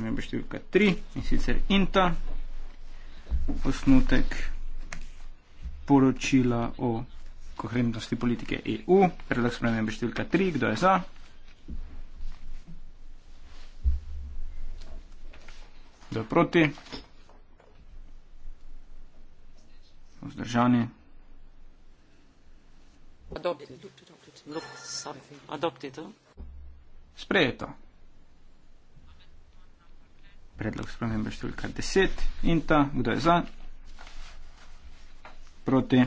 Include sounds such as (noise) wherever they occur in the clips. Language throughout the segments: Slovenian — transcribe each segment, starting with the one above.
sprememb številka 3 in sicer INTA, osnutek poročila o koherentnosti politike EU, predlog sprememb številka 3, kdo je za? Kdo je proti? Vzdržani? Adopted. Sprejeto predlog spremembe številka 10 in ta, kdo je za, proti,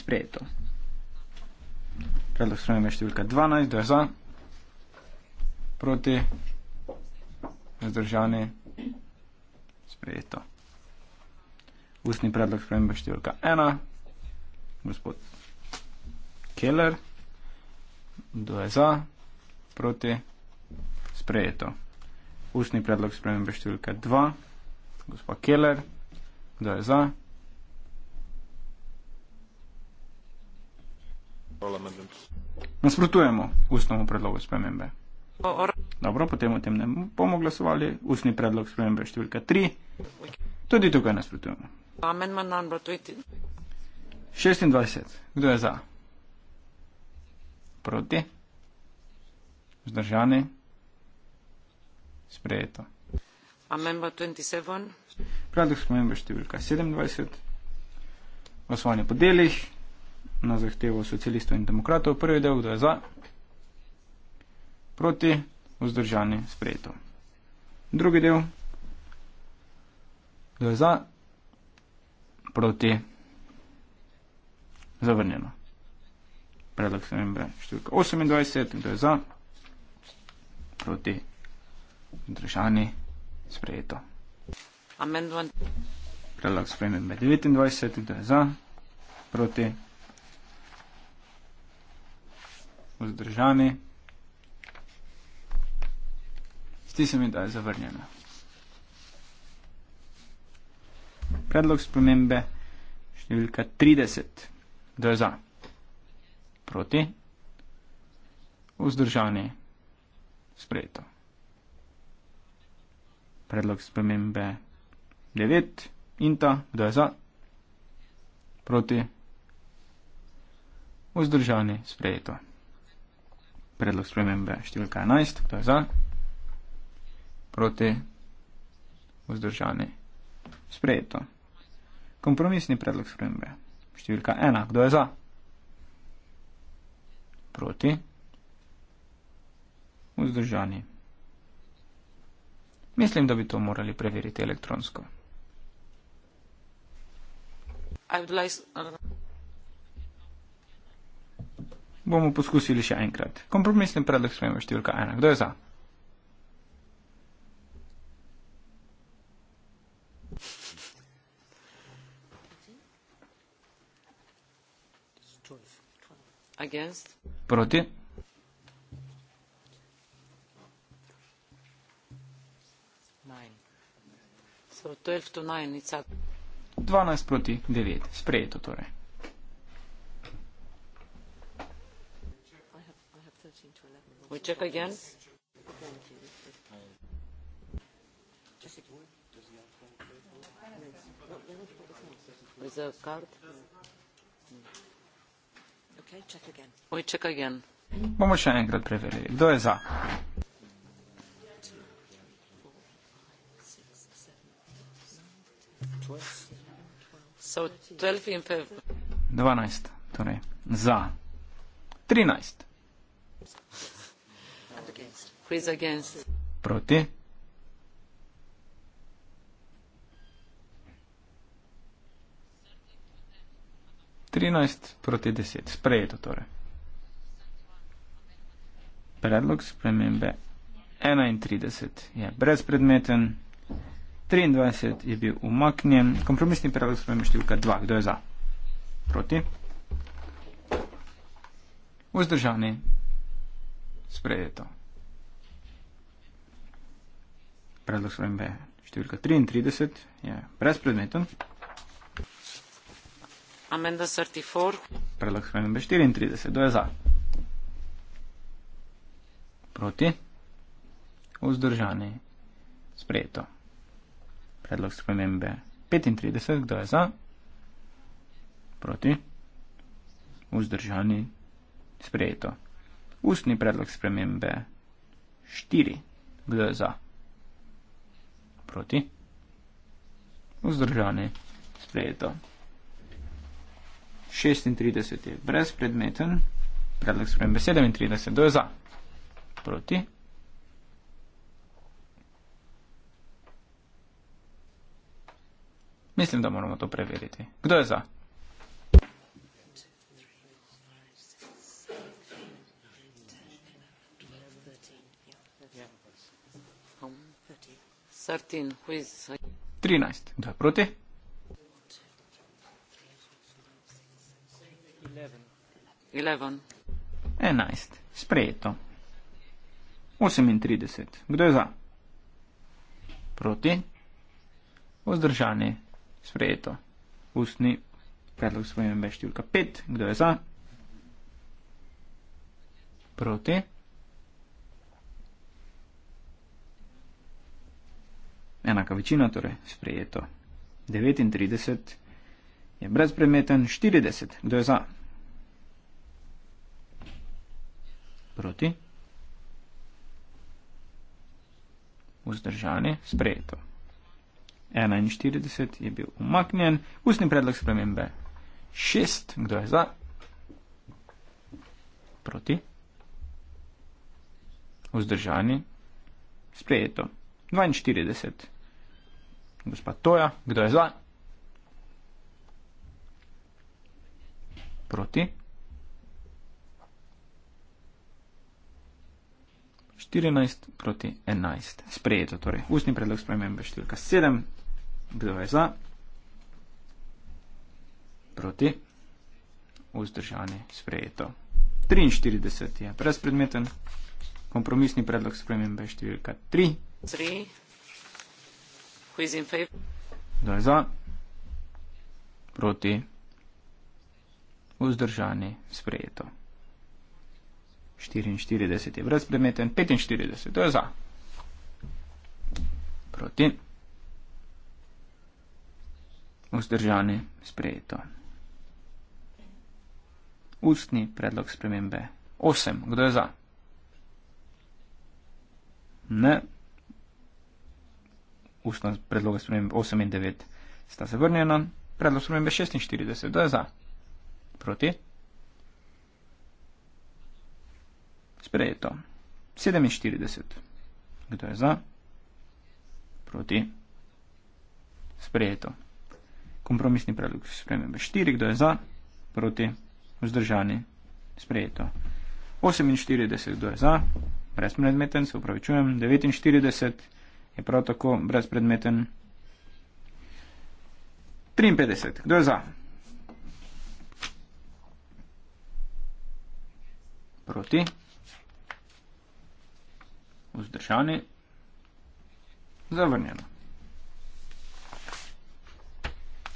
sprejeto. Predlog spremembe številka 12, kdo je za, proti, vzdržani, sprejeto. Ustni predlog spremembe številka 1, gospod Keller, kdo je za, proti, sprejeto ustni predlog spremembe številka 2. Gospa Keller, kdo je za? Nasprotujemo ustnemu predlogu spremembe. Dobro, potem o tem ne bomo glasovali. Ustni predlog spremembe številka 3. Tudi tukaj nasprotujemo. 26. Kdo je za? Proti? Vzdržani? sprejeto. Predlog spremembe številka 27. Glasovanje po delih na zahtevo socialistov in demokratov. Prvi del, kdo je za, proti, vzdržani, sprejeto. Drugi del, kdo je za, proti, zavrnjeno. Predlog spremembe številka 28, kdo je za, proti, Vzdržani. Sprejeto. Amendman. Predlog spremem med 29, kdo je za, proti. Vzdržani. Zdi se mi, da je zavrnjeno. Predlog spremembe številka 30. Kdo je za? Proti? Vzdržani? Sprejeto predlog spremembe 9 in ta, kdo je za, proti, vzdržani, sprejeto. Predlog spremembe številka 11, kdo je za, proti, vzdržani, sprejeto. Kompromisni predlog spremembe številka 1, kdo je za, proti, vzdržani, sprejeto. Mislim, da bi to morali preveriti elektronsko. Bomo poskusili še enkrat. Kompromisni predlog sprememba številka ena. Kdo je za? Against. Proti. 12 proti 9, sprejeto torej. Bomo še enkrat preverili, kdo je za. Dvanajst, torej, za. Trinajst. Proti. Trinajst proti deset, sprejeto torej. Predlog spremembe enaintrideset je brezpredmeten. 23 je bil umaknjen. Kompromisni predlog spremembe številka 2. Kdo je za? Proti? Vzdržani? Sprejeto. Predlog spremembe številka 33 je brezpredmeten. Amenda 34. Predlog spremembe 34. Kdo je za? Proti? Vzdržani? Sprejeto predlog spremembe 35, kdo je za, proti, vzdržani, sprejeto. Ustni predlog spremembe 4, kdo je za, proti, vzdržani, sprejeto. 36 je brezpredmeten, predlog spremembe 37, kdo je za, proti. Mislim, da moramo to preveriti. Kdo je za? Trinajst. Kdo je proti? Enajst. Sprejeto. Osemintrideset. Kdo je za? Proti? Vzdržani sprejeto. Ustni predlog spremembe številka 5. Kdo je za? Proti. Enaka večina, torej sprejeto. 39 je brezpremeten, 40. Kdo je za? Proti. Vzdržani, sprejeto. 41 je bil umaknjen. Ustni predlog spremembe 6. Kdo je za? Proti? Vzdržani? Sprejeto. 42. Gospa Toja, kdo je za? Proti? 14 proti 11. Sprejeto torej. Ustni predlog spremembe številka 7. Kdo je za? Proti. Vzdržani sprejeto. 43 je brezpredmeten. Kompromisni predlog spremembe številka 3. 3. Kdo je za? Proti. Vzdržani sprejeto. 44 je brezpredmeten. 45 je za. Proti vzdržane, sprejeto. Ustni predlog spremembe. 8. Kdo je za? Ne. Ustna predloga spremembe 8 in 9 sta zavrnjena. Predlog spremembe 46. Kdo je za? Proti? Sprejeto. 47. Kdo je za? Proti? Sprejeto kompromisni predlog spremembe. 4, kdo je za, proti, vzdržani, sprejeto. 48, kdo je za, brezpredmeten, se upravičujem. 49 je prav tako brezpredmeten. 53, kdo je za? Proti. Vzdržani. Zavrnjeno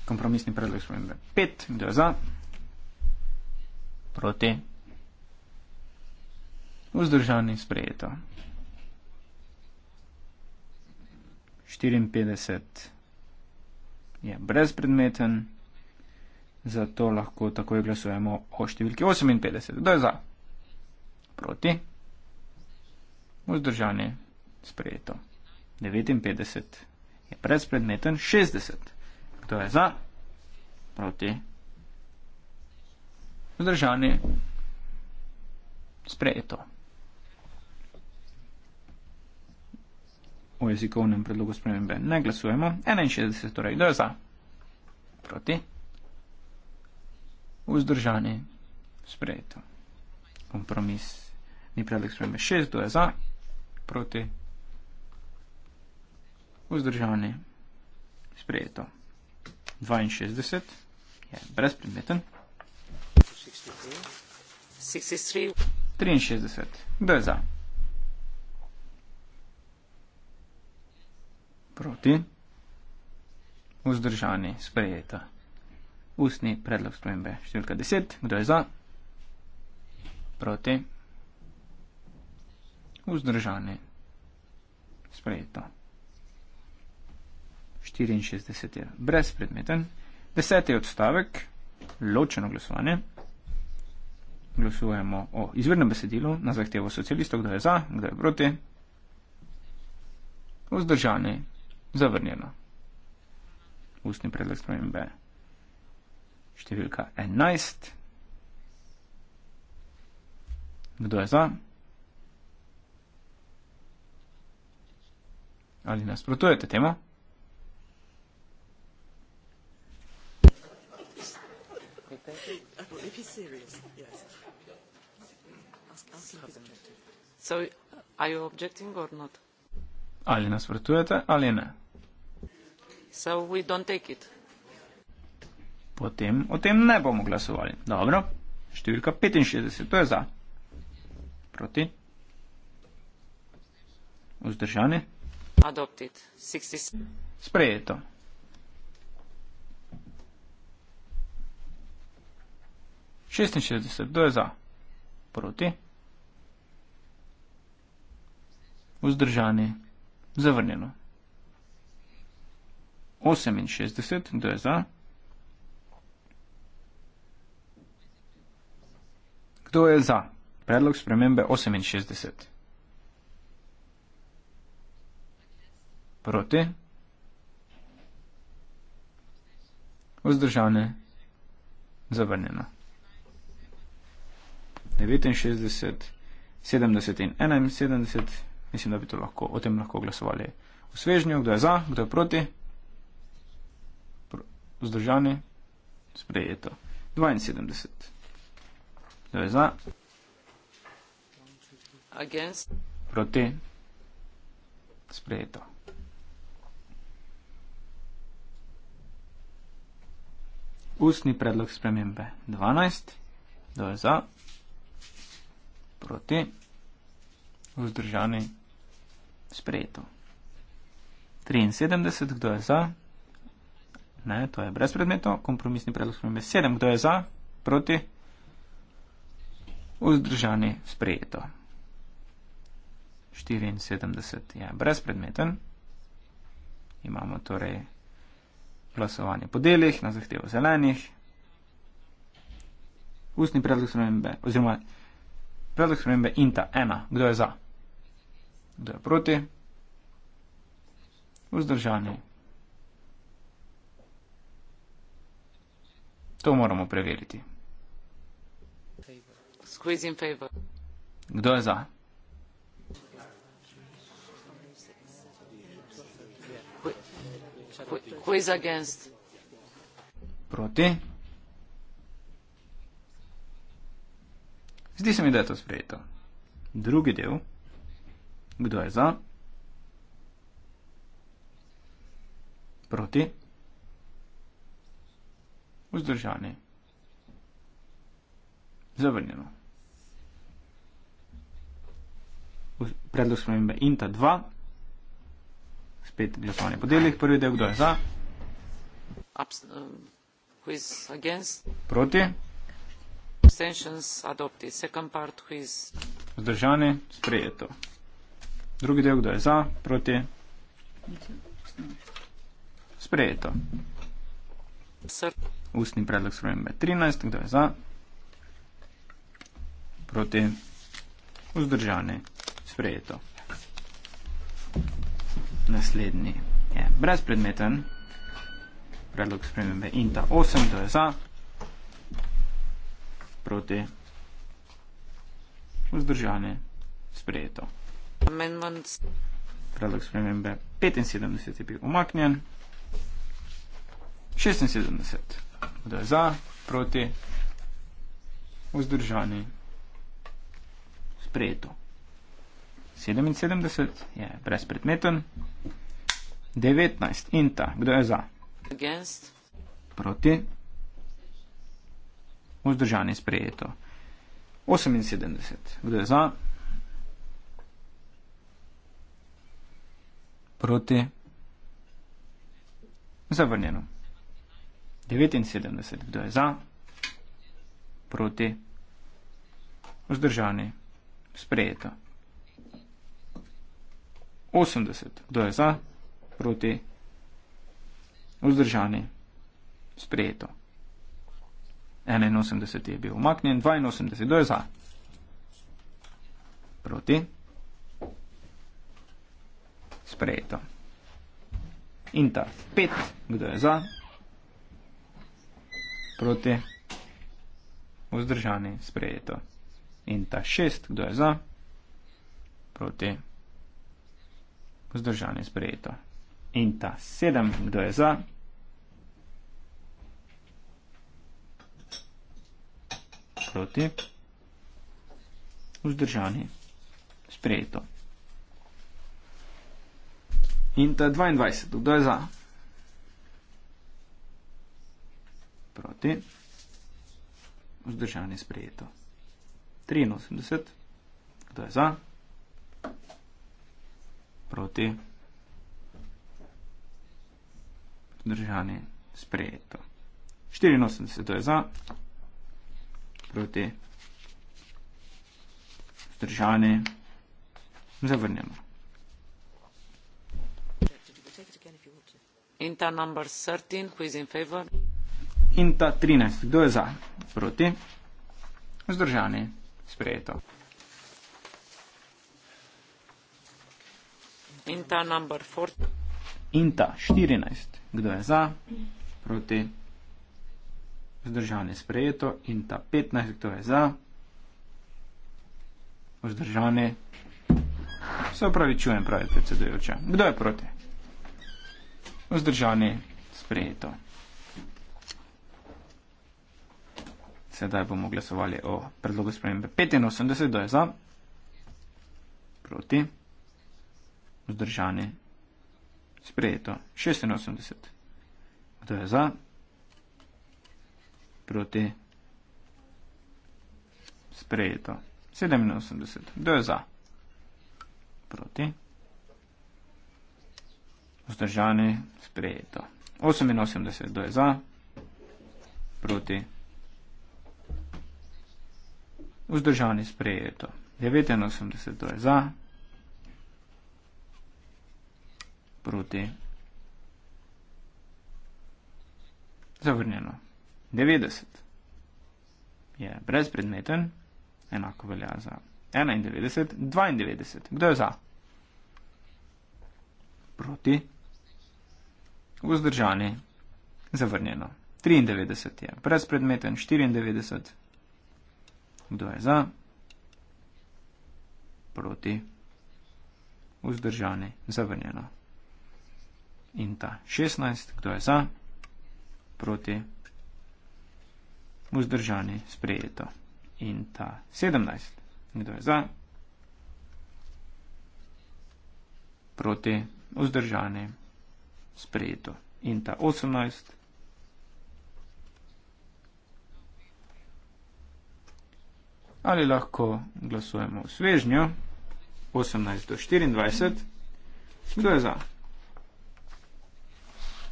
kompromisni predlog spremembe. Pet, kdo je za? Proti. Vzdržani sprejeto. 54 je brezpredmeten, zato lahko takoj glasujemo o številki 58. Kdo je za? Proti. Vzdržani sprejeto. 59 je brezpredmeten, 60 to je za, proti, vzdržani, sprejeto. V jezikovnem predlogu spremembe ne glasujemo. 61, torej, kdo je za, proti, vzdržani, sprejeto. Kompromis ni predlog spremembe. 6, kdo je za, proti, vzdržani, sprejeto. Sprejeto. 62 je brezpredmeten. 63. 63. Kdo je za? Proti. Vzdržani. Sprejeta. Ustni predlog spremembe. Številka 10. Kdo je za? Proti. Vzdržani. Sprejeta. 64. Brezpredmeten. Deseti odstavek, ločeno glasovanje. Glasujemo o izvirnem besedilu na zahtevo socialistov, kdo je za, kdo je proti. Vzdržani, zavrnjeno. Ustni predlog spremembe. Številka 11. Kdo je za? Ali nasprotujete temu? if he's serious, yes. Ask, ask if he's so, are you objecting or not? Ali nas vrtujete ali ne? So we don't take it. Potem o tem ne bomo glasovali. Dobro, številka 65, to je za. Proti? Vzdržani? Adopted. 67. Sprejeto. 66, kdo je za? Proti. Vzdržani. Zavrnjeno. 68, kdo je za? Kdo je za? Predlog spremembe 68. Proti. Vzdržane. Zavrnjeno. 69, 70 in 71. Mislim, da bi to lahko, o tem lahko glasovali v svežnju, kdo je za, kdo je proti. Vzdržani, sprejeto. 72. Kdo je za? Against. Proti. Sprejeto. Ustni predlog spremembe 12. Kdo je za? proti, vzdržani, sprejeto. 73, kdo je za? Ne, to je brez predmetov, kompromisni predlog smo imeli 7, kdo je za? Proti, vzdržani, sprejeto. 74 je brezpredmeten. Imamo torej glasovanje po delih na zahtevo zelenih. Ustni predlog spremembe, oziroma predlog spremembe inta ena. Kdo je za? Kdo je proti? Vzdržani. To moramo preveriti. Kdo je za? Who is against? Proti. Zdi se mi, da je to sprejeto. Drugi del. Kdo je za? Proti? Vzdržani. Zavrnjeno. Predlog spremembe INTA 2. Spet glasovanje po delih. Prvi del, kdo je za? Um, Proti? Proti? abstentions adopted. Second part quiz. Zdržani, sprejeto. Drugi del, kdo je za, proti? Sprejeto. Sir. Ustni predlog spremembe 13, kdo je za? Proti. Vzdržani, sprejeto. Naslednji je brezpredmeten. Predlog spremembe inta 8, kdo je za? proti. Vzdržane. Sprejeto. Amendments. Predlog spremembe 75 je bil umaknjen. 76. Kdo je za, proti, vzdržani, sprejeto. 77 je brezpredmeten. 19. Inta. Kdo je za? Against. Proti vzdržanje sprejeto. 78. Kdo je za? Proti. Zavrnjeno. 79. Kdo je za? Proti. Vzdržanje sprejeto. 80. Kdo je za? Proti. Vzdržanje sprejeto. 81 je bil umaknjen, 82, kdo je za? Proti? Sprejeto. In ta 5, kdo je za? Proti? Vzdržani, sprejeto. In ta 6, kdo je za? Proti? Vzdržani, sprejeto. In ta 7, kdo je za? Proti? proti, vzdržani, sprejeto. In ta 22, kdo je za? Proti, vzdržani, sprejeto. 83, kdo je za? Proti, vzdržani, sprejeto. 84, kdo je za? Proti, vzdržani, sprejeto. 84 je za, proti zdržani. Zavrnjamo. Inta number 13, who is in favor? Inta 13, kdo je za? Proti. Zdržani. Sprejeto. Inta number 14. Inta 14, kdo je za? Proti vzdržane sprejeto in ta 15, kdo je za, vzdržane. Se upravičujem, pravi predsedujoča. Kdo je proti? Vzdržane, sprejeto. Sedaj bomo glasovali o predlogu spremembe. 85, kdo je za, proti, vzdržane, sprejeto. 86, kdo je za, proti. Sprejeto. 87. Kdo je za? Proti. Vzdržani. Sprejeto. 88. Kdo je za? Proti. Vzdržani. Sprejeto. 89. Kdo je za? Proti. Zavrnjeno. 90 je brezpredmeten, enako velja za 91, 92. Kdo je za? Proti. Vzdržani. Zavrnjeno. 93 je brezpredmeten, 94. Kdo je za? Proti. Vzdržani. Zavrnjeno. In ta 16, kdo je za? Proti vzdržani sprejeto. In ta 17. Kdo je za? Proti vzdržani sprejeto. In ta 18. Ali lahko glasujemo v svežnjo 18 do 24. Kdo je za?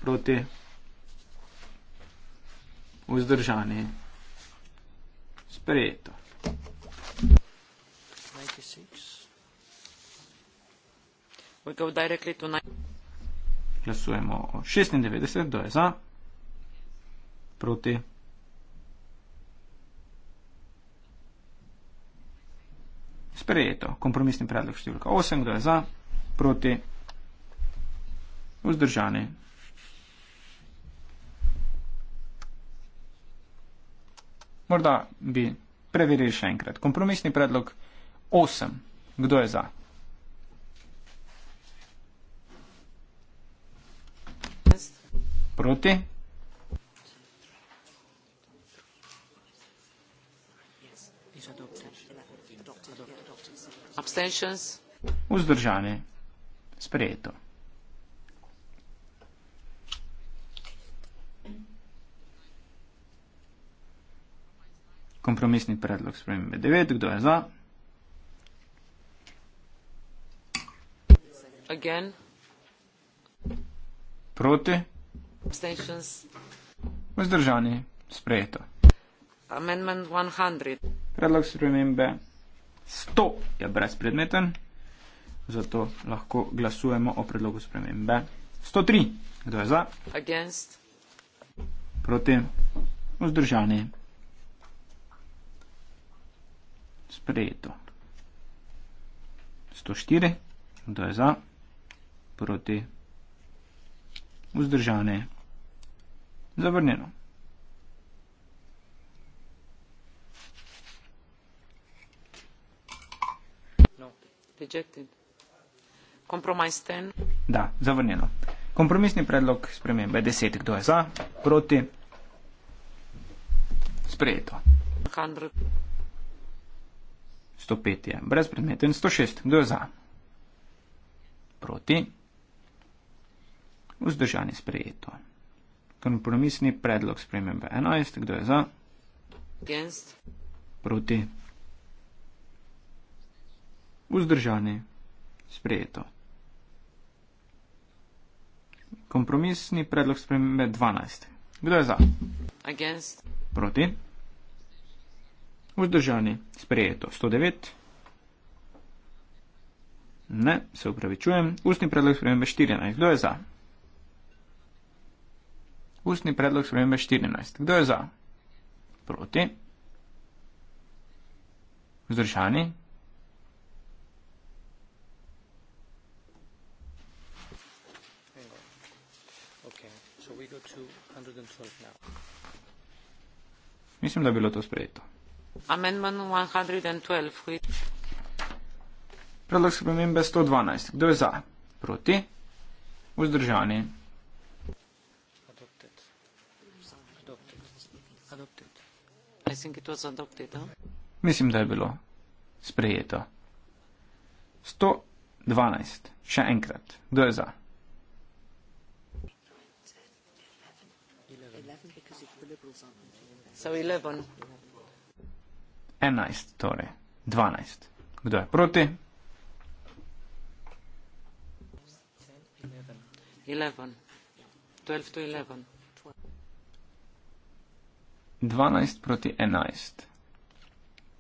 Proti vzdržani sprejeto sprejeto. Glasujemo 96, kdo je za, proti. Sprejeto. Kompromisni predlog številka 8, kdo je za, proti. Vzdržani. Morda bi preverili še enkrat. Kompromisni predlog 8. Kdo je za? Proti? Abstentions. Vzdržanje. Sprejeto. kompromisni predlog spremembe 9. Kdo je za? Again. Proti? Abstentions. Vzdržani. Sprejeto. Amendment 100. Predlog spremembe 100 je brezpredmeten, zato lahko glasujemo o predlogu spremembe 103. Kdo je za? Against. Proti? Vzdržani. sprejeto. 104, kdo je za, proti, vzdržane, zavrnjeno. No. Da, zavrnjeno. Kompromisni predlog spremembe 10, kdo je za, proti, sprejeto. 100. 105 je brezpredmeten, 106, kdo je za? Proti. Vzdržanje sprejeto. Kompromisni predlog spremembe 11, kdo je za? Against. Proti. Vzdržanje sprejeto. Kompromisni predlog spremembe 12, kdo je za? Against. Proti. Vzdržani, sprejeto 109. Ne, se upravičujem. Ustni predlog spremembe 14. Kdo je za? Ustni predlog spremembe 14. Kdo je za? Proti. Vzdržani. Mislim, da je bilo to sprejeto. Predlog spremembe 112. Kdo je za? Proti? Vzdržani? Mislim, da je bilo sprejeto. 112. Še enkrat. Kdo je za? So 11. 11, torej 12. Kdo je proti? 12 proti 11.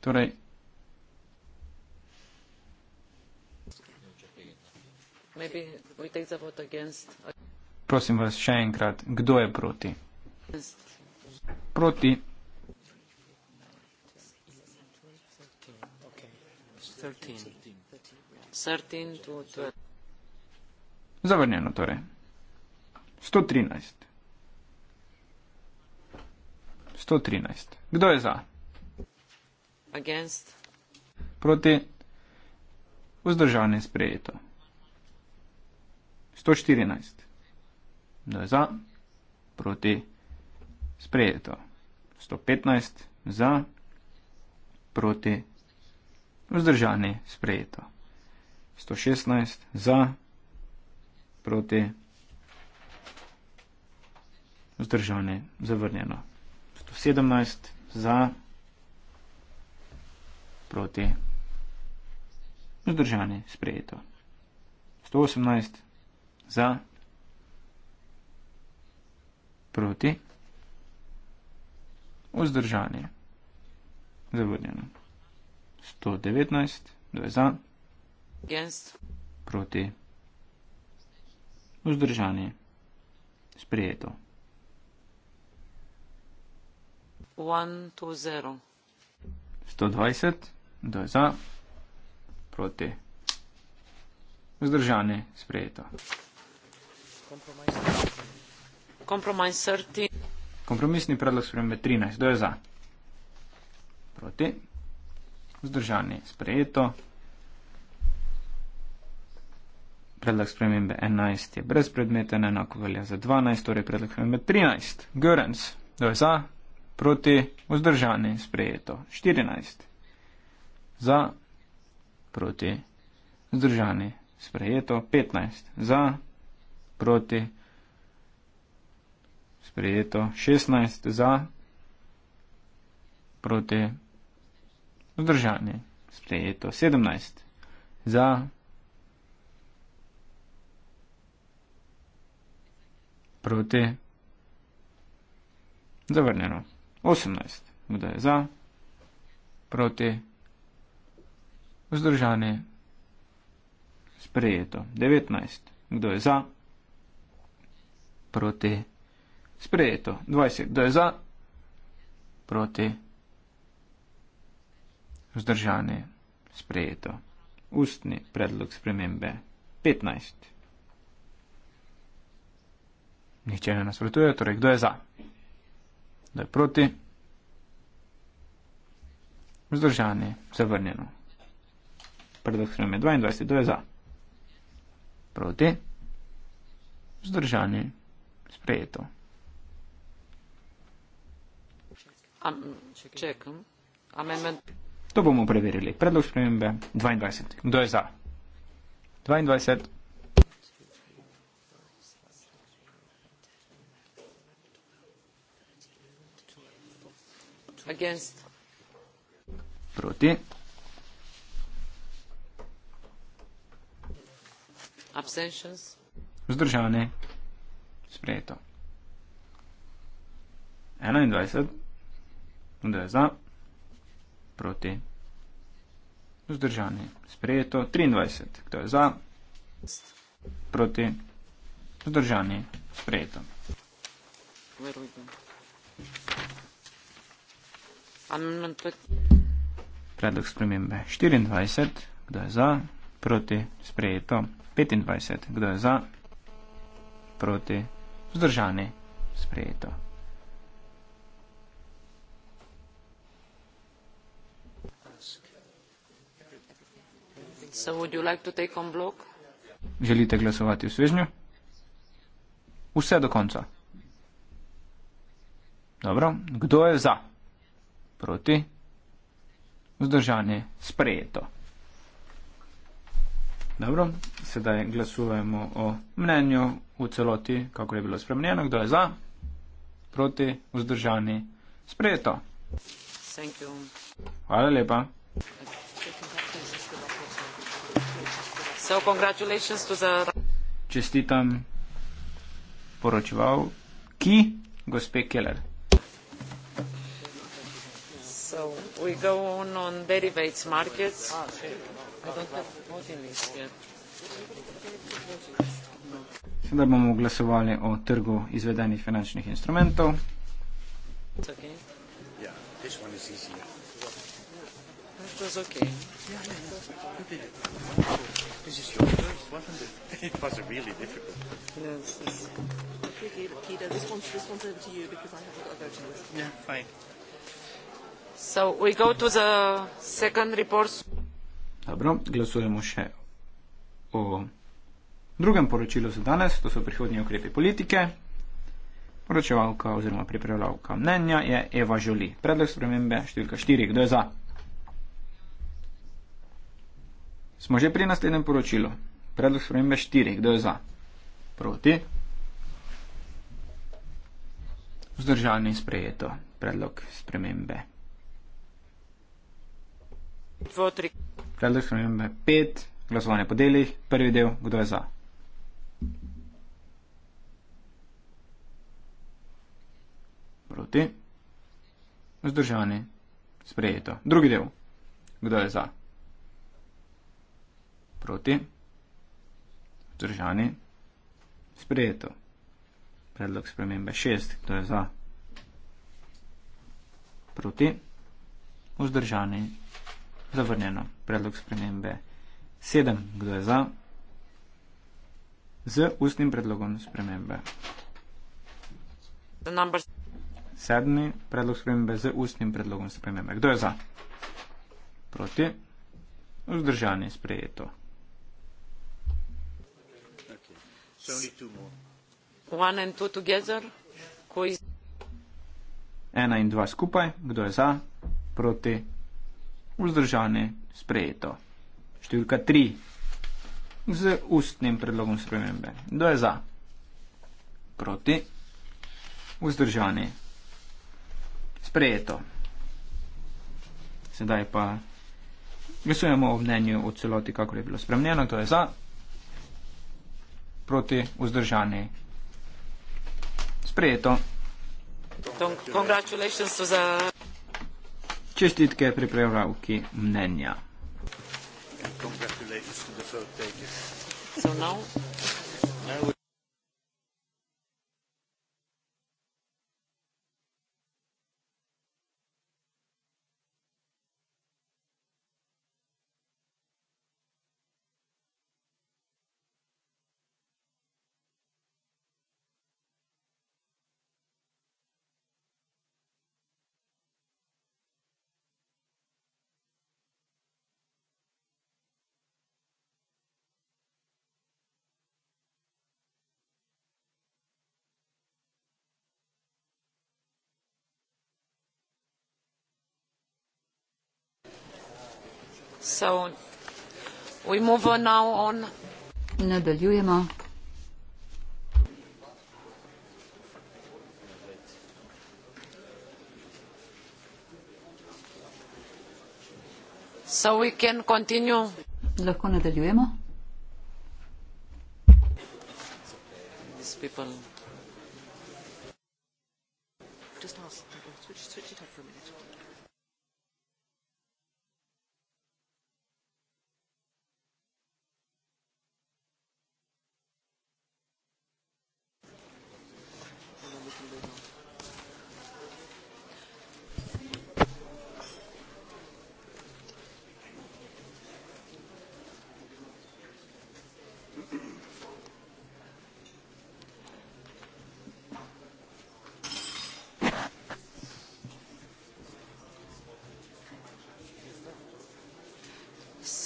Torej, Prosim vas še enkrat, kdo je proti? Proti Zavrnjeno torej. 113. 113. Kdo je za? Against. Proti. Vzdržanje sprejeto. 114. Kdo je za? Proti. Sprejeto. 115. Za. Proti vzdržani, sprejeto. 116 za, proti, vzdržani, zavrnjeno. 117 za, proti, vzdržani, sprejeto. 118 za, proti, vzdržani, zavrnjeno. 119 za, proti, vzdržani, sprejeto. 119, 2 za. Against. Proti. Vzdržani. Sprijeto. 120, 2 za. Proti. Vzdržani. Sprijeto. Kompromis 30. Kompromisni predlog spremembe 13, 2 za. Proti. Vzdržanje je sprejeto. Predlog spremembe 11 je brezpredmeten, enako velja za 12, torej predlog spremembe 13. Görens, kdo je za? Proti, vzdržanje je sprejeto. 14. Za, proti, vzdržanje je sprejeto. 15. Za, proti, sprejeto. 16. Za, proti, vzdržanje, sprejeto 17 za. Proti, zavrnjeno. 18, voda je za, proti, vzdržani, sprejeto. 19, kdo je za, proti, sprejeto. 20, kdo je za, proti vzdržane, sprejeto. Ustni predlog spremembe 15. Nihče ne nasprotuje, torej kdo je za? Kdo je proti? Vzdržane, zavrnjeno. Predlog spremembe 22. Kdo je za? Proti? Vzdržane, sprejeto. Čekam. Amendment. To bomo preverili. Predlog spremembe 22. Kdo je za? 22. Against. Proti. Absentions. Vzdržane. Sprejeto. 21. Kdo je za? proti. Vzdržani. Sprejeto. 23. Kdo je za? Proti. Vzdržani. Sprejeto. Predlog spremembe. 24. Kdo je za? Proti. Sprejeto. 25. Kdo je za? Proti. Vzdržani. Sprejeto. So would you like to take on block? Želite glasovati v svežnju? Vse do konca. Dobro, kdo je za? Proti? Vzdržanje sprejeto. Dobro, sedaj glasujemo o mnenju v celoti, kako je bilo spremenjeno. Kdo je za? Proti? Vzdržanje sprejeto. Hvala lepa. So congratulations to the Čestitam poročeval ki gospe Keller. So we go on on derivatives markets. Ah, Sedaj bomo glasovali o trgu izvedenih finančnih instrumentov. Okay. Yeah, this one is easier was okay. Is this your first? Wasn't it? It was really difficult. Yes. yes. Okay, Peter, this one's, this one's over to you because I haven't got a voting list. Yeah, fine. So we go to the second report. Dobro, glasujemo še o drugem poročilu za danes, to so prihodnji ukrepi politike. Poročevalka oziroma pripravljavka mnenja je Eva Žoli. Predlog spremembe številka 4. Kdo je za? Smo že pri naslednjem poročilu. Predlog spremembe 4. Kdo je za? Proti? Vzdržan in sprejeto. Predlog spremembe. Dvo, Predlog spremembe 5. Glasovanje po delih. Prvi del. Kdo je za? Proti? Vzdržan in sprejeto. Drugi del. Kdo je za? proti, vzdržani, sprejeto. Predlog spremembe 6, to je za, proti, vzdržani, zavrnjeno. Predlog spremembe 7, kdo je za, z ustnim predlogom spremembe. Sedmi predlog spremembe z ustnim predlogom spremembe. Kdo je za? Proti. Vzdržani sprejeto. Ena in dva skupaj, kdo je za, proti, vzdržani, sprejeto. Številka tri z ustnim predlogom spremembe. Kdo je za, proti, vzdržani, sprejeto. Sedaj pa glasujemo o mnenju v celoti, kako je bilo spremljeno, kdo je za proti vzdržani. Sprejeto. Čestitke pri prevravki mnenja. So now, now we nadaljujemo s prekinjeno 1. točko dnevnega reda,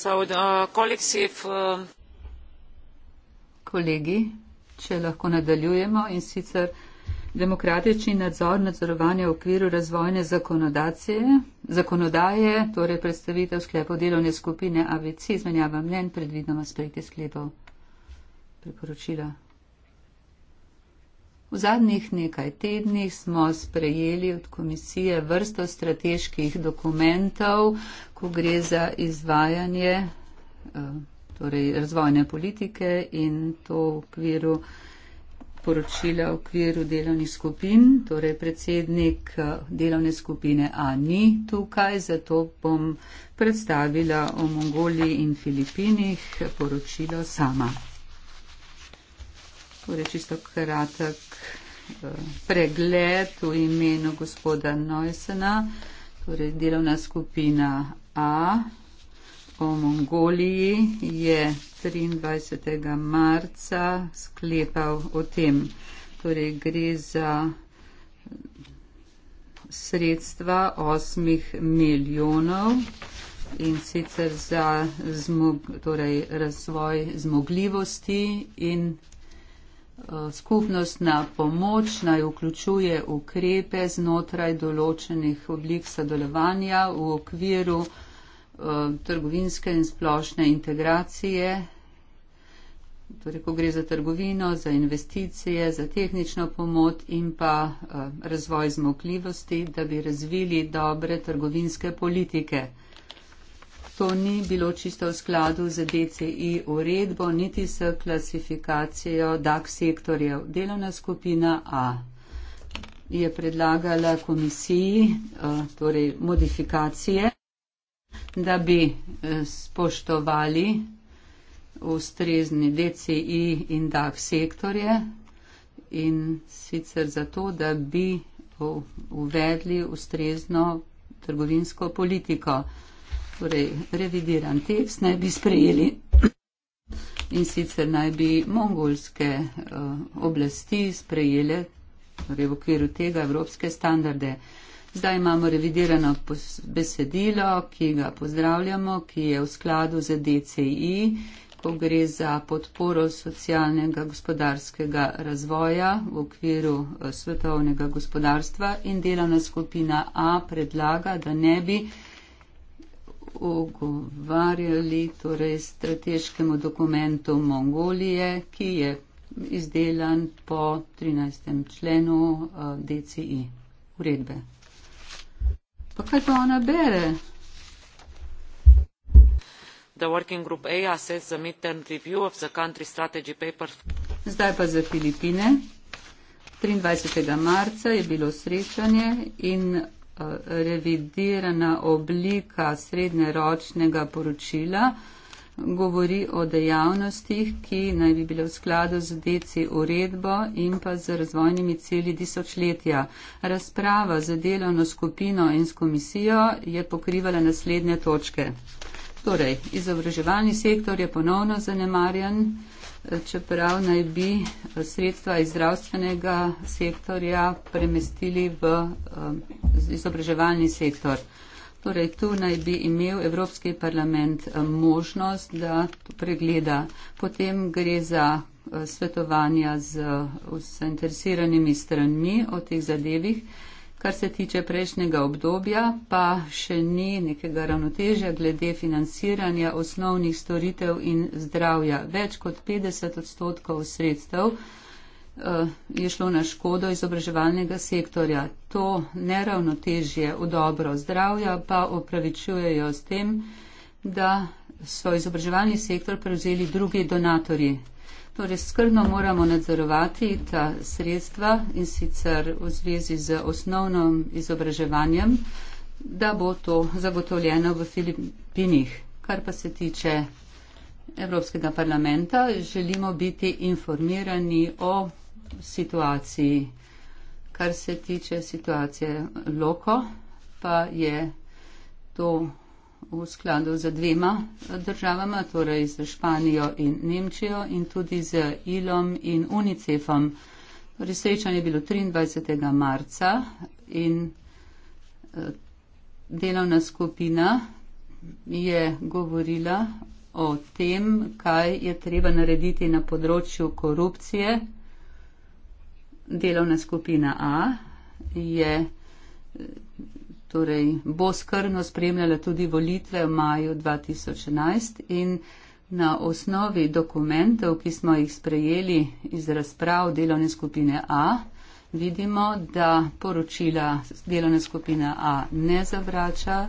Uh, Kolegi, če lahko nadaljujemo in sicer demokratični nadzor nadzorovanja v okviru razvojne zakonodacije, zakonodaje, torej predstavitev sklepov delovne skupine ABC, izmenjava mnen, predvidoma sprejeti sklepov priporočila. V zadnjih nekaj tednih smo sprejeli od komisije vrsto strateških dokumentov, ko gre za izvajanje eh, torej razvojne politike in to v okviru poročila v okviru delovnih skupin. Torej predsednik eh, delovne skupine A ni tukaj, zato bom predstavila o Mongoliji in Filipinih poročilo sama. Torej, čisto kratek eh, pregled v imenu gospoda Neusena, torej delovna skupina A o Mongoliji je 23. marca sklepal o tem. Torej, gre za sredstva 8 milijonov in sicer za zmog, torej, razvoj zmogljivosti in Eh, skupnostna pomoč naj vključuje ukrepe znotraj določenih oblik sodelovanja v okviru eh, trgovinske in splošne integracije, torej ko gre za trgovino, za investicije, za tehnično pomoč in pa eh, razvoj zmogljivosti, da bi razvili dobre trgovinske politike to ni bilo čisto v skladu z DCI uredbo, niti s klasifikacijo DAX sektorjev. Delovna skupina A je predlagala komisiji eh, torej modifikacije, da bi eh, spoštovali ustrezni DCI in DAX sektorje in sicer zato, da bi eh, uvedli ustrezno trgovinsko politiko torej revidiran tekst naj bi sprejeli in sicer naj bi mongolske uh, oblasti sprejele torej v okviru tega evropske standarde. Zdaj imamo revidirano besedilo, ki ga pozdravljamo, ki je v skladu z DCI, ko gre za podporo socialnega gospodarskega razvoja v okviru eh, svetovnega gospodarstva in delovna skupina A predlaga, da ne bi ogovarjali torej strateškemu dokumentu Mongolije, ki je izdelan po 13. členu eh, DCI e, uredbe. Pa kaj pa ona bere? The Working Group A assess the midterm review of the country strategy paper. Zdaj pa za Filipine. 23. marca je bilo srečanje in revidirana oblika srednjeročnega poročila govori o dejavnostih, ki naj bi bile v skladu z deci uredbo in pa z razvojnimi celi tisočletja. Razprava z delovno skupino in s komisijo je pokrivala naslednje točke. Torej, izobraževalni sektor je ponovno zanemarjan, čeprav naj bi eh, sredstva iz zdravstvenega sektorja premestili v eh, izobraževalni sektor. Torej, tu naj bi imel Evropski parlament eh, možnost, da to pregleda. Potem gre za svetovanja z zainteresiranimi stranmi o teh zadevih. Kar se tiče prejšnjega obdobja, pa še ni nekega ravnotežja glede financiranja osnovnih storitev in zdravja. Več kot 50 odstotkov sredstev eh, je šlo na škodo izobraževalnega sektorja. To neravnotežje v dobro zdravja pa opravičujejo s tem, da so izobraževalni sektor prevzeli drugi donatorji Torej, skrbno moramo nadzorovati ta sredstva in sicer v zvezi z osnovnim izobraževanjem, da bo to zagotovljeno v Filipinih. Kar pa se tiče Evropskega parlamenta, želimo biti informirani o situaciji. Kar se tiče situacije Loko, pa je to v skladu z dvema državama, torej z Španijo in Nemčijo in tudi z ILOM in UNICEF-om. Torej, srečanje je bilo 23. marca in eh, delovna skupina je govorila o tem, kaj je treba narediti na področju korupcije. Delovna skupina A je eh, torej bo skrno spremljala tudi volitve v maju 2011 in na osnovi dokumentov, ki smo jih sprejeli iz razprav delovne skupine A, vidimo, da poročila delovne skupine A ne zavrača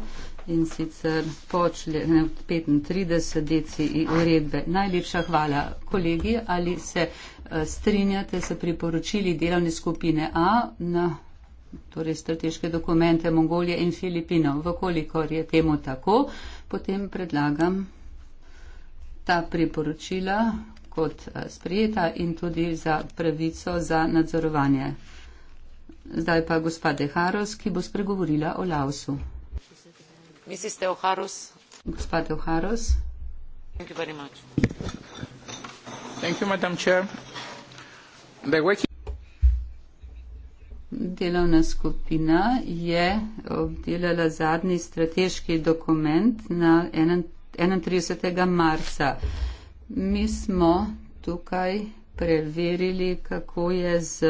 in sicer počle 35 deci uredbe. Najlepša hvala, kolegi, ali se eh, strinjate s priporočili delovne skupine A na torej strateške dokumente Mongolije in Filipinov. Vkolikor je temu tako, potem predlagam ta priporočila kot eh, sprijeta in tudi za pravico za nadzorovanje. Zdaj pa gospa Deharos, ki bo spregovorila o Laosu. Mrs. Deharos. Gospa Deharos. Thank you very much. Thank you, Madam Chair. The Delovna skupina je obdelala zadnji strateški dokument na 31. marca. Mi smo tukaj preverili, kako je z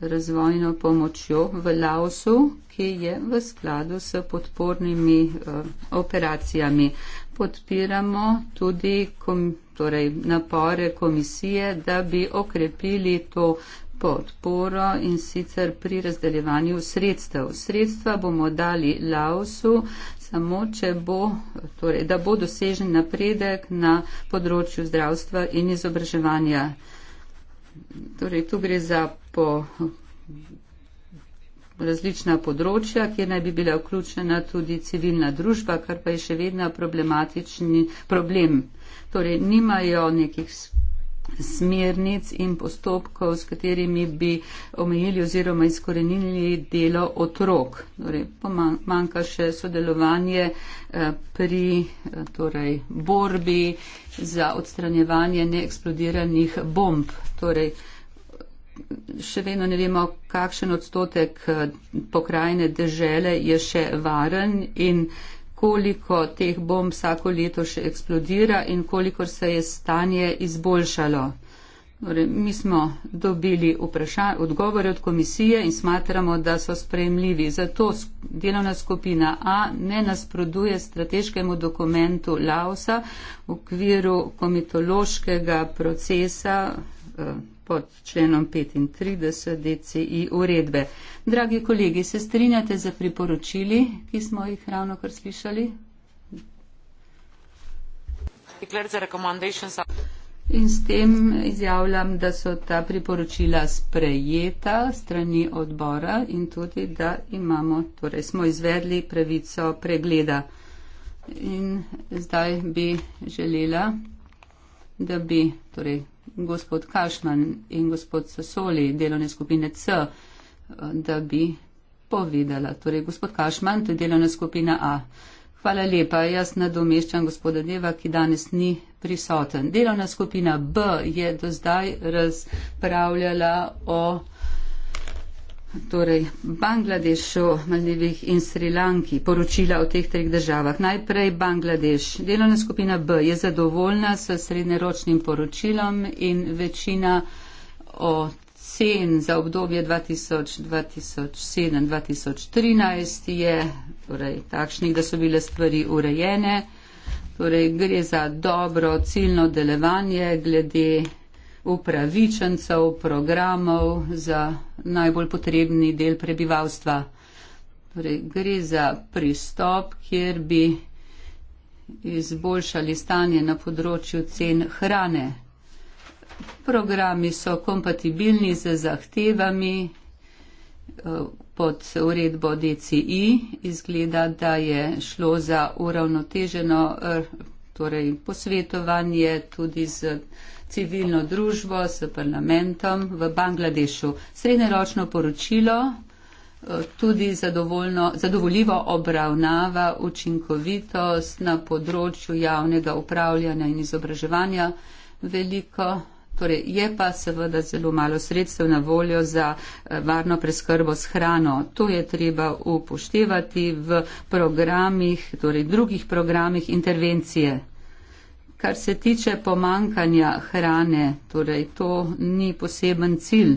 razvojno pomočjo v Laosu, ki je v skladu s podpornimi eh, operacijami. Podpiramo tudi kom, torej, napore komisije, da bi okrepili to podporo in sicer pri razdeljevanju sredstev. Sredstva bomo dali Laosu, samo če bo, torej, da bo dosežen napredek na področju zdravstva in izobraževanja. Torej, tu gre za po različna področja, kjer naj bi bila vključena tudi civilna družba, kar pa je še vedno problematični problem. Torej, nimajo nekih smernic in postopkov, s katerimi bi omejili oziroma izkorenili delo otrok. Torej, manjka še sodelovanje eh, pri eh, torej, borbi za odstranjevanje neeksplodiranih bomb. Torej, še vedno ne vemo, kakšen odstotek eh, pokrajine države je še varen in uh, koliko teh bomb vsako leto še eksplodira in koliko se je stanje izboljšalo. Torej, mi smo dobili odgovore od komisije in smatramo, da so spremljivi. Zato delovna skupina A ne nasproduje strateškemu dokumentu Laosa v okviru komitološkega procesa eh, pod členom 35 DCI uredbe. Dragi kolegi, se strinjate za priporočili, ki smo jih ravno kar slišali? In s tem izjavljam, da so ta priporočila sprejeta strani odbora in tudi, da imamo, torej smo izvedli pravico pregleda. In zdaj bi želela, da bi torej, gospod Kašman in gospod Sasoli delovne skupine C, da bi povedala. Torej, gospod Kašman, to je delovna skupina A. Hvala lepa, jaz nadomeščam gospoda Deva, ki danes ni prisoten. Delovna skupina B je do zdaj razpravljala o torej Bangladešu, Maldivih in Srilanki, poročila o teh treh državah. Najprej Bangladeš. Delovna skupina B je zadovoljna s srednjeročnim poročilom in večina o cen za obdobje 2007-2013 je torej, takšnih, da so bile stvari urejene. Torej, gre za dobro ciljno delovanje glede upravičencev, programov za najbolj potrebni del prebivalstva. Torej, gre za pristop, kjer bi izboljšali stanje na področju cen hrane. Programi so kompatibilni z zahtevami eh, pod uredbo DCI. Izgleda, da je šlo za uravnoteženo eh, torej, posvetovanje tudi z civilno družbo, s parlamentom v Bangladešu. Srednjeročno poročilo eh, tudi zadovoljivo obravnava učinkovitost na področju javnega upravljanja in izobraževanja veliko. Torej, je pa seveda zelo malo sredstev na voljo za eh, varno preskrbo s hrano. To je treba upoštevati v programih, torej drugih programih intervencije kar se tiče pomankanja hrane, torej to ni poseben cilj,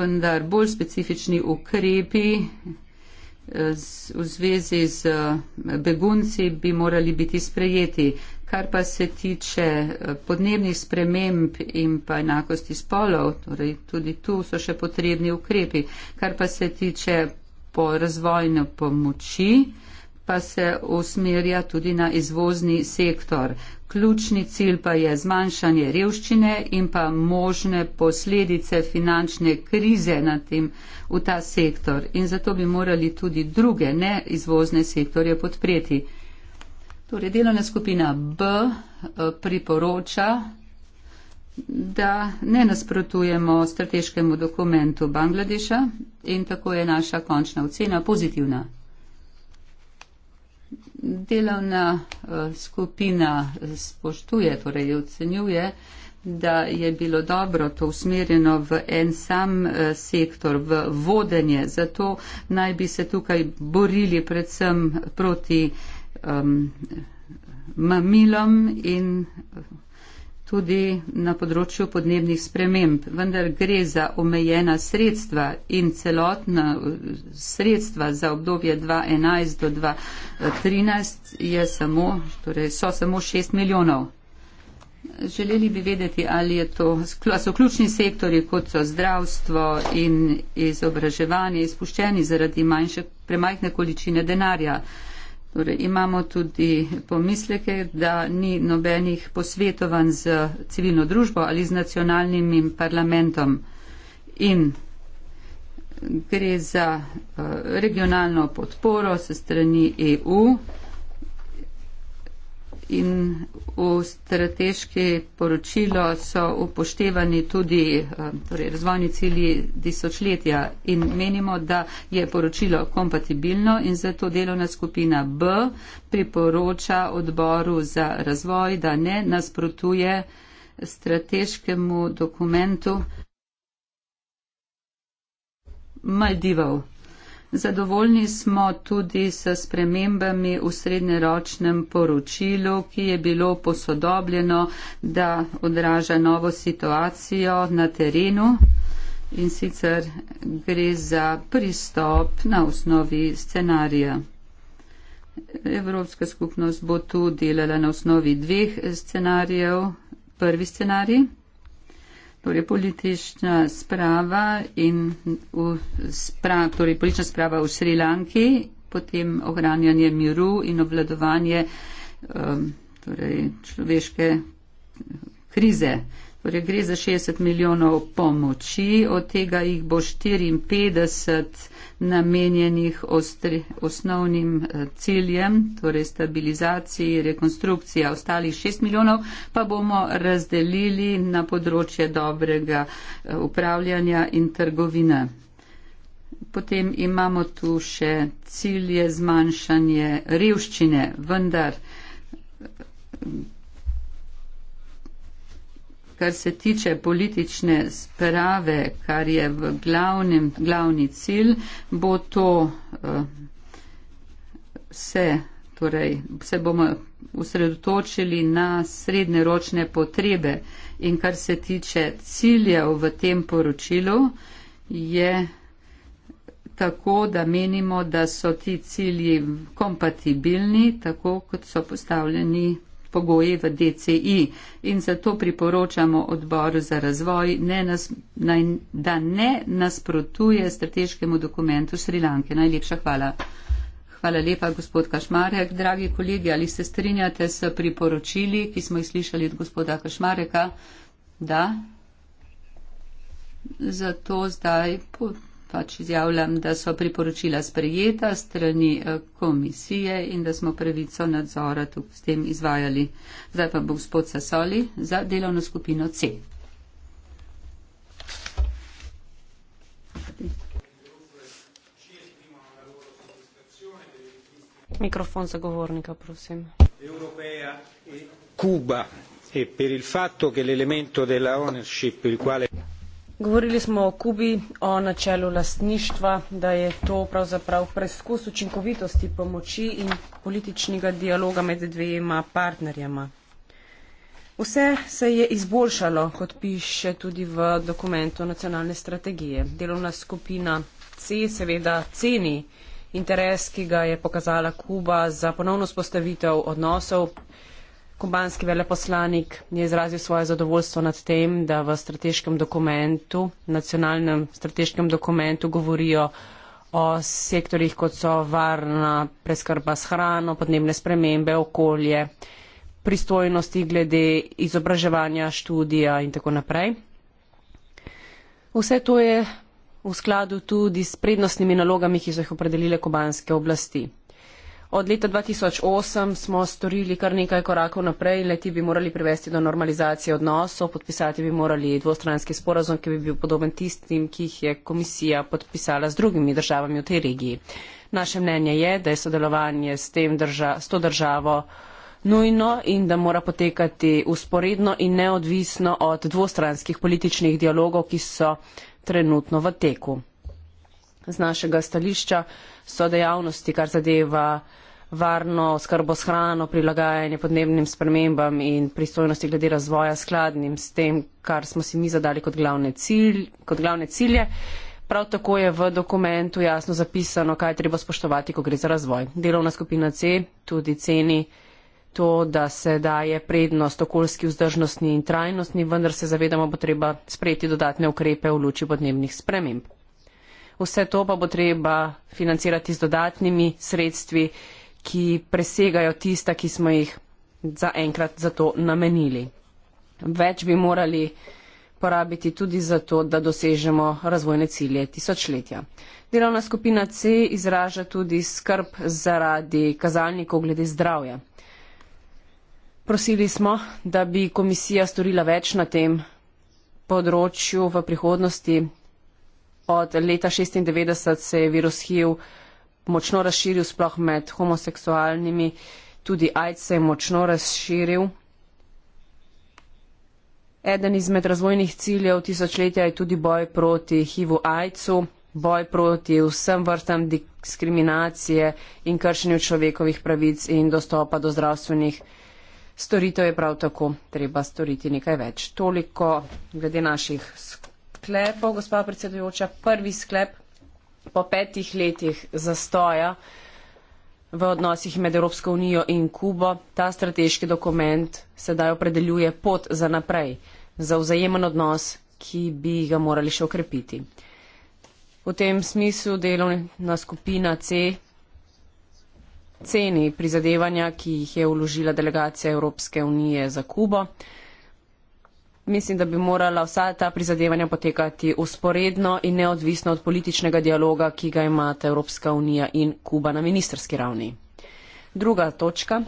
vendar bolj specifični ukrepi eh, v zvezi z eh, begunci bi morali biti sprejeti. Kar pa se tiče eh, podnebnih sprememb in pa enakosti spolov, torej tudi tu so še potrebni ukrepi. Kar pa se tiče po razvojne pomoči, pa se usmerja tudi na izvozni sektor. Ključni cilj pa je zmanjšanje revščine in pa možne posledice finančne krize na tem, v ta sektor. In zato bi morali tudi druge ne izvozne sektorje podpreti. Torej, delovna skupina B eh, priporoča, da ne nasprotujemo strateškemu dokumentu Bangladeša in tako je naša končna ocena pozitivna delovna eh, skupina eh, spoštuje, torej ocenjuje, da je bilo dobro to usmerjeno v en sam eh, sektor, v vodenje. Zato naj bi se tukaj borili predvsem proti um, mamilom in tudi na področju podnebnih sprememb, vendar gre za omejena sredstva in celotna eh, sredstva za obdobje 2011 do 2013 je samo, torej so samo 6 milijonov. Želeli bi vedeti, ali to, so ključni sektori, kot so zdravstvo in izobraževanje, izpuščeni zaradi manjše, premajhne količine denarja. Torej, imamo tudi pomisleke, da ni nobenih posvetovanj z civilno družbo ali z nacionalnim parlamentom. In gre za eh, regionalno podporo se strani EU in v strateški poročilo so upoštevani tudi eh, torej, razvojni cilji tisočletja in menimo, da je poročilo kompatibilno in zato delovna skupina B priporoča odboru za razvoj, da ne nasprotuje strateškemu dokumentu Maldivov. Zadovoljni smo tudi s spremembami v srednjeročnem poročilu, ki je bilo posodobljeno, da odraža novo situacijo na terenu in sicer gre za pristop na osnovi scenarija. Evropska skupnost bo tu delala na osnovi dveh scenarijev. Prvi scenarij. Torej, politična sprava in v, spra, torej, politična sprava v Šrilanki, potem ohranjanje miru in obvladovanje um, torej, človeške eh, krize. Torej, gre za 60 milijonov pomoči, od tega jih bo 54 namenjenih ostri, osnovnim eh, ciljem, torej stabilizaciji, rekonstrukciji, ostalih 6 milijonov pa bomo razdelili na področje dobrega eh, upravljanja in trgovine. Potem imamo tu še cilje zmanjšanje revščine, vendar kar se tiče politične sprave, kar je v glavnem glavni cilj, bo to vse, eh, torej vse bomo usredotočili na srednjeročne potrebe in kar se tiče ciljev v tem poročilu, je tako, da menimo, da so ti cilji kompatibilni, tako kot so postavljeni pogoji v DCI in zato priporočamo odboru za razvoj, ne nas, naj, da ne nasprotuje strateškemu dokumentu Šrilanke. Najlepša hvala. Hvala lepa, gospod Kašmarek. Dragi kolegi, ali se strinjate s priporočili, ki smo jih slišali od gospoda Kašmareka? Da. Zato zdaj. Po pač izjavljam, da so priporočila sprejeta strani eh, komisije in da smo pravico nadzora tu s tem izvajali. Zdaj pa bo gospod Sasoli za delovno skupino C. Mikrofon zagovornika, prosim. Evropeja, Kuba. E, e per il fatto che l'elemento della ownership il quale. Govorili smo o Kubi, o načelu lastništva, da je to pravzaprav preskus učinkovitosti pomoči in političnega dialoga med dvema partnerjama. Vse se je izboljšalo, kot piše tudi v dokumentu nacionalne strategije. Delovna skupina C seveda ceni interes, ki ga je pokazala Kuba za ponovno spostavitev odnosov kubanski veleposlanik je izrazil svoje zadovoljstvo nad tem, da v strateškem dokumentu, nacionalnem strateškem dokumentu govorijo o sektorjih, kot so varna preskrba s hrano, podnebne spremembe, okolje, pristojnosti glede izobraževanja, študija in tako naprej. Vse to je v skladu tudi s prednostnimi nalogami, ki so jih opredelile kubanske oblasti. Od leta 2008 smo storili kar nekaj korakov naprej, leti bi morali privesti do normalizacije odnosov, podpisati bi morali dvostranski sporazum, ki bi bil podoben tistim, ki jih je komisija podpisala z drugimi državami v tej regiji. Naše mnenje je, da je sodelovanje s, drža, s to državo nujno in da mora potekati usporedno in neodvisno od dvostranskih političnih dialogov, ki so trenutno v teku. Z našega stališča so dejavnosti, kar zadeva varno oskrbo s hrano, prilagajanje podnebnim spremembam in pristojnosti glede razvoja skladnim s tem, kar smo si mi zadali kot glavne, cilj, kot glavne cilje. Prav tako je v dokumentu jasno zapisano, kaj je treba spoštovati, ko gre za razvoj. Delovna skupina C tudi ceni to, da se daje prednost okoljski vzdržnostni in trajnostni, vendar se zavedamo, bo treba sprejeti dodatne ukrepe v luči podnebnih sprememb. Vse to pa bo treba financirati z dodatnimi sredstvi, ki presegajo tista, ki smo jih zaenkrat za to namenili. Več bi morali porabiti tudi za to, da dosežemo razvojne cilje tisočletja. Delovna skupina C izraža tudi skrb zaradi kazalnikov glede zdravja. Prosili smo, da bi komisija storila več na tem področju v prihodnosti. Od leta 1996 se je virus HIV močno razširil, sploh med homoseksualnimi, tudi AIDS se je močno razširil. Eden izmed razvojnih ciljev tisočletja je tudi boj proti HIV-u AIDS-u, boj proti vsem vrstam diskriminacije in kršenju človekovih pravic in dostopa do zdravstvenih storitev je prav tako treba storiti nekaj več. Toliko glede naših sklepov, gospa predsedujoča. Prvi sklep po petih letih zastoja v odnosih med Evropsko unijo in Kubo ta strateški dokument sedaj opredeljuje pot za naprej, za vzajemen odnos, ki bi ga morali še okrepiti. V tem smislu delovna skupina C ceni prizadevanja, ki jih je vložila delegacija Evropske unije za Kubo mislim, da bi morala vsa ta prizadevanja potekati usporedno in neodvisno od političnega dialoga, ki ga imata Evropska unija in Kuba na ministerski ravni. Druga točka.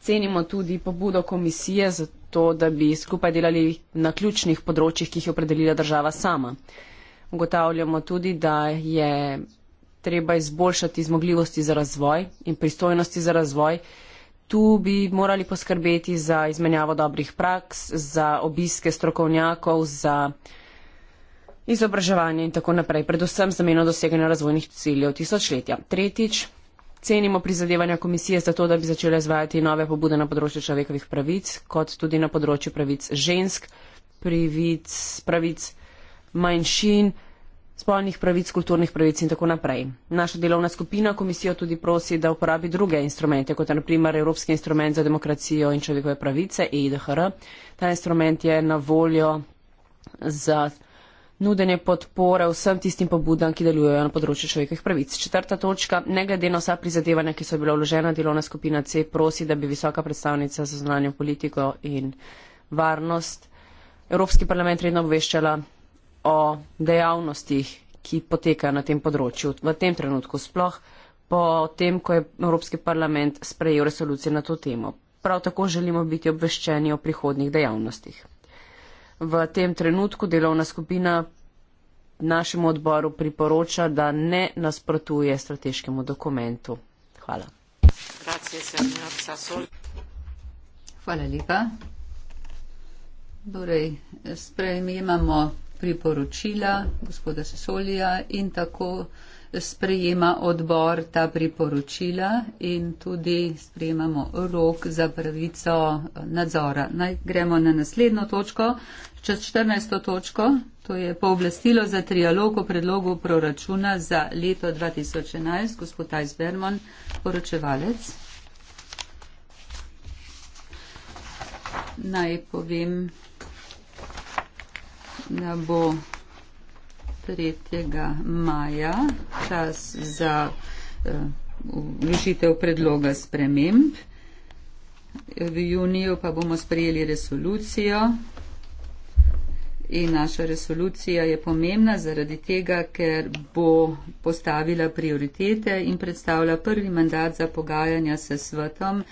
Cenimo tudi pobudo komisije za to, da bi skupaj delali na ključnih področjih, ki jih je opredelila država sama. Ugotavljamo tudi, da je treba izboljšati zmogljivosti za razvoj in pristojnosti za razvoj, tu bi morali poskrbeti za izmenjavo dobrih praks, za obiske strokovnjakov, za izobraževanje in tako naprej, predvsem z namenom doseganja razvojnih ciljev tisočletja. Tretjič, cenimo prizadevanja komisije za to, da bi začele izvajati nove pobude na področju človekovih pravic, kot tudi na področju pravic žensk, pravic, pravic manjšin spolnih pravic, kulturnih pravic in tako naprej. Naša delovna skupina komisijo tudi prosi, da uporabi druge instrumente, kot je naprimer Evropski instrument za demokracijo in človekove pravice, EIDHR. Ta instrument je na voljo za nudenje podpore vsem tistim pobudam, ki delujejo na področju človekovih pravic. Četrta točka. Ne glede na vsa prizadevanja, ki so bila vložena, delovna skupina C prosi, da bi visoka predstavnica za zunanjo politiko in varnost Evropski parlament redno obveščala o dejavnostih, ki potekajo na tem področju v tem trenutku sploh, po tem, ko je Evropski parlament sprejel resolucijo na to temo. Prav tako želimo biti obveščeni o prihodnih dejavnostih. V tem trenutku delovna skupina našemu odboru priporoča, da ne nasprotuje strateškemu dokumentu. Hvala. Hvala lepa. Torej, sprejemamo priporočila gospoda Sesolija in tako sprejema odbor ta priporočila in tudi sprejemamo rok za pravico eh, nadzora. Naj gremo na naslednjo točko, čez 14. točko, to je pooblastilo za trialog o predlogu proračuna za leto 2011, gospod Tajs Berman, poročevalec. Naj povem, da bo 3. maja čas za vložitev eh, predloga sprememb. V juniju pa bomo sprejeli resolucijo. In naša resolucija je pomembna zaradi tega, ker bo postavila prioritete in predstavlja prvi mandat za pogajanja se svetom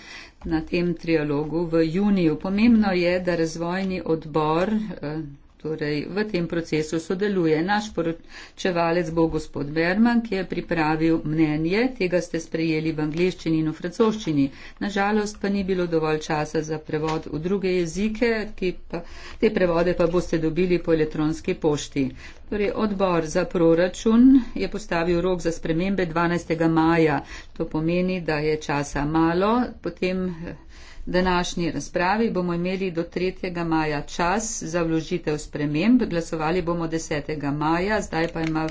na tem trialogu v juniju. Pomembno je, da razvojni odbor eh, torej v tem procesu sodeluje naš poročevalec, bo gospod Berman, ki je pripravil mnenje, tega ste sprejeli v angliščini in v francoščini. Nažalost pa ni bilo dovolj časa za prevod v druge jezike, pa, te prevode pa boste dobili po elektronski pošti. Torej, odbor za proračun je postavil rok za spremembe 12. maja. To pomeni, da je časa malo, potem današnji razpravi bomo imeli do 3. maja čas za vložitev sprememb. Glasovali bomo 10. maja, zdaj pa ima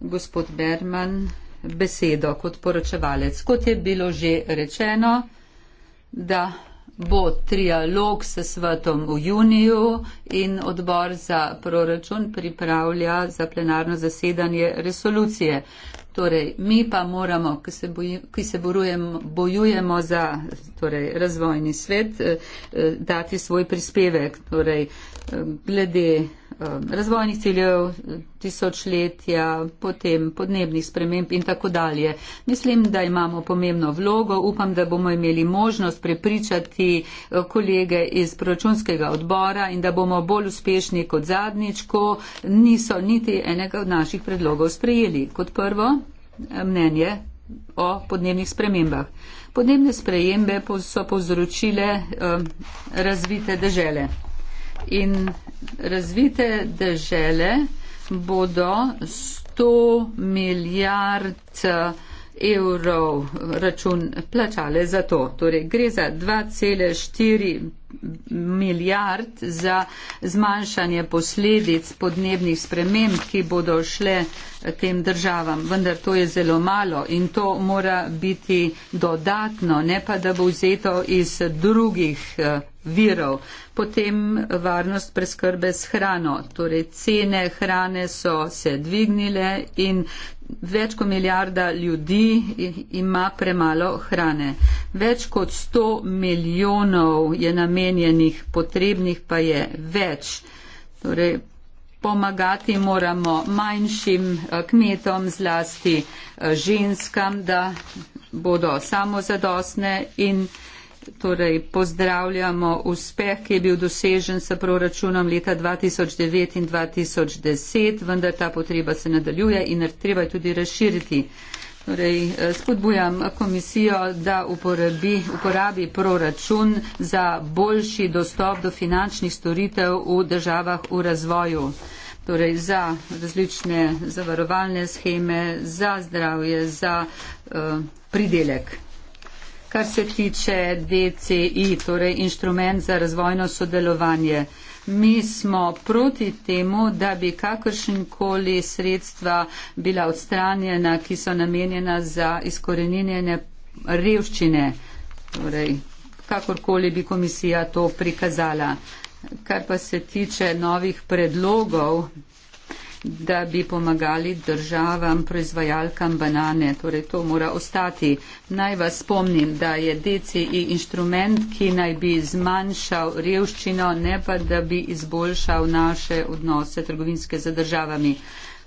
gospod Berman besedo kot poročevalec. Kot je bilo že rečeno, da bo trialog s svetom v juniju in odbor za proračun pripravlja za plenarno zasedanje resolucije. Torej, mi pa moramo, ki se, boji, ki se borujemo, bojujemo za torej, razvojni svet, eh, eh, dati svoj prispevek. Torej, eh, glede Eh, razvojnih ciljev tisočletja, potem podnebnih sprememb in tako dalje. Mislim, da imamo pomembno vlogo. Upam, da bomo imeli možnost prepričati eh, kolege iz proračunskega odbora in da bomo bolj uspešni kot zadnjič, ko niso niti enega od naših predlogov sprejeli. Kot prvo, eh, mnenje o podnebnih spremembah. Podnebne spremembe so povzročile razvite države in razvite države bodo 100 milijard evrov račun plačale za to. Torej gre za 2,4 milijarde milijard za zmanjšanje posledic podnebnih sprememb, ki bodo šle eh, tem državam. Vendar to je zelo malo in to mora biti dodatno, ne pa da bo vzeto iz drugih eh, virov. Potem varnost preskrbe s hrano. Torej cene hrane so se dvignile in Več kot milijarda ljudi ima premalo hrane. Več kot 100 milijonov je namenjenih, potrebnih pa je več. Torej, pomagati moramo manjšim eh, kmetom, zlasti eh, ženskam, da bodo samozadosne in torej pozdravljamo uspeh, ki je bil dosežen s proračunom leta 2009 in 2010, vendar ta potreba se nadaljuje in treba je tudi razširiti. Torej, eh, spodbujam komisijo, da uporabi, uporabi proračun za boljši dostop do finančnih storitev v državah v razvoju. Torej, za različne zavarovalne scheme, za zdravje, za uh, pridelek kar se tiče DCI, torej inštrument za razvojno sodelovanje. Mi smo proti temu, da bi kakršenkoli sredstva bila odstranjena, ki so namenjena za izkoreninjenje revščine, torej kakorkoli bi komisija to prikazala. Kar pa se tiče novih predlogov, da bi pomagali državam, proizvajalkam banane. Torej, to mora ostati. Naj vas spomnim, da je DCI e inštrument, ki naj bi zmanjšal revščino, ne pa da bi izboljšal naše odnose trgovinske z državami.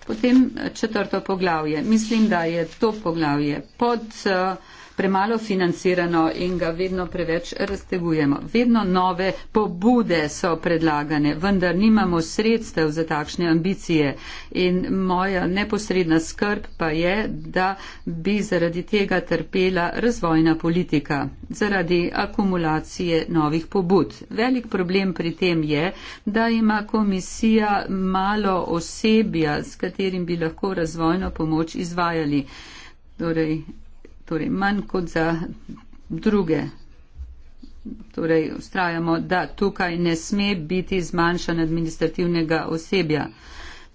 Potem četrto poglavje. Mislim, da je to poglavje pod. Uh, premalo financirano in ga vedno preveč raztegujemo. Vedno nove pobude so predlagane, vendar nimamo sredstev za takšne ambicije in moja neposredna skrb pa je, da bi zaradi tega trpela razvojna politika, zaradi akumulacije novih pobud. Velik problem pri tem je, da ima komisija malo osebja, s katerim bi lahko razvojno pomoč izvajali. Torej, torej manj kot za druge. Torej, ustrajamo, da tukaj ne sme biti zmanjšan administrativnega osebja.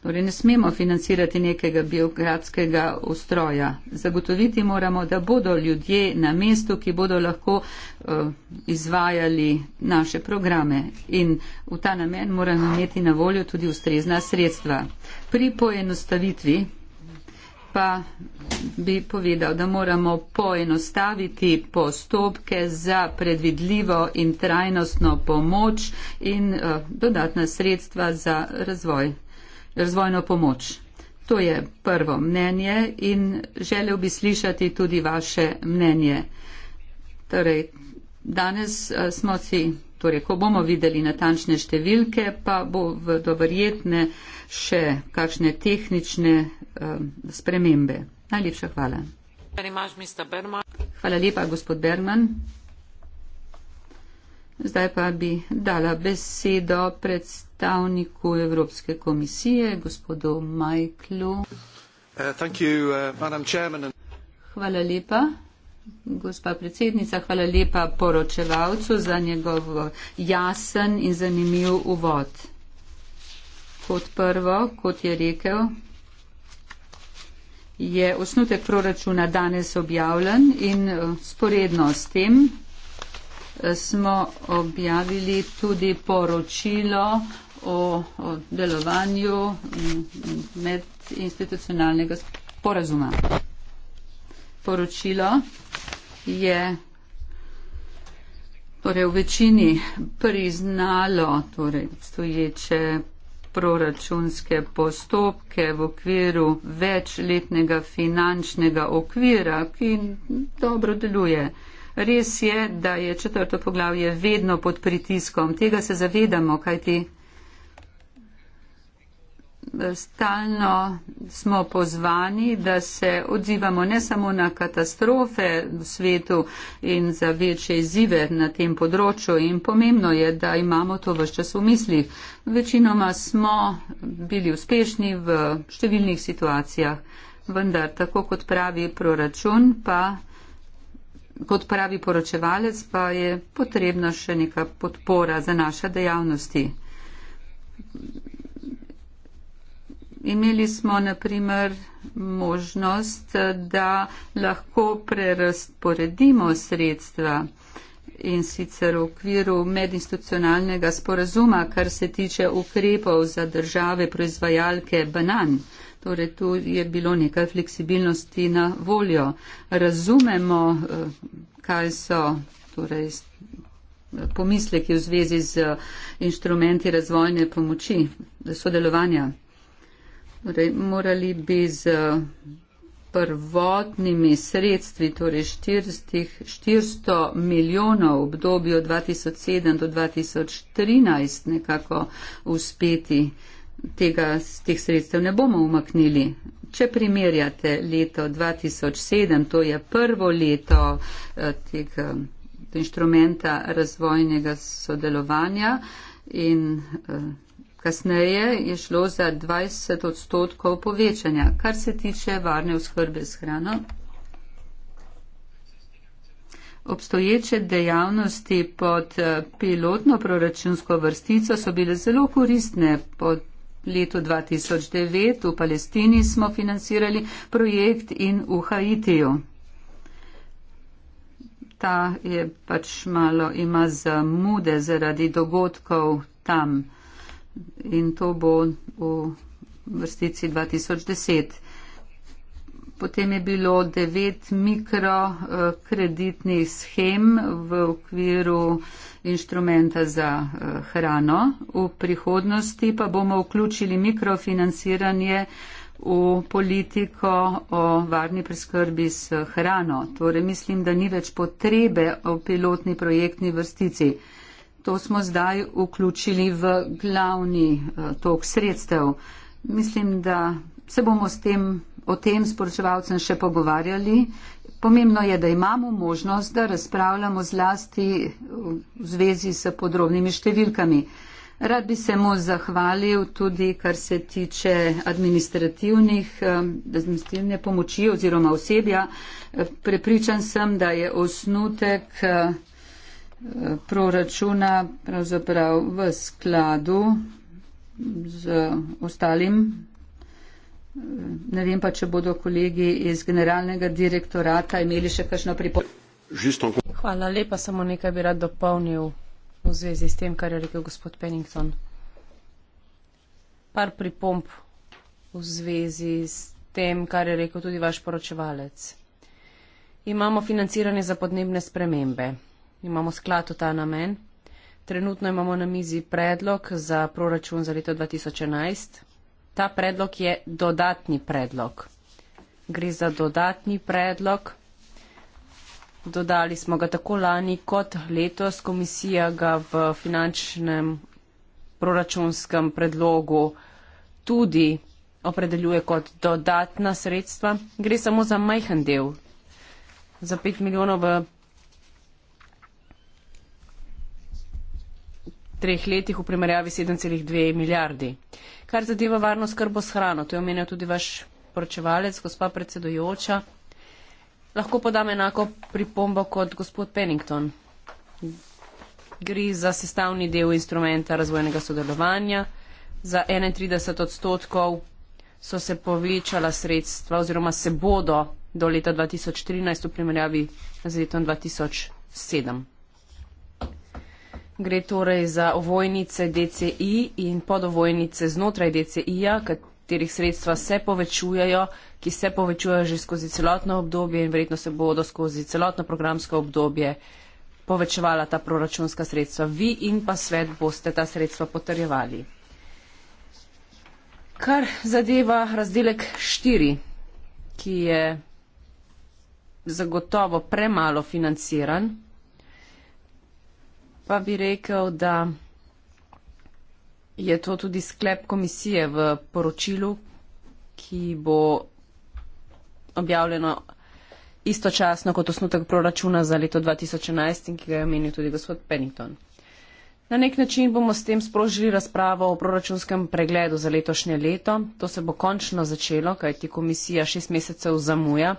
Torej, ne smemo financirati nekega biokratskega ustroja. Zagotoviti moramo, da bodo ljudje na mestu, ki bodo lahko uh, izvajali naše programe. In v ta namen moramo imeti na voljo tudi ustrezna sredstva. Pri poenostavitvi pa bi povedal, da moramo poenostaviti postopke za predvidljivo in trajnostno pomoč in eh, dodatna sredstva za razvoj, razvojno pomoč. To je prvo mnenje in želel bi slišati tudi vaše mnenje. Torej, danes eh, smo si Torej, ko bomo videli natančne številke, pa bo do verjetne še kakšne tehnične eh, spremembe. Najlepša hvala. Hvala lepa, gospod Bergman. Zdaj pa bi dala besedo predstavniku Evropske komisije, gospodu Majklu. Uh, thank you, uh, Hvala lepa, Gospa predsednica, hvala lepa poročevalcu za njegov jasen in zanimiv uvod. Kot prvo, kot je rekel, je osnutek proračuna danes objavljen in eh, sporedno s tem eh, smo objavili tudi poročilo o, o delovanju medinstitucionalnega sporazuma poročilo je torej, v večini priznalo torej, stoječe proračunske postopke v okviru večletnega finančnega okvira, ki dobro deluje. Res je, da je četrto poglavje vedno pod pritiskom. Tega se zavedamo, kajti stalno smo pozvani, da se odzivamo ne samo na katastrofe v svetu in za večje izzive na tem področju in pomembno je, da imamo to vse čas v mislih. Večinoma smo bili uspešni v številnih situacijah, vendar tako kot pravi proračun, pa kot pravi poročevalec, pa je potrebna še neka podpora za naša dejavnosti imeli smo naprimer možnost, da lahko prerasporedimo sredstva in sicer v okviru medinstitucionalnega sporazuma, kar se tiče ukrepov za države proizvajalke banan. Torej, tu je bilo nekaj fleksibilnosti na voljo. Razumemo, eh, kaj so torej, pomisleki v zvezi z inštrumenti razvojne pomoči, sodelovanja. Torej, morali bi z eh, prvotnimi sredstvi, torej 400 milijonov v obdobju 2007 do 2013 nekako uspeti, tega z teh sredstev ne bomo umaknili. Če primerjate leto 2007, to je prvo leto eh, teg, inštrumenta razvojnega sodelovanja in eh, Kasneje je šlo za 20 odstotkov povečanja, kar se tiče varne oskrbe s hrano. Obstoječe dejavnosti pod eh, pilotno proračunsko vrstico so bile zelo koristne. Po letu 2009 v Palestini smo financirali projekt in v Haitiju. Ta je pač malo ima zamude zaradi dogodkov tam in to bo v vrstici 2010. Potem je bilo devet mikrokreditnih eh, schem v okviru inštrumenta za eh, hrano. V prihodnosti pa bomo vključili mikrofinanciranje v politiko o varni preskrbi s hrano. Torej mislim, da ni več potrebe o pilotni projektni vrstici. To smo zdaj vključili v glavni eh, tok sredstev. Mislim, da se bomo s tem, o tem sporočevalcem še pogovarjali. Pomembno je, da imamo možnost, da razpravljamo zlasti eh, v zvezi s podrobnimi številkami. Rad bi se mu zahvalil tudi, kar se tiče administrativnih, eh, administrativne pomoči oziroma osebja. Prepričan sem, da je osnutek proračuna pravzaprav v skladu z ostalim. Ne vem pa, če bodo kolegi iz generalnega direktorata imeli še kakšno pripomočko. Hvala lepa, samo nekaj bi rad dopolnil v zvezi s tem, kar je rekel gospod Pennington. Par pripomp v zvezi s tem, kar je rekel tudi vaš poročevalec. Imamo financiranje za podnebne spremembe imamo sklad v ta namen. Trenutno imamo na mizi predlog za proračun za leto 2011. Ta predlog je dodatni predlog. Gre za dodatni predlog. Dodali smo ga tako lani kot letos. Komisija ga v finančnem proračunskem predlogu tudi opredeljuje kot dodatna sredstva. Gre samo za majhen del. Za 5 milijonov v treh letih v primerjavi 7,2 milijardi. Kar zadeva varnost skrbo s hrano, to je omenil tudi vaš poročevalec, gospa predsedujoča. Lahko podam enako pripombo kot gospod Pennington. Gre za sestavni del instrumenta razvojnega sodelovanja. Za 31 odstotkov so se povečala sredstva oziroma se bodo do leta 2013 v primerjavi z letom 2007. Gre torej za ovojnice DCI in podovojnice znotraj DCI-ja, katerih sredstva se povečujejo, ki se povečujejo že skozi celotno obdobje in verjetno se bodo skozi celotno programsko obdobje povečevala ta proračunska sredstva. Vi in pa svet boste ta sredstva potrjevali. Kar zadeva razdelek 4, ki je zagotovo premalo financiran, pa bi rekel, da je to tudi sklep komisije v poročilu, ki bo objavljeno istočasno kot osnutek proračuna za leto 2011 in ki ga je omenil tudi gospod Pennington. Na nek način bomo s tem sprožili razpravo o proračunskem pregledu za letošnje leto. To se bo končno začelo, kajti komisija šest mesecev zamuja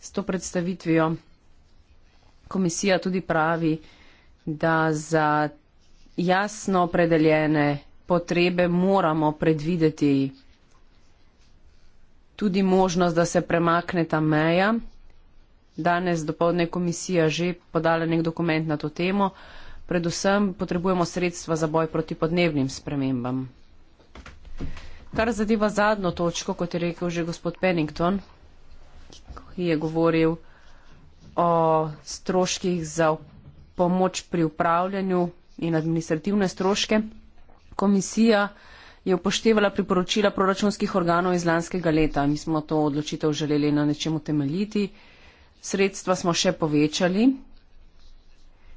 s to predstavitvijo. Komisija tudi pravi, da za jasno opredeljene potrebe moramo predvideti tudi možnost, da se premakne ta meja. Danes dopolne komisija že podala nek dokument na to temo. Predvsem potrebujemo sredstva za boj proti podnebnim spremembam. Kar zadeva zadnjo točko, kot je rekel že gospod Pennington, ki je govoril o stroških za upravljanje pomoč pri upravljanju in administrativne stroške. Komisija je upoštevala priporočila proračunskih organov iz lanskega leta. Mi smo to odločitev želeli na nečem utemeljiti. Sredstva smo še povečali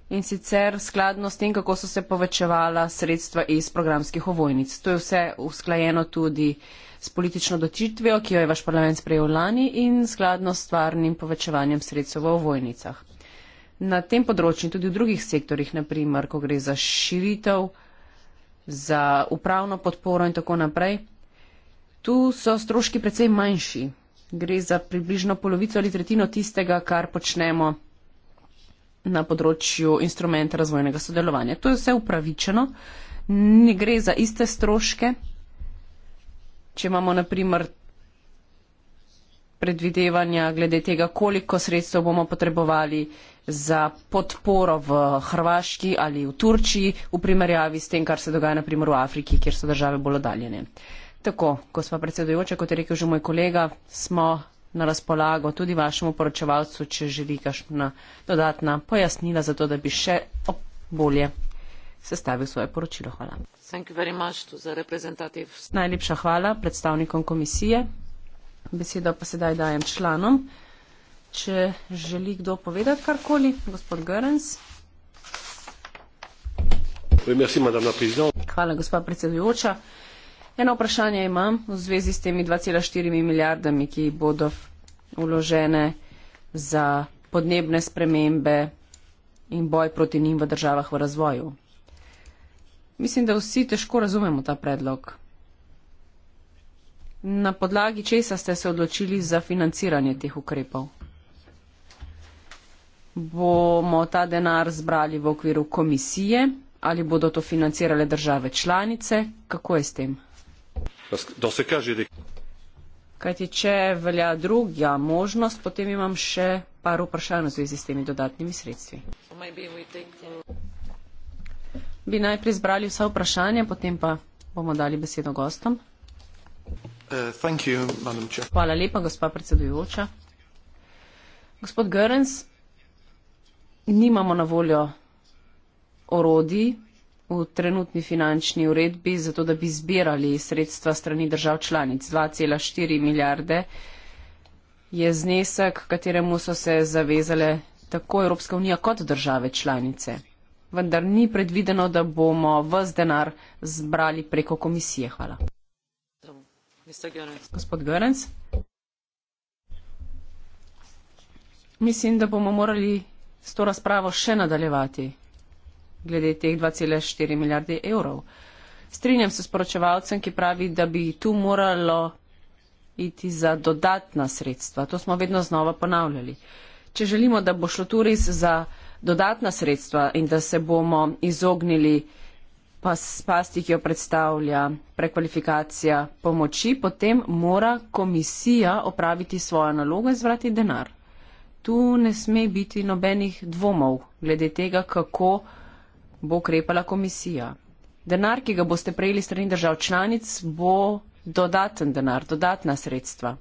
in sicer skladno s tem, kako so se povečevala sredstva iz programskih ovojnic. To je vse usklajeno tudi s politično dotitvijo, ki jo je vaš parlament sprejel lani in skladno s stvarnim povečevanjem sredstva v ovojnicah na tem področju in tudi v drugih sektorjih, naprimer, ko gre za širitev, za upravno podporo in tako naprej, tu so stroški precej manjši. Gre za približno polovico ali tretjino tistega, kar počnemo na področju instrumenta razvojnega sodelovanja. To je vse upravičeno, ne gre za iste stroške. Če imamo naprimer predvidevanja glede tega, koliko sredstev bomo potrebovali, za podporo v Hrvaški ali v Turčiji v primerjavi s tem, kar se dogaja naprimer v Afriki, kjer so države bolj oddaljene. Tako, ko smo predsedujoče, kot je rekel že moj kolega, smo na razpolago tudi vašemu poročevalcu, če želi kakšna dodatna pojasnila za to, da bi še bolje sestavil svoje poročilo. Hvala. Najlepša hvala predstavnikom komisije. Besedo pa sedaj dajem članom. Če želi kdo povedati karkoli, gospod Görens. Hvala, gospa predsedujoča. Eno vprašanje imam v zvezi s temi 2,4 milijardami, ki bodo uložene za podnebne spremembe in boj proti njim v državah v razvoju. Mislim, da vsi težko razumemo ta predlog. Na podlagi česa ste se odločili za financiranje teh ukrepov? bomo ta denar zbrali v okviru komisije, ali bodo to financirale države članice, kako je s tem? Kajti, če velja druga možnost, potem imam še par vprašanj v zvezi s temi dodatnimi sredstvi. Bi najprej zbrali vsa vprašanja, potem pa bomo dali besedo gostom. Uh, Hvala lepa, gospa predsedujoča. Gospod Görens, nimamo na voljo orodij v trenutni finančni uredbi, zato da bi zbirali sredstva strani držav članic. 2,4 milijarde je znesek, kateremu so se zavezale tako Evropska unija kot države članice. Vendar ni predvideno, da bomo vse denar zbrali preko komisije. Hvala. Gospod Görens. Mislim, da bomo morali s to razpravo še nadaljevati glede teh 2,4 milijarde evrov. Strinjam se s poročevalcem, ki pravi, da bi tu moralo iti za dodatna sredstva. To smo vedno znova ponavljali. Če želimo, da bo šlo tu res za dodatna sredstva in da se bomo izognili pasti, ki jo predstavlja prekvalifikacija pomoči, potem mora komisija opraviti svojo nalogo in zvrati denar tu ne sme biti nobenih dvomov glede tega, kako bo ukrepala komisija. Denar, ki ga boste prejeli strani držav članic, bo dodaten denar, dodatna sredstva.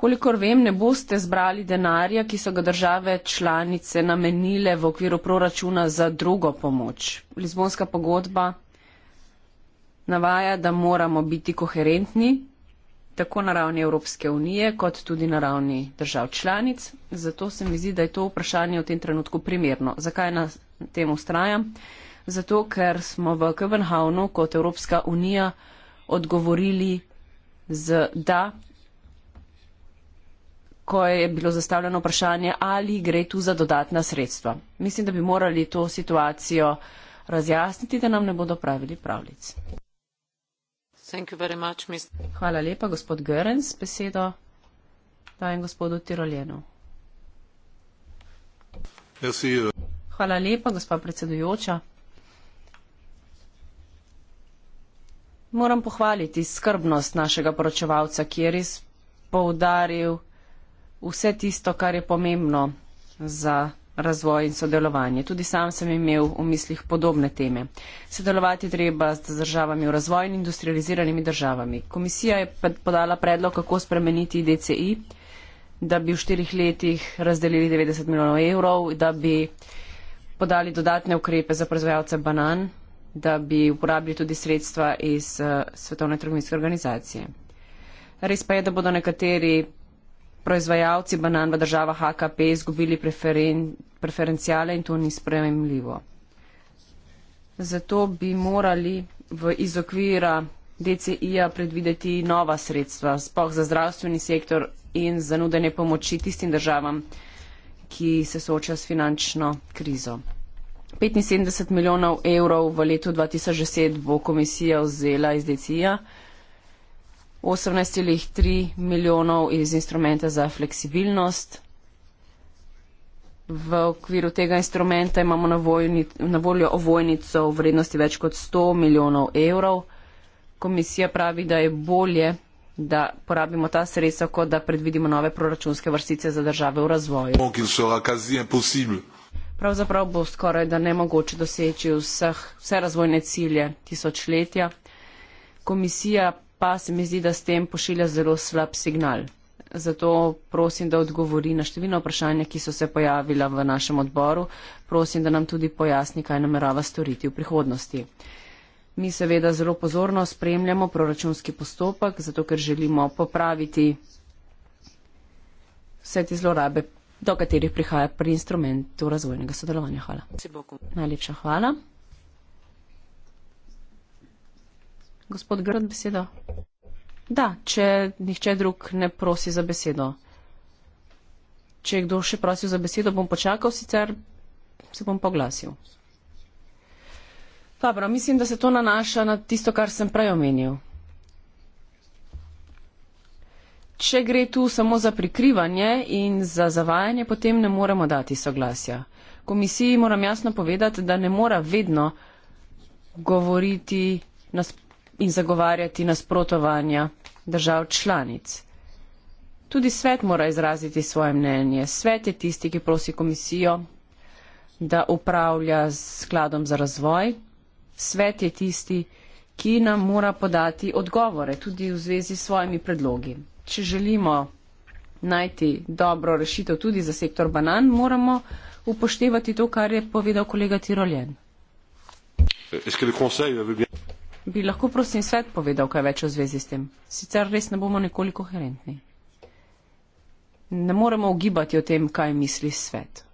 Kolikor vem, ne boste zbrali denarja, ki so ga države članice namenile v okviru proračuna za drugo pomoč. Lizbonska pogodba navaja, da moramo biti koherentni tako na ravni Evropske unije, kot tudi na ravni držav članic. Zato se mi zdi, da je to vprašanje v tem trenutku primerno. Zakaj na tem ustrajam? Zato, ker smo v Kopenhavnu kot Evropska unija odgovorili z da, ko je bilo zastavljeno vprašanje, ali gre tu za dodatna sredstva. Mislim, da bi morali to situacijo razjasniti, da nam ne bodo pravili pravljic. Hvala lepa, gospod Görens. Besedo dajem gospodu Tirolenu. Hvala lepa, gospa predsedujoča. Moram pohvaliti skrbnost našega poročevalca, ki je res poudaril vse tisto, kar je pomembno za razvoj in sodelovanje. Tudi sam sem imel v mislih podobne teme. Sodelovati treba z državami v razvoj in industrializiranimi državami. Komisija je podala predlog, kako spremeniti DCI, da bi v štirih letih razdelili 90 milijonov evrov, da bi podali dodatne ukrepe za proizvajalce banan, da bi uporabili tudi sredstva iz uh, Svetovne trgovinske organizacije. Res pa je, da bodo nekateri proizvajalci banan v državah HKP izgubili preferen, preferencijale in to ni sprememljivo. Zato bi morali v izokvira DCI-ja predvideti nova sredstva, spoh za zdravstveni sektor in za nudenje pomoči tistim državam, ki se soočajo s finančno krizo. 75 milijonov evrov v letu 2010 bo komisija vzela iz DCI-ja. 18,3 milijonov iz instrumenta za fleksibilnost. V okviru tega instrumenta imamo na, vojni, na voljo ovojnico v vrednosti več kot 100 milijonov evrov. Komisija pravi, da je bolje, da porabimo ta sredstva, kot da predvidimo nove proračunske vrstice za države v razvoju. Pravzaprav bo skoraj da nemogoče doseči vseh, vse razvojne cilje tisočletja. Komisija pa se mi zdi, da s tem pošilja zelo slab signal. Zato prosim, da odgovori na številna vprašanja, ki so se pojavila v našem odboru. Prosim, da nam tudi pojasni, kaj namerava storiti v prihodnosti. Mi seveda zelo pozorno spremljamo proračunski postopek, zato ker želimo popraviti vse te zlorabe, do katerih prihaja pri instrumentu razvojnega sodelovanja. Hvala. Najlepša hvala. Gospod Grn, beseda. Da, če nihče drug ne prosi za besedo. Če je kdo še prosil za besedo, bom počakal, sicer se bom poglasil. Dobro, mislim, da se to nanaša na tisto, kar sem prej omenil. Če gre tu samo za prikrivanje in za zavajanje, potem ne moremo dati soglasja. Komisiji moram jasno povedati, da ne mora vedno govoriti nasprotno in zagovarjati nasprotovanja držav članic. Tudi svet mora izraziti svoje mnenje. Svet je tisti, ki prosi komisijo, da upravlja s skladom za razvoj. Svet je tisti, ki nam mora podati odgovore tudi v zvezi s svojimi predlogi. Če želimo najti dobro rešitev tudi za sektor banan, moramo upoštevati to, kar je povedal kolega Tiroljen bi lahko prosim svet povedal kaj več v zvezi s tem. Sicer res ne bomo nekoliko koherentni. Ne moremo ugibati o tem, kaj misli svet.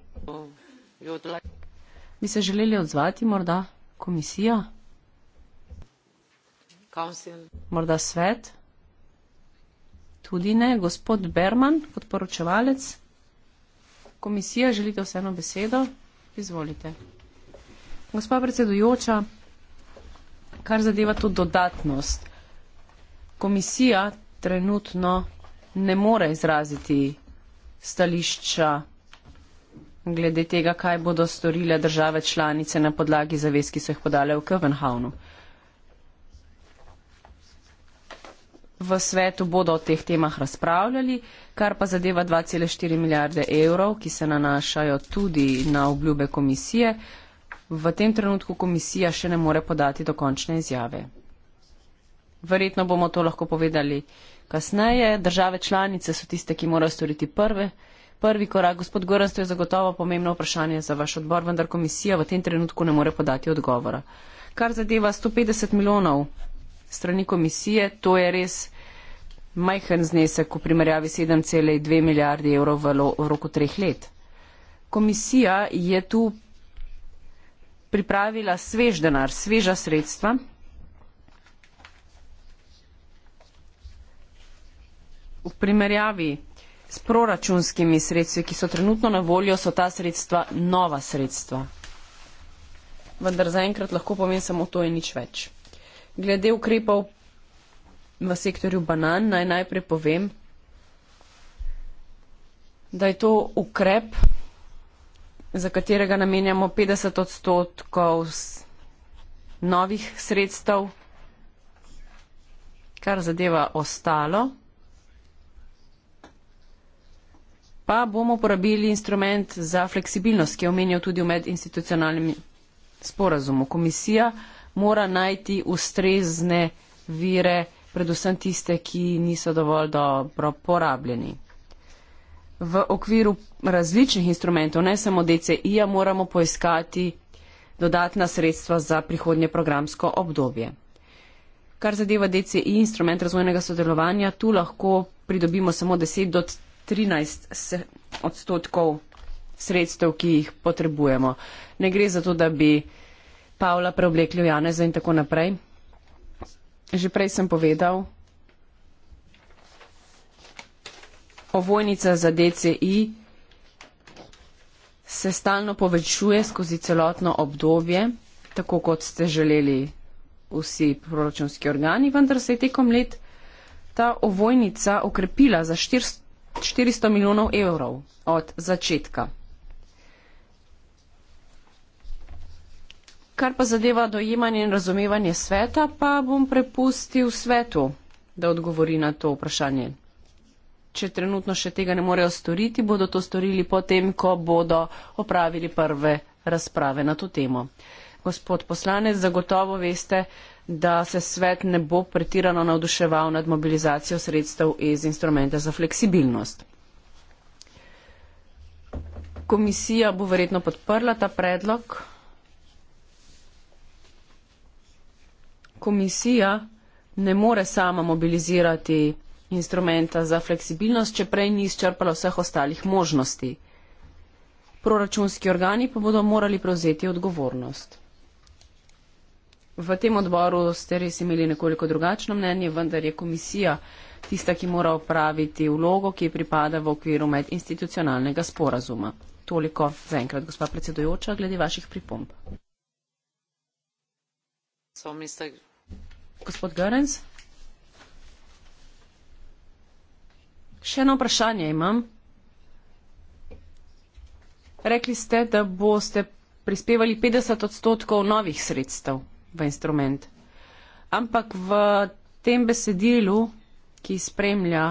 Bi se želeli odzvati morda komisija? Morda svet? Tudi ne, gospod Berman, podporočevalec. Komisija, želite vseeno besedo? Izvolite. Gospa predsedujoča, kar zadeva to dodatnost. Komisija trenutno ne more izraziti stališča glede tega, kaj bodo storile države članice na podlagi zavez, ki so jih podale v Kövenhavnu. V svetu bodo o teh temah razpravljali, kar pa zadeva 2,4 milijarde evrov, ki se nanašajo tudi na obljube komisije v tem trenutku komisija še ne more podati dokončne izjave. Verjetno bomo to lahko povedali kasneje. Države članice so tiste, ki morajo storiti prve. Prvi korak, gospod Goran, to je zagotovo pomembno vprašanje za vaš odbor, vendar komisija v tem trenutku ne more podati odgovora. Kar zadeva 150 milijonov strani komisije, to je res majhen znesek v primerjavi 7,2 milijardi evrov v, lo, v roku treh let. Komisija je tu pripravila svež denar, sveža sredstva. V primerjavi s proračunskimi sredstvi, ki so trenutno na voljo, so ta sredstva nova sredstva. Vendar zaenkrat lahko povem samo to in nič več. Glede ukrepov v sektorju banan naj najprej povem, da je to ukrep, za katerega namenjamo 50 odstotkov novih sredstev, kar zadeva ostalo. Pa bomo uporabili instrument za fleksibilnost, ki je omenjal tudi v medinstitucionalnem sporazumu. Komisija mora najti ustrezne vire, predvsem tiste, ki niso dovolj dobro porabljeni v okviru različnih instrumentov, ne samo DCI-ja, moramo poiskati dodatna sredstva za prihodnje programsko obdobje. Kar zadeva DCI, instrument razvojnega sodelovanja, tu lahko pridobimo samo 10 do 13 odstotkov sredstev, ki jih potrebujemo. Ne gre za to, da bi Pavla preoblekli v Janeza in tako naprej. Že prej sem povedal, ovojnica za DCI se stalno povečuje skozi celotno obdobje, tako kot ste želeli vsi proračunski organi, vendar se je tekom let ta ovojnica okrepila za 400 milijonov evrov od začetka. Kar pa zadeva dojemanje in razumevanje sveta, pa bom prepustil svetu, da odgovori na to vprašanje če trenutno še tega ne morejo storiti, bodo to storili potem, ko bodo opravili prve razprave na to temo. Gospod poslanec, zagotovo veste, da se svet ne bo pretirano navduševal nad mobilizacijo sredstev iz instrumenta za fleksibilnost. Komisija bo verjetno podprla ta predlog. Komisija ne more sama mobilizirati instrumenta za fleksibilnost, čeprej ni izčrpala vseh ostalih možnosti. Proračunski organi pa bodo morali prevzeti odgovornost. V tem odboru ste res imeli nekoliko drugačno mnenje, vendar je komisija tista, ki mora opraviti vlogo, ki pripada v okviru medinstitucionalnega sporazuma. Toliko za enkrat, gospa predsedujoča, glede vaših pripomb. Gospod Görens? Še eno vprašanje imam. Rekli ste, da boste prispevali 50 odstotkov novih sredstev v instrument. Ampak v tem besedilu, ki spremlja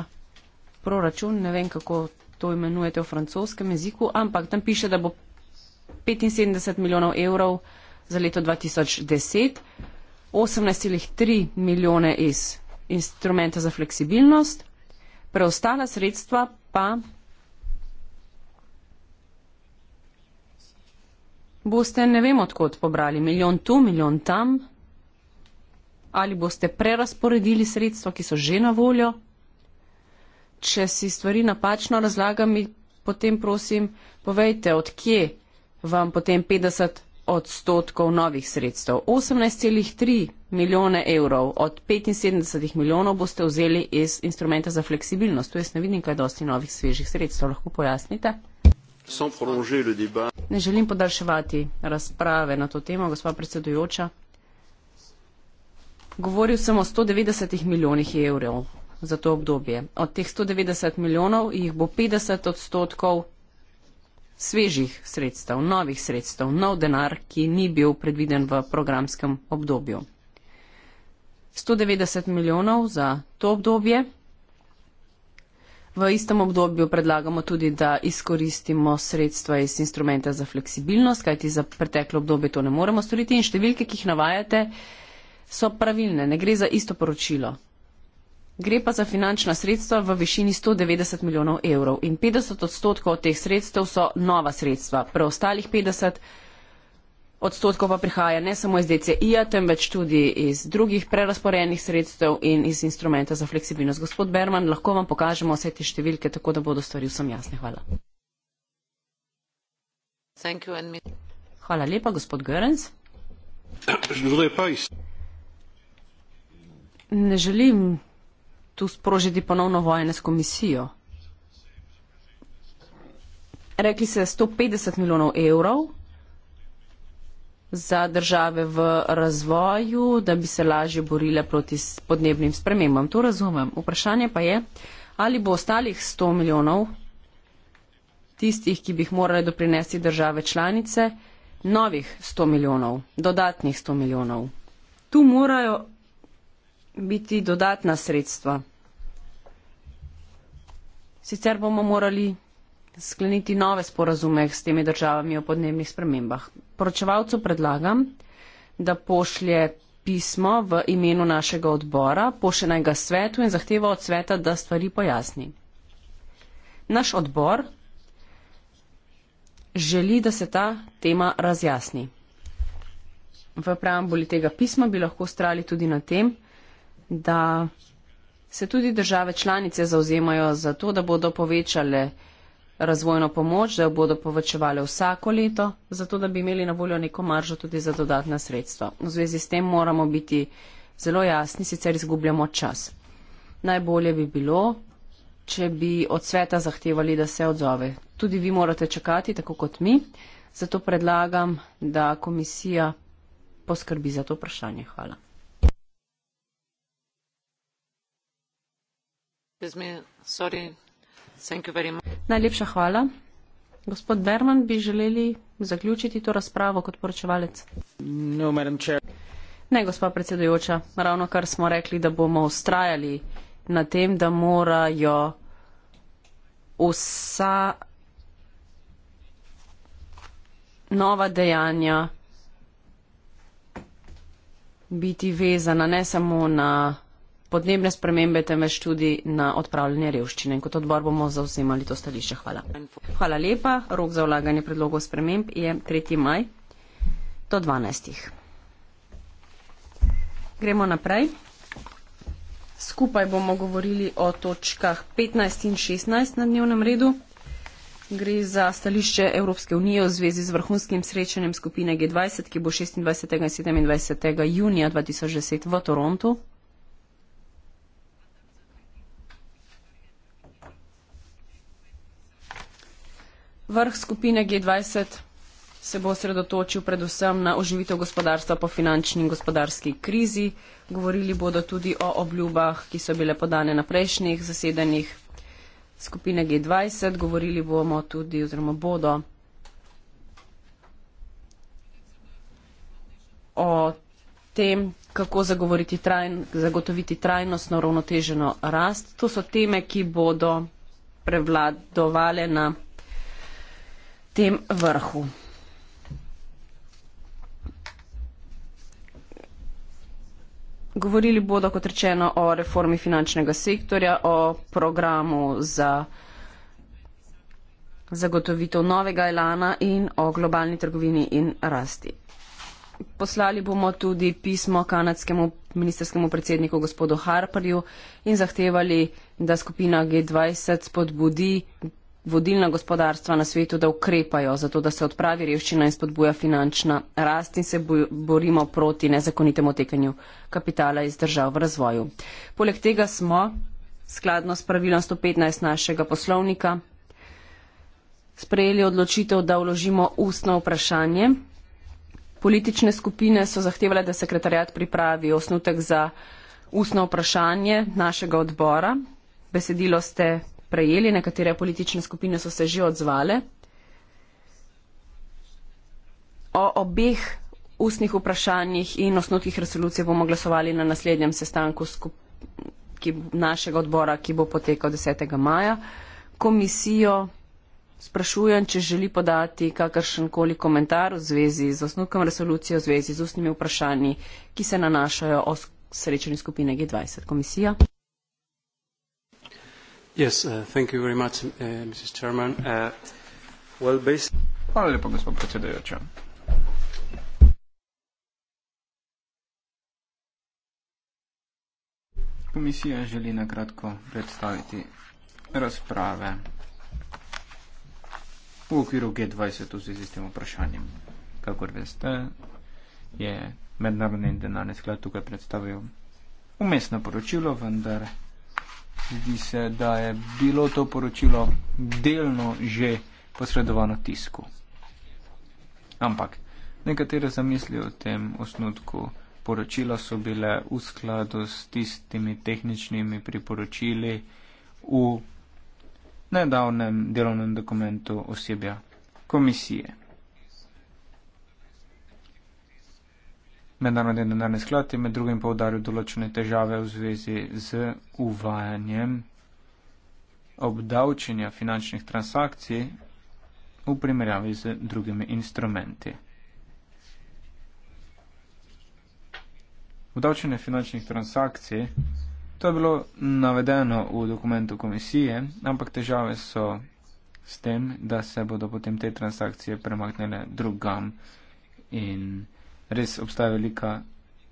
proračun, ne vem, kako to imenujete v francoskem jeziku, ampak tam piše, da bo 75 milijonov evrov za leto 2010, 18,3 milijone iz instrumenta za fleksibilnost, preostala sredstva pa boste ne vem odkot pobrali, milijon tu, milijon tam, ali boste prerasporedili sredstva, ki so že na voljo. Če si stvari napačno razlagam, potem prosim, povejte, odkje vam potem 50 odstotkov novih sredstev. 18,3 milijone evrov od 75 milijonov boste vzeli iz instrumenta za fleksibilnost. Tu jaz ne vidim kaj dosti novih svežih sredstev. Lahko pojasnite? Ne želim podaljševati razprave na to temo, gospod predsedujoča. Govoril sem o 190 milijonih evrov za to obdobje. Od teh 190 milijonov jih bo 50 odstotkov svežih sredstev, novih sredstev, nov denar, ki ni bil predviden v programskem obdobju. 190 milijonov za to obdobje. V istem obdobju predlagamo tudi, da izkoristimo sredstva iz instrumenta za fleksibilnost, kajti za preteklo obdobje to ne moremo storiti in številke, ki jih navajate, so pravilne, ne gre za isto poročilo. Gre pa za finančna sredstva v višini 190 milijonov evrov in 50 odstotkov teh sredstev so nova sredstva. Preostalih 50 odstotkov pa prihaja ne samo iz DCI-ja, temveč tudi iz drugih prerasporenih sredstev in iz instrumenta za fleksibilnost. Gospod Berman, lahko vam pokažemo vse te številke, tako da bodo stvari vsem jasne. Hvala. Hvala lepa, gospod Görens. Ne želim tu sprožiti ponovno vojne s komisijo? Rekli ste 150 milijonov evrov za države v razvoju, da bi se lažje borile proti podnebnim spremembam. To razumem. Vprašanje pa je, ali bo ostalih 100 milijonov tistih, ki bi jih morali doprinesti države članice, novih 100 milijonov, dodatnih 100 milijonov. Tu morajo biti dodatna sredstva. Sicer bomo morali skleniti nove sporazume s temi državami o podnebnih spremembah. Poročevalcu predlagam, da pošlje pismo v imenu našega odbora, pošlje naj ga svetu in zahteva od sveta, da stvari pojasni. Naš odbor želi, da se ta tema razjasni. V preambuli tega pisma bi lahko strali tudi na tem, da se tudi države članice zauzemajo za to, da bodo povečale razvojno pomoč, da jo bodo povečevali vsako leto, zato da bi imeli na voljo neko maržo tudi za dodatna sredstva. V zvezi s tem moramo biti zelo jasni, sicer izgubljamo čas. Najbolje bi bilo, če bi od sveta zahtevali, da se odzove. Tudi vi morate čakati, tako kot mi, zato predlagam, da komisija poskrbi za to vprašanje. Hvala. Najlepša hvala. Gospod Berman, bi želeli zaključiti to razpravo kot poročevalec? No, ne, gospa predsedujoča, ravno kar smo rekli, da bomo ustrajali na tem, da morajo vsa nova dejanja biti vezana ne samo na podnebne spremembe, temveč tudi na odpravljanje revščine. In kot odbor bomo zauzemali to stališče. Hvala. Hvala lepa. Rok za vlaganje predlogov sprememb je 3. maj do 12. Gremo naprej. Skupaj bomo govorili o točkah 15 in 16 na dnevnem redu. Gre za stališče Evropske unije v zvezi z vrhunskim srečanjem skupine G20, ki bo 26. in 27. junija 2010 v Torontu. Vrh skupine G20 se bo osredotočil predvsem na oživitev gospodarstva po finančni in gospodarski krizi. Govorili bodo tudi o obljubah, ki so bile podane na prejšnjih zasedanjih skupine G20. Govorili bomo tudi oziroma bodo o tem, kako trajn, zagotoviti trajnostno ravnoteženo rast. To so teme, ki bodo prevladovale na tem vrhu. Govorili bodo, kot rečeno, o reformi finančnega sektorja, o programu za zagotovitev novega elana in o globalni trgovini in rasti. Poslali bomo tudi pismo kanadskemu ministerskemu predsedniku gospodu Harperju in zahtevali, da skupina G20 spodbudi vodilna gospodarstva na svetu, da ukrepajo za to, da se odpravi revščina in spodbuja finančna rast in se borimo proti nezakonitemu tekanju kapitala iz držav v razvoju. Poleg tega smo, skladno s pravilom 115 našega poslovnika, sprejeli odločitev, da vložimo ustno vprašanje. Politične skupine so zahtevale, da sekretarjat pripravi osnutek za ustno vprašanje našega odbora. Besedilo ste prejeli, nekatere politične skupine so se že odzvale. O obeh ustnih vprašanjih in osnutkih resolucij bomo glasovali na naslednjem sestanku ki, našega odbora, ki bo potekal 10. maja. Komisijo sprašujem, če želi podati kakršenkoli komentar v zvezi z osnutkom resolucije, v zvezi z ustnimi vprašanji, ki se nanašajo o srečanju skupine G20. Komisija. Yes, uh, thank you very much, uh, Mrs. Chairman. Uh, well, Hvala lepa, gospod predsedujoča. Komisija želi na kratko predstaviti razprave v okviru G20 v zvezi s tem vprašanjem. Kakor veste, je Mednarodni denarni sklad tukaj predstavil umestno poročilo, vendar zdi se, da je bilo to poročilo delno že posredovano tisku. Ampak nekatere zamisli o tem osnutku poročila so bile v skladu s tistimi tehničnimi priporočili v nedavnem delovnem dokumentu osebja komisije. mednarodni denarni sklad je med drugim povdaril določene težave v zvezi z uvajanjem obdavčenja finančnih transakcij v primerjavi z drugimi instrumenti. Obdavčenje finančnih transakcij, to je bilo navedeno v dokumentu komisije, ampak težave so s tem, da se bodo potem te transakcije premaknile drugam in drugim res obstaja velika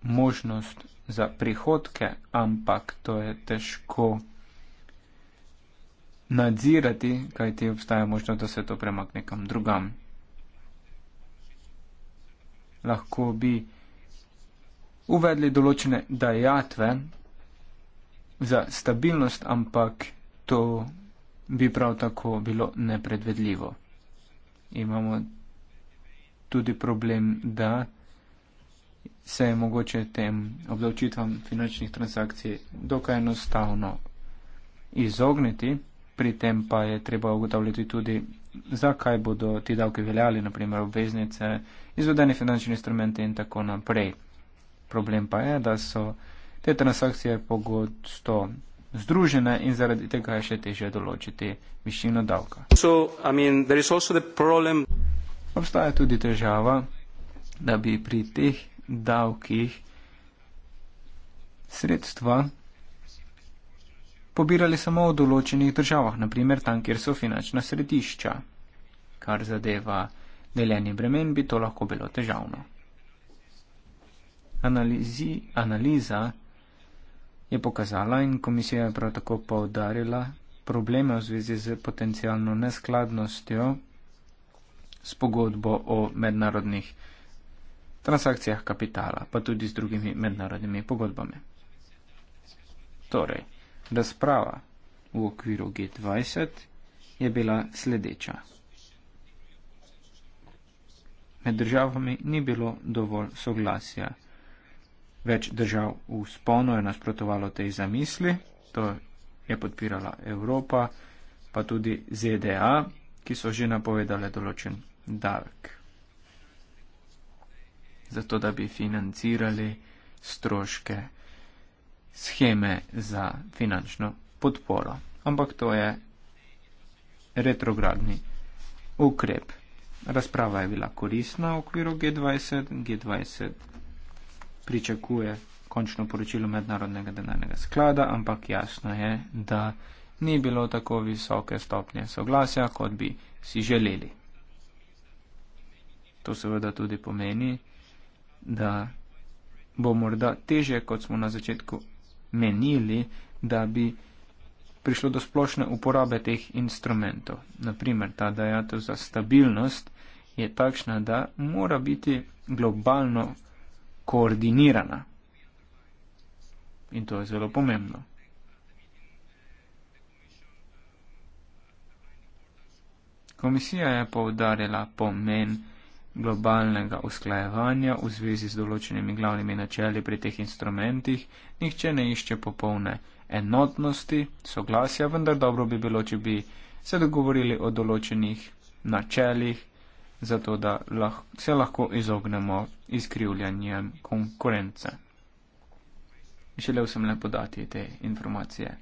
možnost za prihodke, ampak to je težko nadzirati, kaj ti obstaja možnost, da se to premakne kam drugam. Lahko bi uvedli določene dajatve za stabilnost, ampak to bi prav tako bilo nepredvedljivo. Imamo tudi problem, da se je mogoče tem obdavčitvam finančnih transakcij dokaj enostavno izogniti, pri tem pa je treba ugotavljati tudi, zakaj bodo ti davki veljali, naprimer obveznice, izvedeni finančni instrumenti in tako naprej. Problem pa je, da so te transakcije pogosto združene in zaradi tega je še teže določiti višino davka. So, I mean, problem... Obstaja tudi težava, da bi pri teh davkih sredstva pobirali samo v določenih državah, naprimer tam, kjer so finančna središča. Kar zadeva deljenje bremen, bi to lahko bilo težavno. Analizi, analiza je pokazala in komisija je prav tako povdarila probleme v zvezi z potencijalno neskladnostjo s pogodbo o mednarodnih transakcijah kapitala, pa tudi z drugimi mednarodnimi pogodbami. Torej, razprava v okviru G20 je bila sledeča. Med državami ni bilo dovolj soglasja. Več držav v sponu je nasprotovalo tej zamisli, to je podpirala Evropa, pa tudi ZDA, ki so že napovedale določen davek zato da bi financirali stroške scheme za finančno podporo. Ampak to je retrogradni ukrep. Razprava je bila korisna v okviru G20. G20 pričakuje končno poročilo Mednarodnega denarnega sklada, ampak jasno je, da ni bilo tako visoke stopnje soglasja, kot bi si želeli. To seveda tudi pomeni, da bo morda teže, kot smo na začetku menili, da bi prišlo do splošne uporabe teh instrumentov. Naprimer, ta dajatev za stabilnost je takšna, da mora biti globalno koordinirana. In to je zelo pomembno. Komisija je povdarjala pomen, globalnega usklajevanja v zvezi z določenimi glavnimi načeli pri teh instrumentih, nihče ne išče popolne enotnosti, soglasja, vendar dobro bi bilo, če bi se dogovorili o določenih načelih, zato da se lahko izognemo izkrivljanjem konkurence. Želel sem le podati te informacije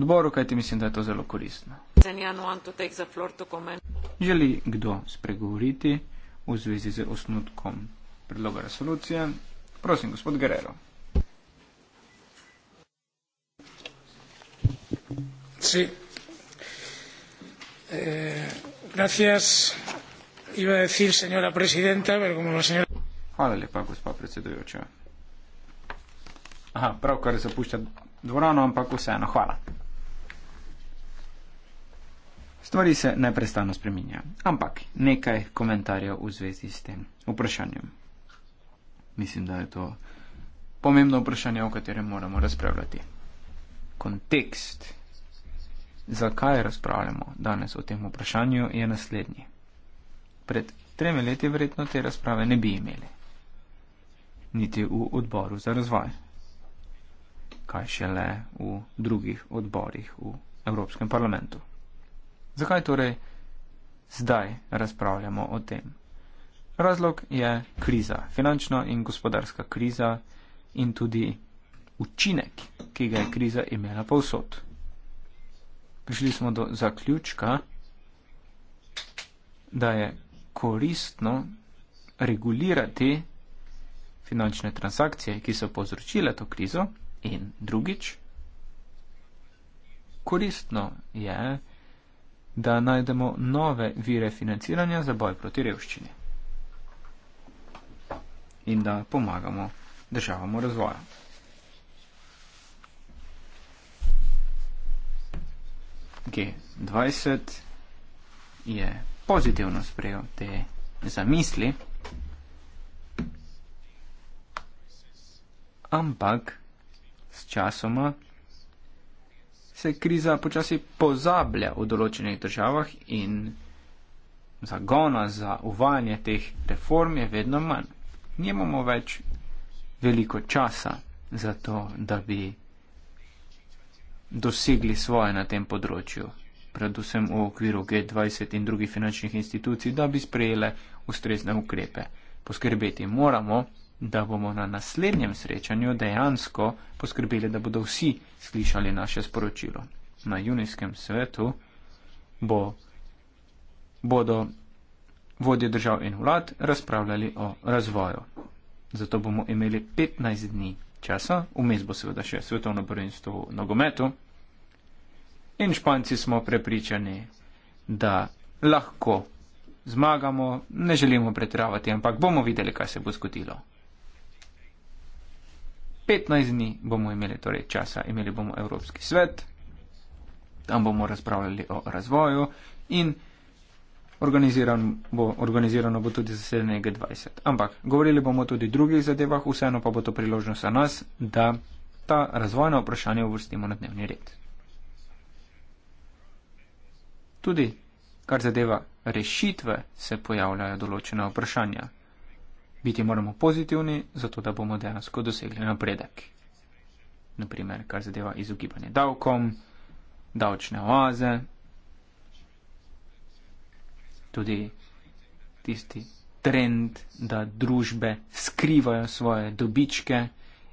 odboru, kajti mislim, da je to zelo koristno. Želi kdo spregovoriti v zvezi z osnutkom predloga resolucije? Prosim, gospod Guerrero. Sí. Eh, gracias. Iba a decir señora presidenta, pero como la señora. Hvala lepa, gospod predsedujoča. Aha, pravkar zapušča dvorano, ampak vseeno, hvala. Stvari se neprestano spreminjajo, ampak nekaj komentarjev v zvezi s tem vprašanjem. Mislim, da je to pomembno vprašanje, o katerem moramo razpravljati. Kontekst, zakaj razpravljamo danes o tem vprašanju, je naslednji. Pred tremi leti verjetno te razprave ne bi imeli, niti v odboru za razvoj, kaj šele v drugih odborih v Evropskem parlamentu. Zakaj torej zdaj razpravljamo o tem? Razlog je kriza, finančna in gospodarska kriza in tudi učinek, ki ga je kriza imela povsod. Prišli smo do zaključka, da je koristno regulirati finančne transakcije, ki so povzročile to krizo in drugič, koristno je da najdemo nove vire financiranja za boj proti revščini in da pomagamo državam v razvoju. G20 je pozitivno sprejel te zamisli, ampak s časoma se kriza počasi pozablja v določenih državah in zagona za uvajanje teh reform je vedno manj. Nimamo več veliko časa za to, da bi dosegli svoje na tem področju, predvsem v okviru G20 in drugih finančnih institucij, da bi sprejele ustrezne ukrepe. Poskrbeti moramo, da bomo na naslednjem srečanju dejansko poskrbeli, da bodo vsi slišali naše sporočilo. Na junijskem svetu bo, bodo vodje držav in vlad razpravljali o razvoju. Zato bomo imeli 15 dni časa, vmes bo seveda še svetovno prvenstvo v nogometu. In španci smo prepričani, da lahko zmagamo, ne želimo pretravati, ampak bomo videli, kaj se bo zgodilo. 15 dni bomo imeli torej časa, imeli bomo Evropski svet, tam bomo razpravljali o razvoju in organiziran bo, organizirano bo tudi zasedanje G20. Ampak govorili bomo tudi o drugih zadevah, vseeno pa bo to priložnost za nas, da ta razvojna vprašanja uvrstimo na dnevni red. Tudi, kar zadeva rešitve, se pojavljajo določena vprašanja. Biti moramo pozitivni, zato da bomo dejansko dosegli napredek. Naprimer, kar zadeva izogibanje davkom, davčne oaze, tudi tisti trend, da družbe skrivajo svoje dobičke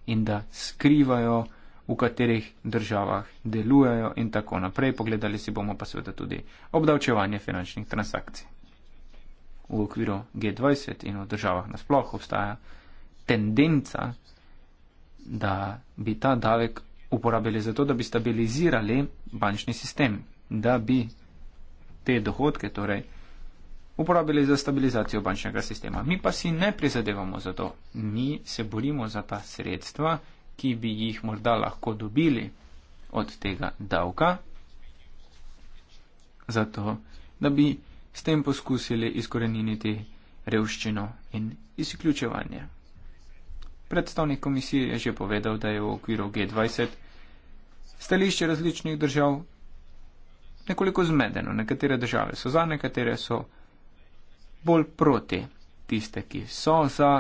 in da skrivajo, v katerih državah delujejo in tako naprej. Pogledali si bomo pa seveda tudi obdavčevanje finančnih transakcij v okviru G20 in v državah nasploh obstaja tendenca, da bi ta davek uporabili za to, da bi stabilizirali bančni sistem, da bi te dohodke torej uporabili za stabilizacijo bančnega sistema. Mi pa si ne prizadevamo za to, mi se borimo za ta sredstva, ki bi jih morda lahko dobili od tega davka, zato da bi s tem poskusili izkoreniniti revščino in izključevanje. Predstavnik komisije je že povedal, da je v okviru G20 stališče različnih držav nekoliko zmedeno. Nekatere države so za, nekatere so bolj proti. Tiste, ki so za,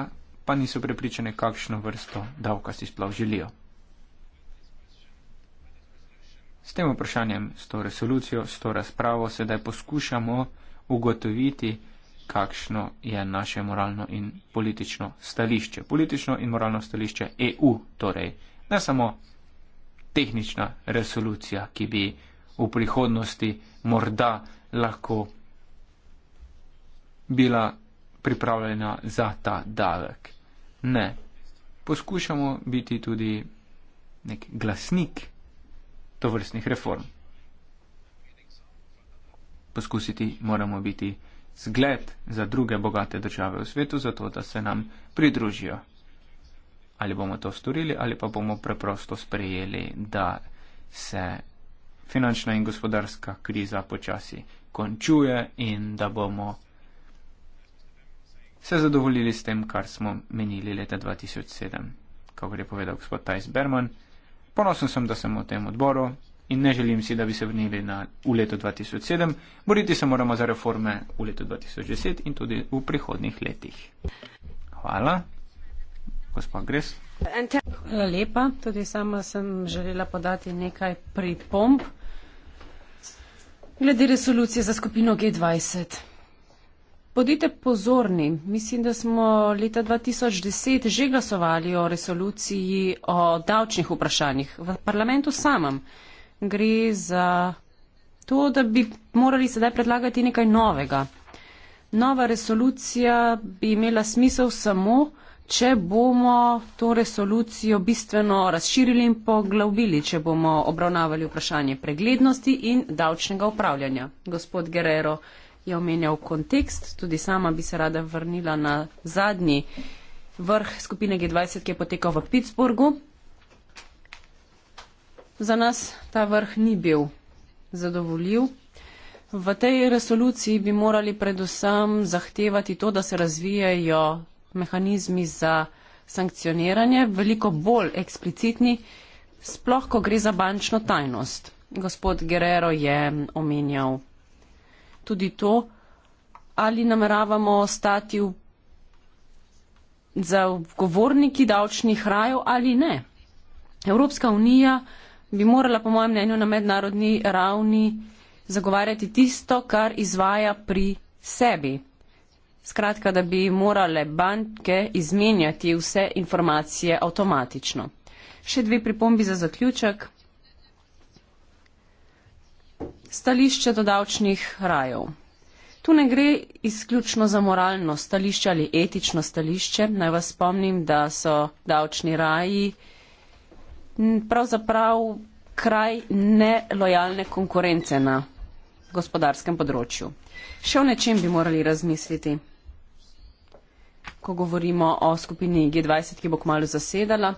pa niso prepričane, kakšno vrsto davka si sploh želijo. S tem vprašanjem, s to resolucijo, s to razpravo sedaj poskušamo ugotoviti, kakšno je naše moralno in politično stališče. Politično in moralno stališče EU, torej ne samo tehnična resolucija, ki bi v prihodnosti morda lahko bila pripravljena za ta davek. Ne. Poskušamo biti tudi nek glasnik tovrstnih reform poskusiti, moramo biti zgled za druge bogate države v svetu, zato da se nam pridružijo. Ali bomo to storili, ali pa bomo preprosto sprejeli, da se finančna in gospodarska kriza počasi končuje in da bomo se zadovoljili s tem, kar smo menili leta 2007, kot je povedal gospod Tajs Berman. Ponosen sem, da sem v tem odboru, in ne želim si, da bi se vrnili na, v leto 2007. Boriti se moramo za reforme v letu 2010 in tudi v prihodnih letih. Hvala. Gospod Gres. Hvala lepa. Tudi sama sem želela podati nekaj pripomb glede resolucije za skupino G20. Bodite pozorni, mislim, da smo leta 2010 že glasovali o resoluciji o davčnih vprašanjih v parlamentu samem gre za to, da bi morali sedaj predlagati nekaj novega. Nova resolucija bi imela smisel samo, če bomo to resolucijo bistveno razširili in poglobili, če bomo obravnavali vprašanje preglednosti in davčnega upravljanja. Gospod Guerrero je omenjal kontekst, tudi sama bi se rada vrnila na zadnji vrh skupine G20, ki je potekal v Pittsburghu. Za nas ta vrh ni bil zadovoljiv. V tej resoluciji bi morali predvsem zahtevati to, da se razvijajo mehanizmi za sankcioniranje, veliko bolj eksplicitni, sploh ko gre za bančno tajnost. Gospod Guerrero je omenjal tudi to, ali nameravamo stati v, za govorniki davčnih rajev ali ne. Evropska unija bi morala, po mojem mnenju, na mednarodni ravni zagovarjati tisto, kar izvaja pri sebi. Skratka, da bi morale banke izmenjati vse informacije avtomatično. Še dve pripombi za zaključek. Stališče do davčnih rajev. Tu ne gre izključno za moralno stališče ali etično stališče. Naj vas spomnim, da so davčni raji pravzaprav kraj nelojalne konkurence na gospodarskem področju. Še o nečem bi morali razmisliti, ko govorimo o skupini G20, ki bo kmalo zasedala,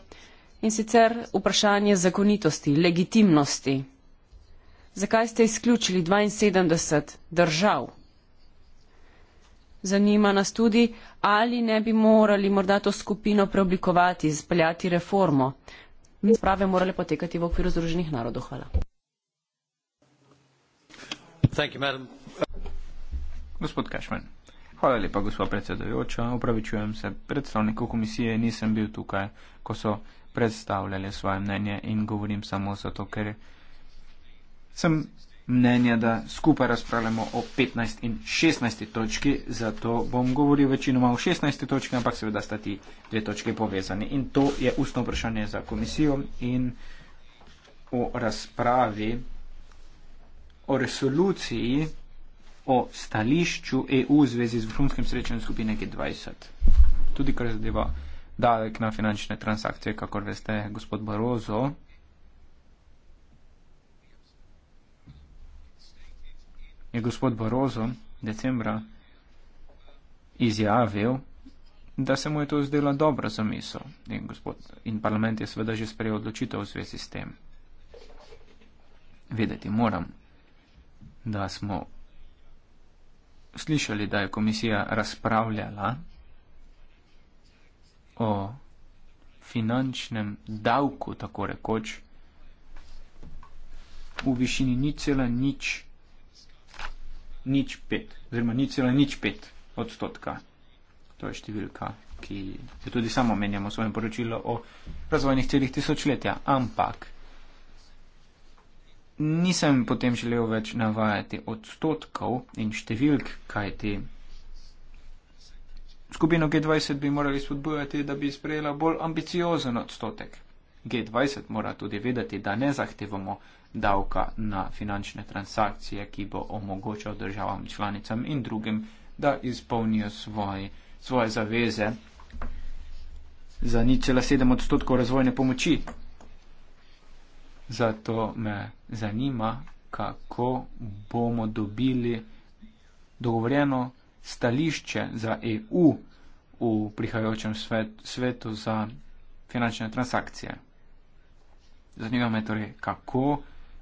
in sicer vprašanje zakonitosti, legitimnosti. Zakaj ste izključili 72 držav? Zanima nas tudi, ali ne bi morali morda to skupino preoblikovati, izpeljati reformo, razprave morale potekati v okviru Združenih narodov. Hvala. Gospod Kašman. Hvala lepa, gospod predsedojoča. Upravičujem se, predstavnikov komisije nisem bil tukaj, ko so predstavljali svoje mnenje in govorim samo zato, ker sem mnenja, da skupaj razpravljamo o 15 in 16 točki, zato bom govoril večinoma o 16 točki, ampak seveda sta ti dve točke povezani. In to je ustno vprašanje za komisijo in o razpravi o resoluciji o stališču EU v zvezi z vrhunskim srečanjem skupine G20. Tudi kar zadeva davek na finančne transakcije, kakor veste, gospod Barozo, je gospod Barozo decembra izjavil, da se mu je to zdela dobra zamisel in, gospod, in parlament je seveda že sprejel odločitev v zvezi s tem. Vedeti moram, da smo slišali, da je komisija razpravljala o finančnem davku, tako rekoč, v višini ni cela nič nič pet, oziroma nič cela nič pet odstotka. To je številka, ki jo tudi samo menjamo v svojem poročilu o razvojnih celih tisočletja. Ampak nisem potem želel več navajati odstotkov in številk, kaj ti. Skupino G20 bi morali spodbujati, da bi sprejela bolj ambiciozen odstotek. G20 mora tudi vedeti, da ne zahtevamo davka na finančne transakcije, ki bo omogočal državam članicam in drugim, da izpolnijo svoje, svoje zaveze za ničela sedem odstotkov razvojne pomoči. Zato me zanima, kako bomo dobili dogovorjeno stališče za EU v prihajajočem svet, svetu za finančne transakcije. Zanima me torej, kako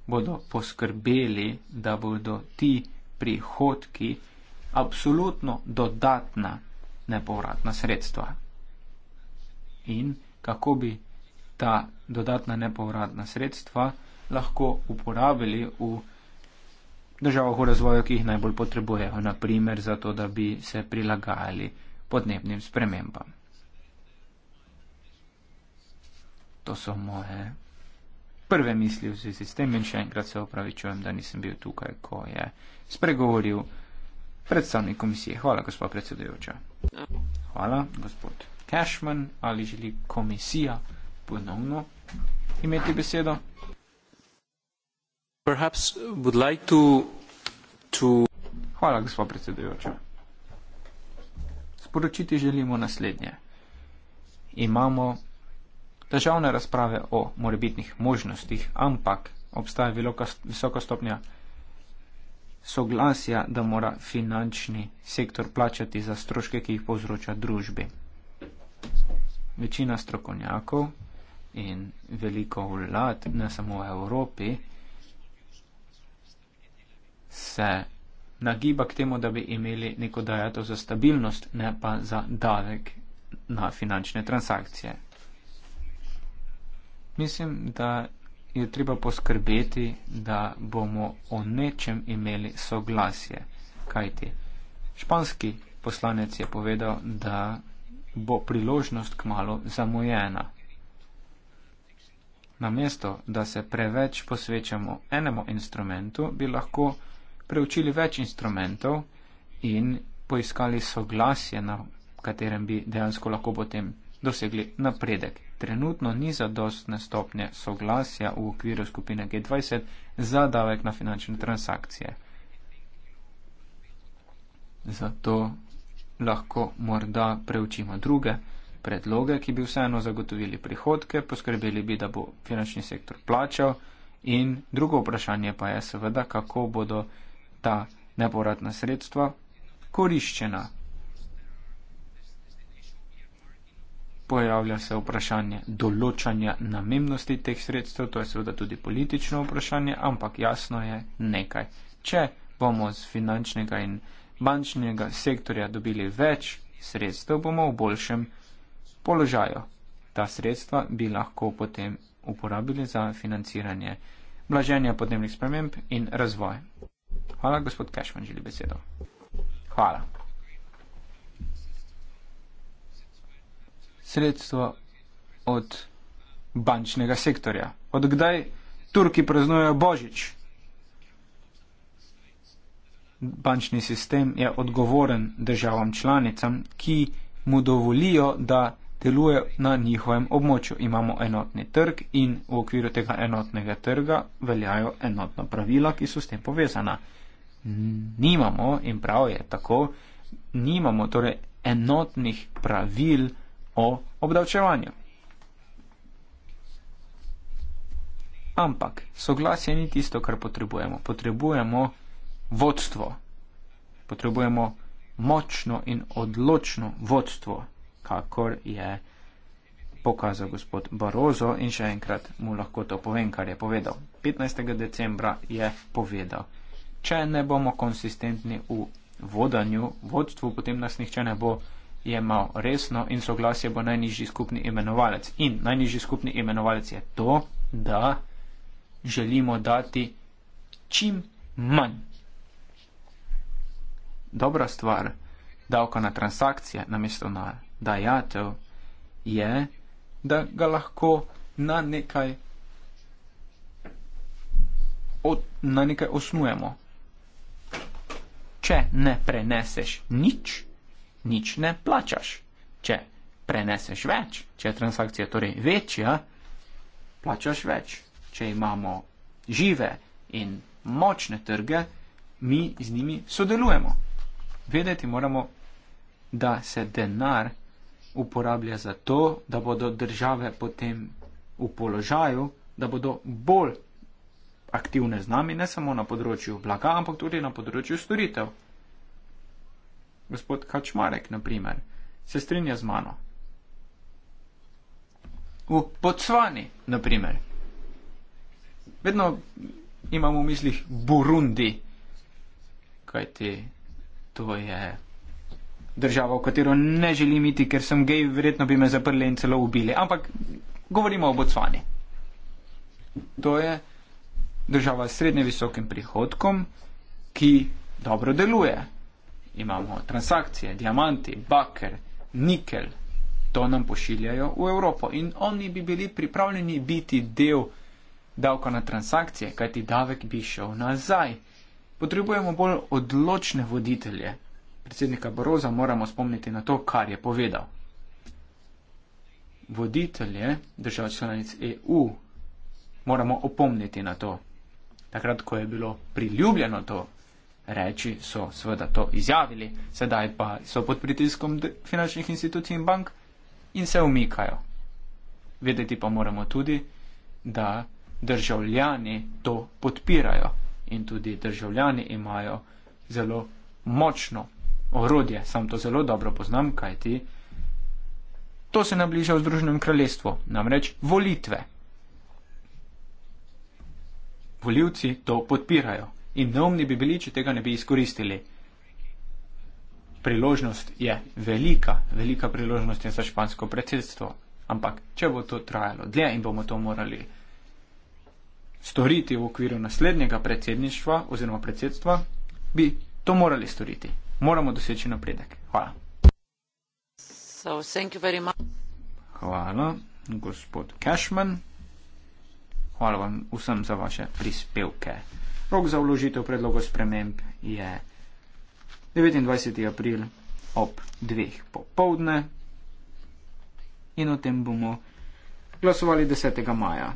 bodo poskrbeli, da bodo ti prihodki absolutno dodatna nepovratna sredstva. In kako bi ta dodatna nepovratna sredstva lahko uporabili v državah v razvoju, ki jih najbolj potrebujejo, naprimer zato, da bi se prilagajali podnebnim spremembam. To so moje prve misli v zvezi s tem in še enkrat se opravičujem, da nisem bil tukaj, ko je spregovoril predstavnik komisije. Hvala, gospa predsedujoča. Hvala, gospod Cashman. Ali želi komisija ponovno imeti besedo? Like to, to... Hvala, gospa predsedujoča. Sporočiti želimo naslednje. Imamo težavne razprave o morebitnih možnostih, ampak obstaja veloka, visoka stopnja soglasja, da mora finančni sektor plačati za stroške, ki jih povzroča družbi. Večina strokovnjakov in veliko vlad, ne samo v Evropi, se nagiba k temu, da bi imeli neko dajato za stabilnost, ne pa za davek na finančne transakcije. Mislim, da je treba poskrbeti, da bomo o nečem imeli soglasje. Kajti, španski poslanec je povedal, da bo priložnost kmalo zamujena. Namesto, da se preveč posvečamo enemu instrumentu, bi lahko preučili več instrumentov in poiskali soglasje, na katerem bi dejansko lahko potem dosegli napredek trenutno ni zadostne stopnje soglasja v okviru skupine G20 za davek na finančne transakcije. Zato lahko morda preučimo druge predloge, ki bi vseeno zagotovili prihodke, poskrbeli bi, da bo finančni sektor plačal in drugo vprašanje pa je seveda, kako bodo ta neporadna sredstva koriščena. pojavlja se vprašanje določanja namembnosti teh sredstev, to je seveda tudi politično vprašanje, ampak jasno je nekaj. Če bomo z finančnega in bančnega sektorja dobili več sredstev, bomo v boljšem položaju. Ta sredstva bi lahko potem uporabili za financiranje blaženja podnebnih sprememb in razvoj. Hvala, gospod Kešman, želi besedo. Hvala. sredstvo od bančnega sektorja. Od kdaj Turki praznujejo Božič? Bančni sistem je odgovoren državam članicam, ki mu dovolijo, da deluje na njihovem območju. Imamo enotni trg in v okviru tega enotnega trga veljajo enotna pravila, ki so s tem povezana. Nimamo, in prav je tako, nimamo torej enotnih pravil, o obdavčevanju. Ampak soglasje ni tisto, kar potrebujemo. Potrebujemo vodstvo. Potrebujemo močno in odločno vodstvo, kakor je pokazal gospod Barozo in še enkrat mu lahko to povem, kar je povedal. 15. decembra je povedal, če ne bomo konsistentni v vodanju, vodstvu, potem nas nihče ne bo jemal resno in soglasje bo najnižji skupni imenovalec. In najnižji skupni imenovalec je to, da želimo dati čim manj. Dobra stvar davka na transakcije namesto na dajatev je, da ga lahko na nekaj, od, na nekaj osnujemo. Če ne preneseš nič, nič ne plačaš. Če preneseš več, če je transakcija torej večja, plačaš več. Če imamo žive in močne trge, mi z njimi sodelujemo. Vedeti moramo, da se denar uporablja za to, da bodo države potem v položaju, da bodo bolj aktivne z nami, ne samo na področju blaga, ampak tudi na področju storitev gospod Kačmarek, naprimer, se strinja z mano. V Podsvani, naprimer. Vedno imam v mislih Burundi, kajti to je država, v katero ne želim iti, ker sem gej, verjetno bi me zaprli in celo ubili. Ampak govorimo o Botsvani. To je država s srednje visokim prihodkom, ki dobro deluje imamo transakcije, diamanti, baker, nikel, to nam pošiljajo v Evropo in oni bi bili pripravljeni biti del davka na transakcije, kajti davek bi šel nazaj. Potrebujemo bolj odločne voditelje. Predsednika Baroza moramo spomniti na to, kar je povedal. Voditelje držav članic EU moramo opomniti na to. Takrat, ko je bilo priljubljeno to, reči, so seveda to izjavili, sedaj pa so pod pritiskom finančnih institucij in bank in se umikajo. Vedeti pa moramo tudi, da državljani to podpirajo in tudi državljani imajo zelo močno orodje. Sam to zelo dobro poznam, kajti to se nabliža v Združenem kraljestvu, namreč volitve. Volivci to podpirajo in neumni bi bili, če tega ne bi izkoristili. Priložnost je velika, velika priložnost je za špansko predsedstvo. Ampak, če bo to trajalo dlje in bomo to morali storiti v okviru naslednjega predsedništva oziroma predsedstva, bi to morali storiti. Moramo doseči napredek. Hvala. Hvala, gospod Cashman. Hvala vam vsem za vaše prispevke. Rok za vložitev predlogov sprememb je 29. april ob 2. popovdne in o tem bomo glasovali 10. maja.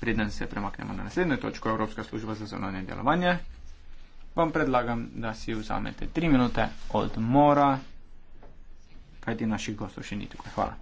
Preden se premaknemo na naslednjo točko, Evropska služba za zonanje delovanje, vam predlagam, da si vzamete 3 minute odmora, kajti naših gostov še ni tukaj. Hvala.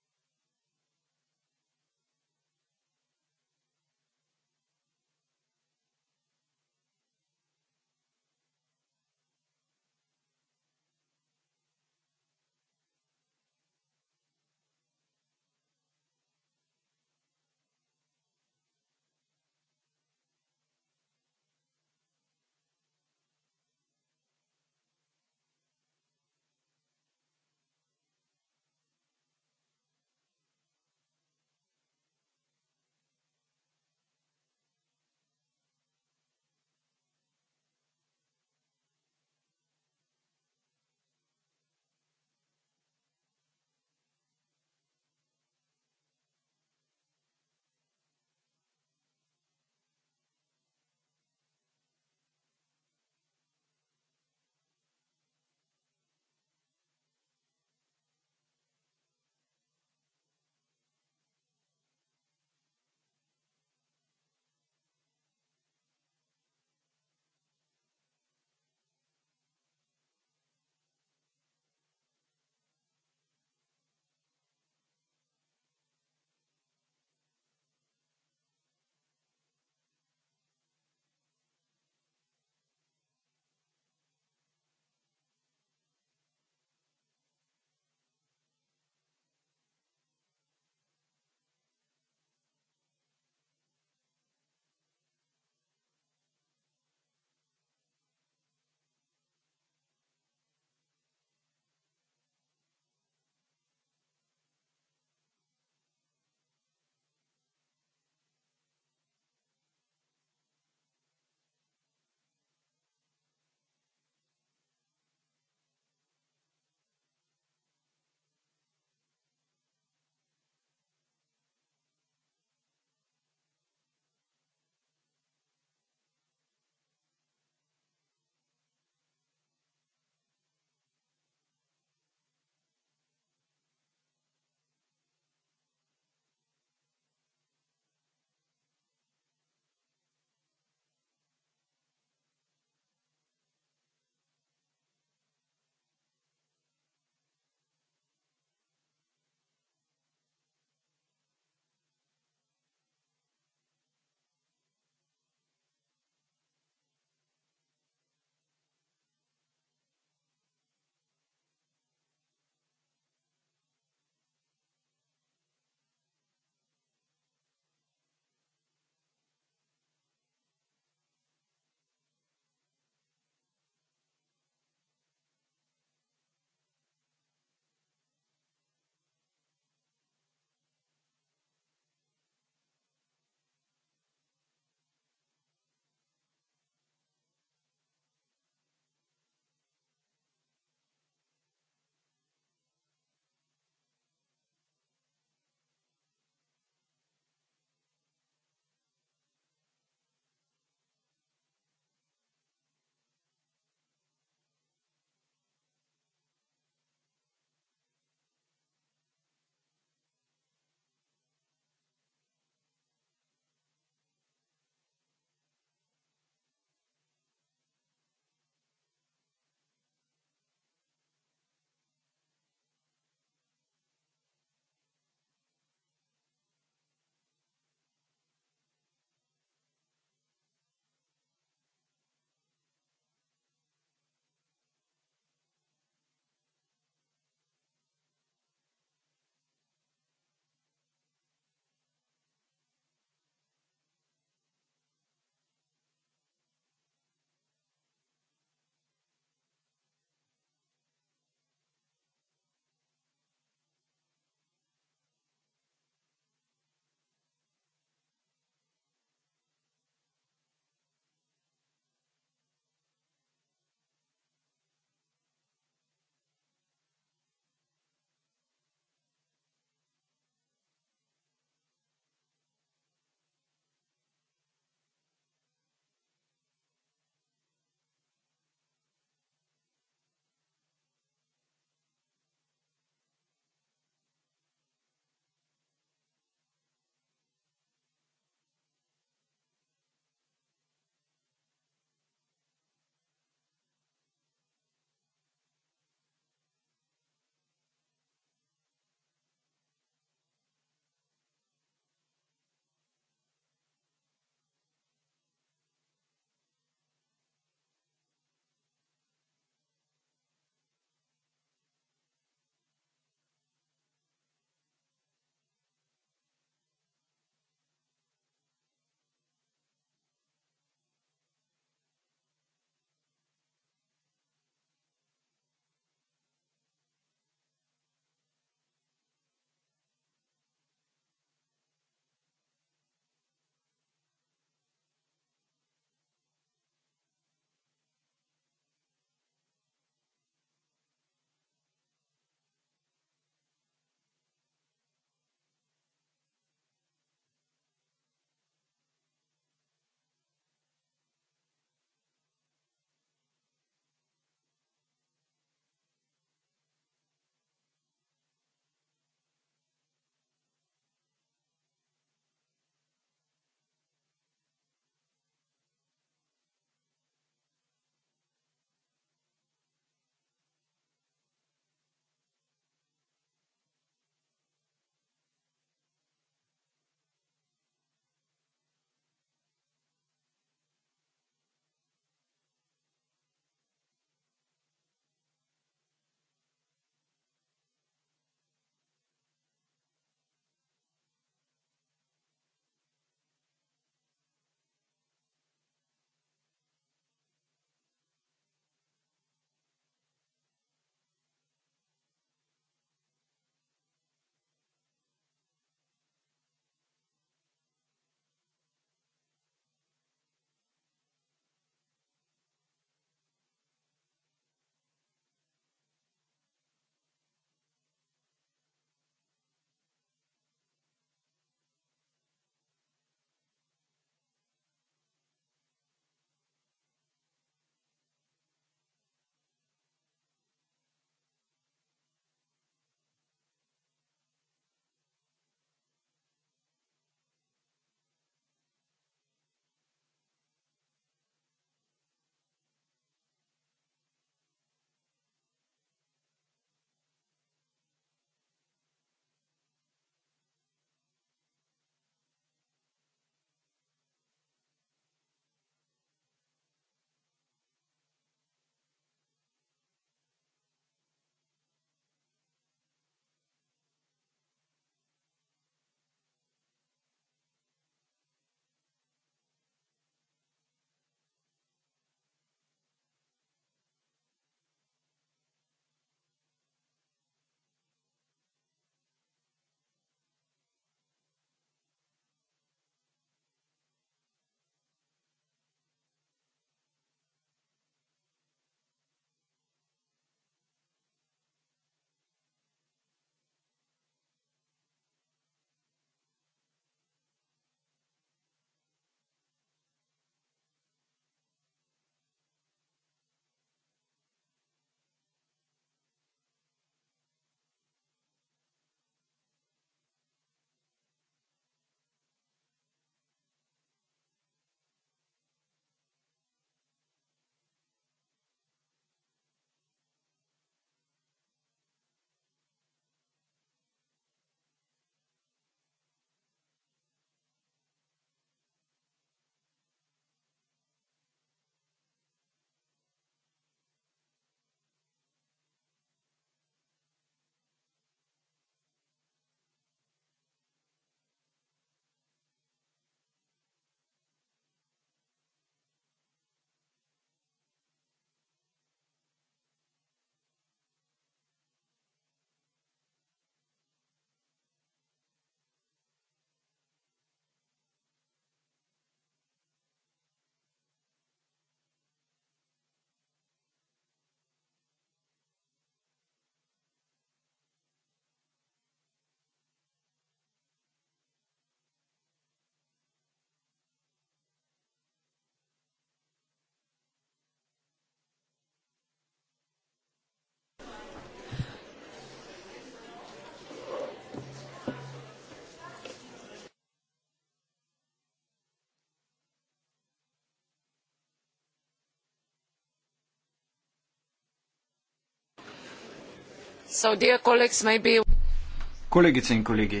Kolegice in kolegi,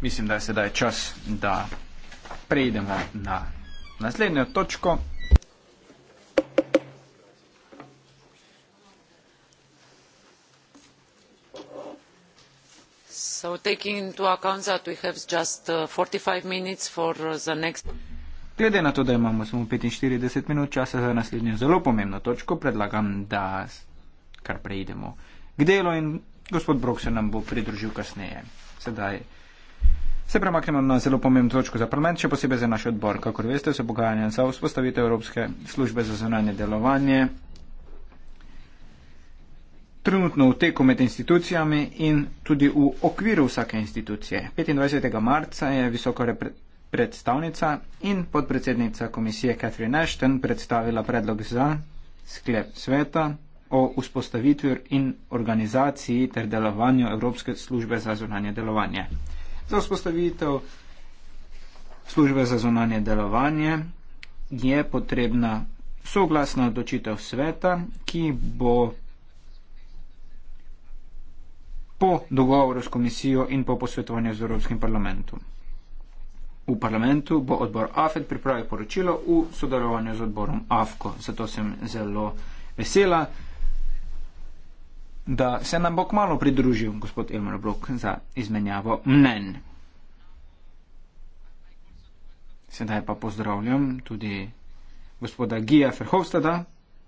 mislim, da je sedaj čas, da preidemo na naslednjo točko. So taking into account that we have just uh, 45 minutes for uh, the next... Glede na to, da imamo samo 45 minut časa za naslednjo zelo pomembno točko, predlagam, da kar preidemo k delu in gospod Brok se nam bo pridružil kasneje. Sedaj se premaknemo na zelo pomembno točko za parlament, še posebej za naš odbor. Kakor veste, so pogajanja za vzpostavitev Evropske službe za zunanje delovanje trenutno v teku med institucijami in tudi v okviru vsake institucije. 25. marca je visoko predstavnica in podpredsednica komisije Catherine Ashton predstavila predlog za sklep sveta, o vzpostavitvi in organizaciji ter delovanju Evropske službe za zunanje delovanje. Za vzpostavitev službe za zunanje delovanje je potrebna soglasna odločitev sveta, ki bo po dogovoru s komisijo in po posvetovanju z Evropskim parlamentom. V parlamentu bo odbor AFED pripravil poročilo v sodelovanju z odborom AFKO. Zato sem zelo vesela, da se nam bo kmalo pridružil gospod Elmer Brok za izmenjavo mnen. Sedaj pa pozdravljam tudi gospoda Gija Ferhovstada,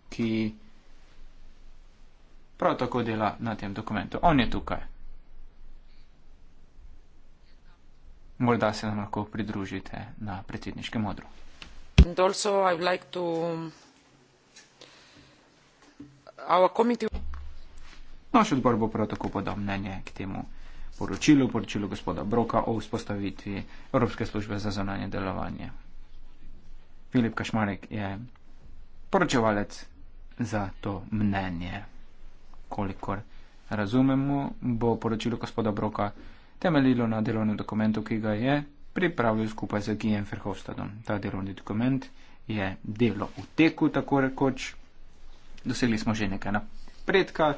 ki prav tako dela na tem dokumentu. On je tukaj. Morda se nam lahko pridružite na predsedniškem odru. Our committee. Naš odbor bo prav tako podal mnenje k temu poročilu, poročilu gospoda Broka o vzpostavitvi Evropske službe za zonanje delovanje. Filip Kašmarek je poročevalec za to mnenje. Kolikor razumemo, bo poročilo gospoda Broka temeljilo na delovnem dokumentu, ki ga je pripravil skupaj z Gijem Ferhovstadom. Ta delovni dokument je delo v teku, tako rekoč. Dosegli smo že nekaj napredka.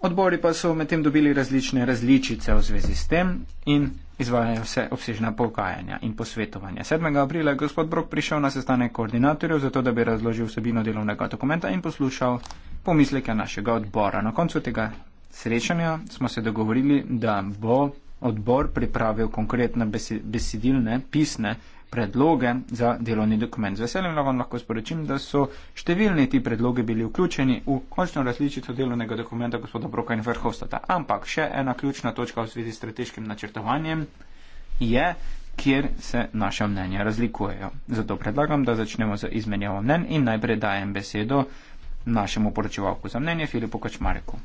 Odbori pa so medtem dobili različne različice v zvezi s tem in izvajajo vse obsežna pokajanja in posvetovanja. 7. aprila je gospod Brok prišel na sestanek koordinatorjev, zato da bi razložil vsebino delovnega dokumenta in poslušal pomisleke našega odbora. Na koncu tega srečanja smo se dogovorili, da bo odbor pripravil konkretne besedilne pisne predloge za delovni dokument. Z veseljem vam lahko sporočim, da so številni ti predloge bili vključeni v končno različico delovnega dokumenta gospoda Broka in Verhofstata. Ampak še ena ključna točka v zvezi s strateškim načrtovanjem je, kjer se naše mnenja razlikujejo. Zato predlagam, da začnemo z izmenjavo mnen in najprej dajem besedo našemu poročevalku za mnenje Filipu Kačmareku.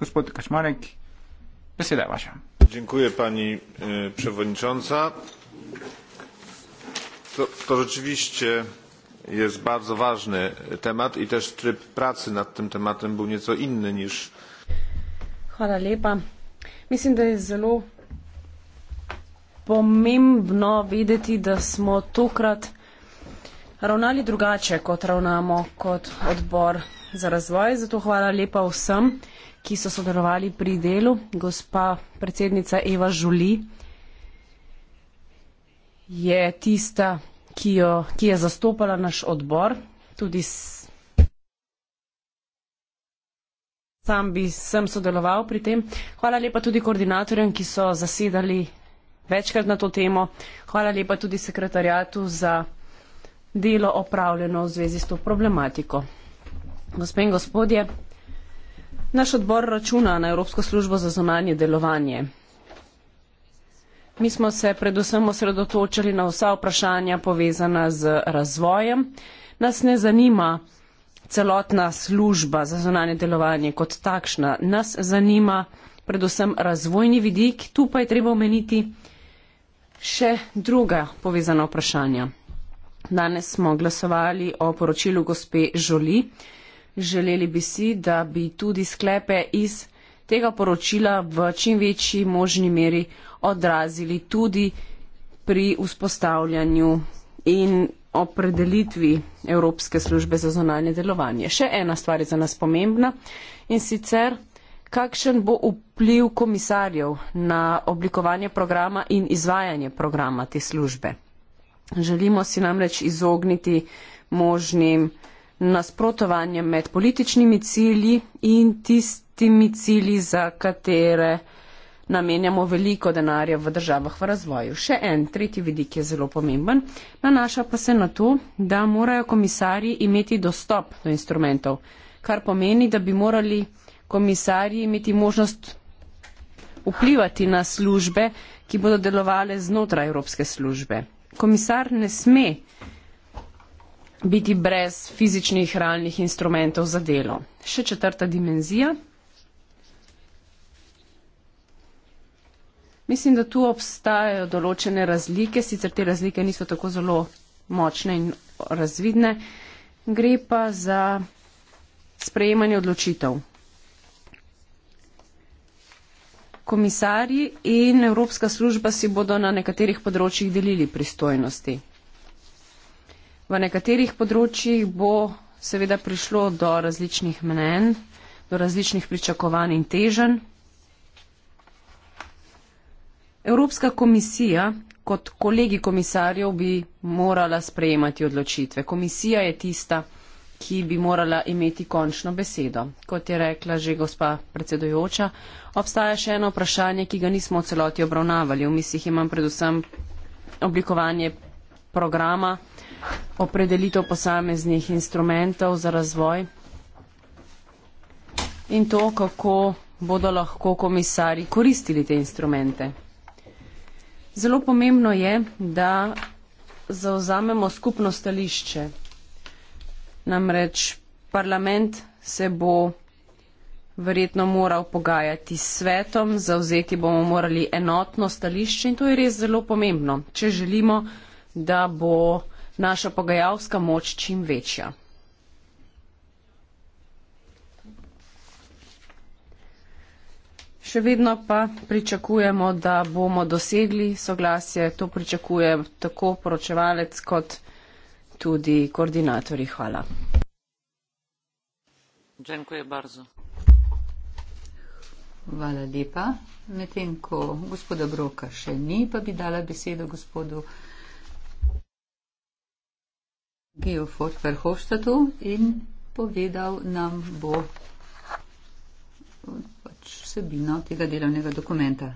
Gospod Kačmarek, beseda je vaša. Dziękuję pani e, przewodnicząca to rzeczywiście jest bardzo ważny temat i też tryb pracy nad tym tematem był nieco inny niż Hvala lepa. Mislim, da je zelo pomembno videti, da smo tokrat ravnali drugače, kot ravnamo kot odbor za razvoj. Zato hvala lepa vsem, ki so sodelovali pri delu. Gospa predsednica Eva Žuli je tista, ki, jo, ki je zastopala naš odbor. Tudi sam bi sem sodeloval pri tem. Hvala lepa tudi koordinatorjem, ki so zasedali večkrat na to temo. Hvala lepa tudi sekretarjatu za delo opravljeno v zvezi s to problematiko. Gospe in gospodje, naš odbor računa na Evropsko službo za zunanje delovanje. Mi smo se predvsem osredotočili na vsa vprašanja povezana z razvojem. Nas ne zanima celotna služba za zonanje delovanje kot takšna. Nas zanima predvsem razvojni vidik. Tu pa je treba omeniti še druga povezana vprašanja. Danes smo glasovali o poročilu gospe Žoli. Želeli bi si, da bi tudi sklepe iz tega poročila v čim večji možni meri odrazili tudi pri vzpostavljanju in opredelitvi Evropske službe za zonalne delovanje. Še ena stvar je za nas pomembna in sicer, kakšen bo vpliv komisarjev na oblikovanje programa in izvajanje programa te službe. Želimo si namreč izogniti možnim nasprotovanjem med političnimi cilji in tistimi cilji, za katere namenjamo veliko denarja v državah v razvoju. Še en, tretji vidik je zelo pomemben, nanaša pa se na to, da morajo komisarji imeti dostop do instrumentov, kar pomeni, da bi morali komisarji imeti možnost vplivati na službe, ki bodo delovale znotraj Evropske službe. Komisar ne sme biti brez fizičnih realnih instrumentov za delo. Še četrta dimenzija Mislim, da tu obstajajo določene razlike, sicer te razlike niso tako zelo močne in razvidne. Gre pa za sprejemanje odločitev. Komisarji in Evropska služba si bodo na nekaterih področjih delili pristojnosti. V nekaterih področjih bo seveda prišlo do različnih mnen, do različnih pričakovanj in teženj. Evropska komisija kot kolegi komisarjev bi morala sprejemati odločitve. Komisija je tista, ki bi morala imeti končno besedo. Kot je rekla že gospa predsedojoča, obstaja še eno vprašanje, ki ga nismo v celoti obravnavali. V mislih imam predvsem oblikovanje programa, opredelitev posameznih instrumentov za razvoj in to, kako bodo lahko komisari koristili te instrumente. Zelo pomembno je, da zauzamemo skupno stališče. Namreč parlament se bo verjetno moral pogajati s svetom, zauzeti bomo morali enotno stališče in to je res zelo pomembno, če želimo, da bo naša pogajalska moč čim večja. Še vedno pa pričakujemo, da bomo dosegli soglasje. To pričakuje tako poročevalec kot tudi koordinatori. Hvala. Hvala lepa. Medtem ko gospoda Broka še ni, pa bi dala besedo gospodu Geofort Verhofstadtu in povedal nam bo vsebino tega delovnega dokumenta.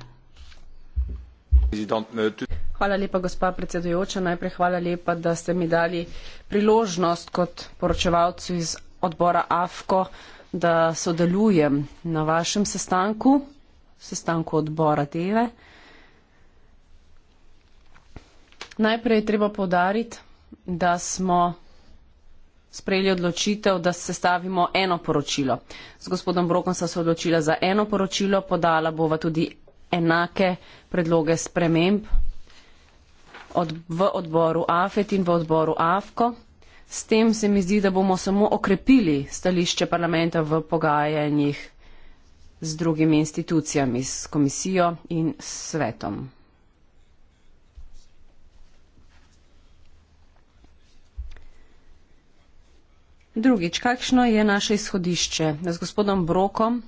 Hvala lepa, gospa predsedujoča. Najprej hvala lepa, da ste mi dali priložnost kot poročevalcu iz odbora AFKO, da sodelujem na vašem sestanku, sestanku odbora TV. Najprej je treba povdariti, da smo sprejeli odločitev, da sestavimo eno poročilo. Z gospodom Brokom sta se odločila za eno poročilo, podala bova tudi enake predloge sprememb od, v odboru AFET in v odboru AFKO. S tem se mi zdi, da bomo samo okrepili stališče parlamenta v pogajanjih z drugimi institucijami, s komisijo in svetom. Drugič, kakšno je naše izhodišče? Z gospodom Brokom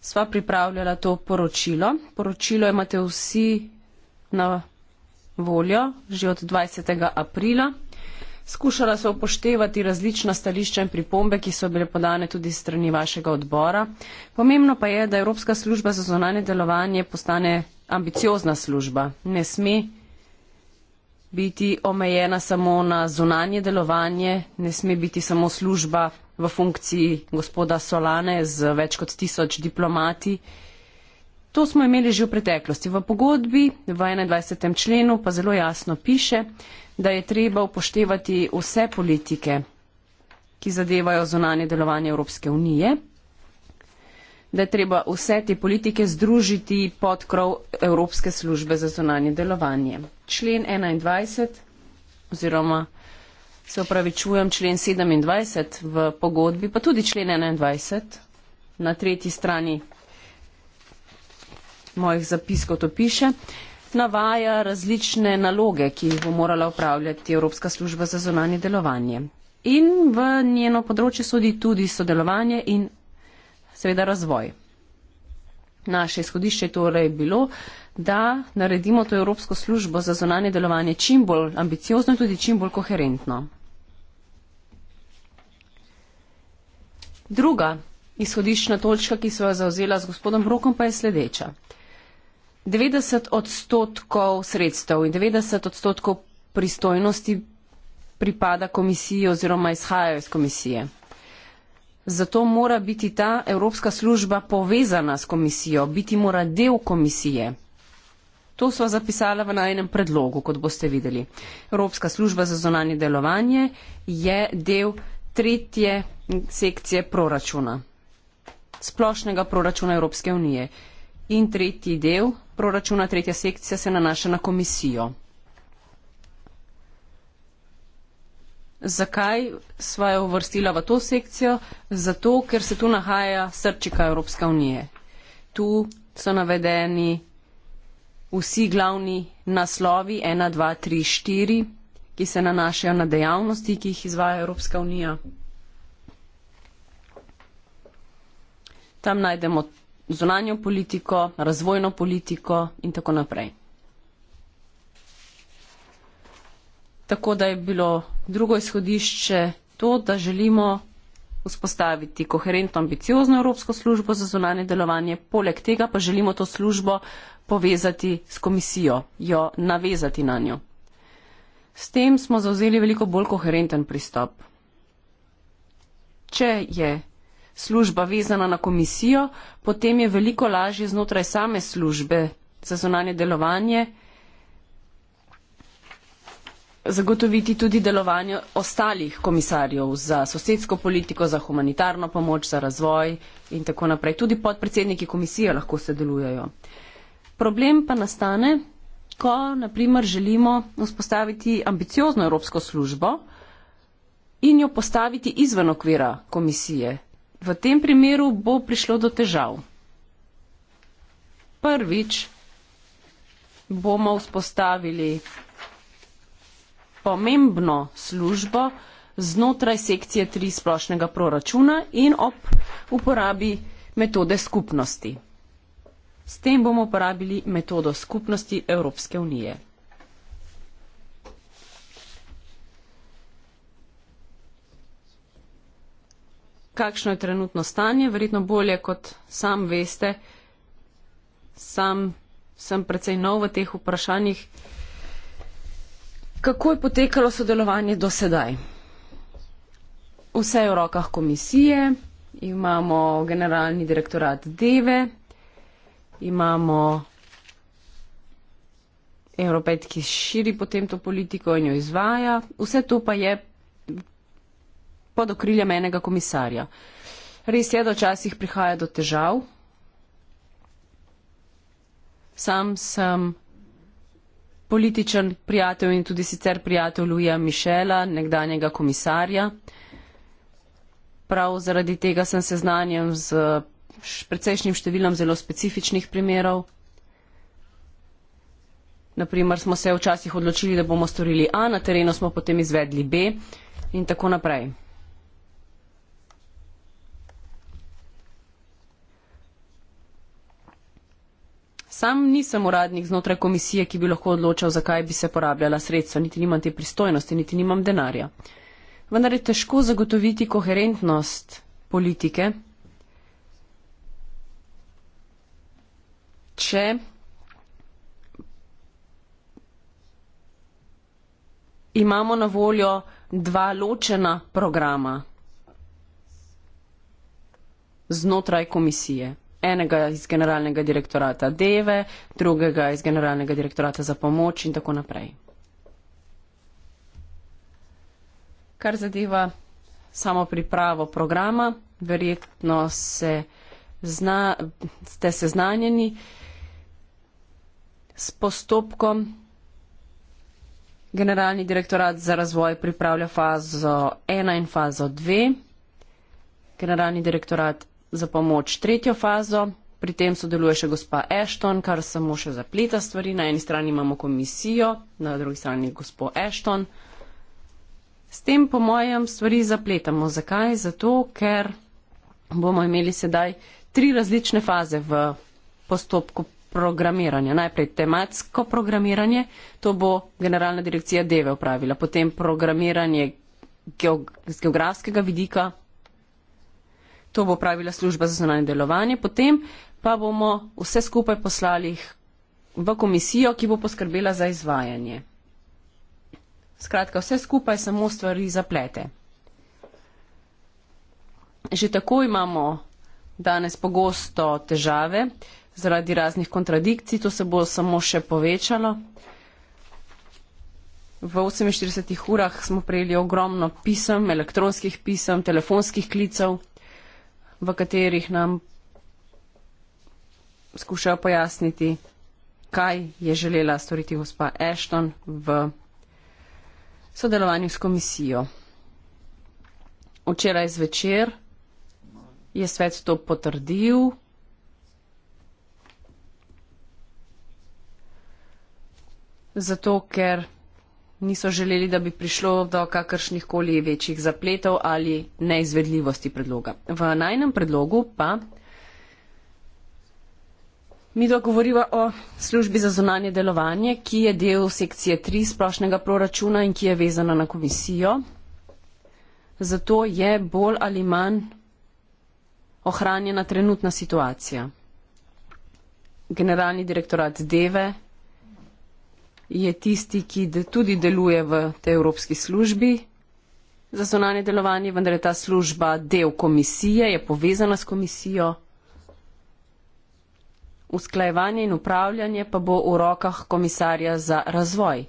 sva pripravljala to poročilo. Poročilo imate vsi na voljo že od 20. aprila. Skušala sva upoštevati različna stališča in pripombe, ki so bile podane tudi strani vašega odbora. Pomembno pa je, da Evropska služba za zonanje delovanje postane ambiciozna služba. Ne sme biti omejena samo na zunanje delovanje, ne sme biti samo služba v funkciji gospoda Solane z več kot tisoč diplomati. To smo imeli že v preteklosti. V pogodbi v 21. členu pa zelo jasno piše, da je treba upoštevati vse politike, ki zadevajo zunanje delovanje Evropske unije, da je treba vse te politike združiti pod krov Evropske službe za zunanje delovanje člen 21 oziroma se upravičujem člen 27 v pogodbi, pa tudi člen 21 na tretji strani mojih zapiskov to piše, navaja različne naloge, ki jih bo morala upravljati Evropska služba za zonanje delovanje. In v njeno področje sodi tudi sodelovanje in seveda razvoj. Naše izhodišče torej bilo, da naredimo to Evropsko službo za zonanje delovanje čim bolj ambiciozno in tudi čim bolj koherentno. Druga izhodiščna točka, ki so jo zauzela z gospodom Brokom, pa je sledeča. 90 odstotkov sredstev in 90 odstotkov pristojnosti pripada komisiji oziroma izhajajo iz komisije. Zato mora biti ta evropska služba povezana s komisijo, biti mora del komisije. To smo zapisali v najenem predlogu, kot boste videli. Evropska služba za zonanje delovanje je del tretje sekcije proračuna, splošnega proračuna Evropske unije. In tretji del proračuna, tretja sekcija se nanaša na komisijo. Zakaj sva jo vrstila v to sekcijo? Zato, ker se tu nahaja srčika Evropske unije. Tu so navedeni vsi glavni naslovi 1, 2, 3, 4, ki se nanašajo na dejavnosti, ki jih izvaja Evropska unija. Tam najdemo zunanjo politiko, razvojno politiko in tako naprej. tako da je bilo drugo izhodišče to, da želimo vzpostaviti koherentno ambiciozno Evropsko službo za zunanje delovanje, poleg tega pa želimo to službo povezati s komisijo, jo navezati na njo. S tem smo zauzeli veliko bolj koherenten pristop. Če je služba vezana na komisijo, potem je veliko lažje znotraj same službe za zunanje delovanje zagotoviti tudi delovanje ostalih komisarjev za sosedsko politiko, za humanitarno pomoč, za razvoj in tako naprej. Tudi podpredsedniki komisije lahko sodelujejo. Problem pa nastane, ko naprimer želimo vzpostaviti ambiciozno evropsko službo in jo postaviti izven okvira komisije. V tem primeru bo prišlo do težav. Prvič bomo vzpostavili pomembno službo znotraj sekcije tri splošnega proračuna in ob uporabi metode skupnosti. S tem bomo uporabili metodo skupnosti Evropske unije. Kakšno je trenutno stanje? Verjetno bolje, kot sam veste. Sam sem precej nov v teh vprašanjih. Kako je potekalo sodelovanje do sedaj? Vse je v rokah komisije, imamo generalni direktorat Deve, imamo Evropet, ki širi potem to politiko in jo izvaja. Vse to pa je pod okriljem enega komisarja. Res je, da včasih prihaja do težav. Sam sem političen prijatelj in tudi sicer prijatelj Luija Mišela, nekdanjega komisarja. Prav zaradi tega sem seznanjen z precejšnjim številom zelo specifičnih primerov. Naprimer smo se včasih odločili, da bomo storili A, na terenu smo potem izvedli B in tako naprej. Sam nisem uradnik znotraj komisije, ki bi lahko odločal, zakaj bi se porabljala sredstva, niti nimam te pristojnosti, niti nimam denarja. Vendar je težko zagotoviti koherentnost politike, če. Imamo na voljo dva ločena programa znotraj komisije enega iz generalnega direktorata Deve, drugega iz generalnega direktorata za pomoč in tako naprej. Kar zadeva samo pripravo programa, verjetno se zna, ste seznanjeni s postopkom. Generalni direktorat za razvoj pripravlja fazo 1 in fazo 2. Generalni direktorat za pomoč tretjo fazo. Pri tem sodeluje še gospa Ashton, kar samo še zapleta stvari. Na eni strani imamo komisijo, na drugi strani gospod Ashton. S tem, po mojem, stvari zapletamo. Zakaj? Zato, ker bomo imeli sedaj tri različne faze v postopku programiranja. Najprej tematsko programiranje, to bo generalna direkcija DEVE upravila, potem programiranje geog z geografskega vidika, to bo pravila služba za zunanje delovanje, potem pa bomo vse skupaj poslali v komisijo, ki bo poskrbela za izvajanje. Skratka, vse skupaj samo stvari zaplete. Že tako imamo danes pogosto težave zaradi raznih kontradikcij, to se bo samo še povečalo. V 48 urah smo prejeli ogromno pisem, elektronskih pisem, telefonskih klicev v katerih nam skušajo pojasniti, kaj je želela storiti gospa Ashton v sodelovanju s komisijo. Včeraj zvečer je svet to potrdil. Zato, ker niso želeli, da bi prišlo do kakršnih koli večjih zapletov ali neizvedljivosti predloga. V najnem predlogu pa mi dogovoriva o službi za zunanje delovanje, ki je del sekcije 3 splošnega proračuna in ki je vezana na komisijo. Zato je bolj ali manj ohranjena trenutna situacija. Generalni direktorat Deve je tisti, ki de, tudi deluje v tej Evropski službi. Za zonanje delovanje, vendar je ta služba del komisije, je povezana s komisijo. Usklajevanje in upravljanje pa bo v rokah komisarja za razvoj,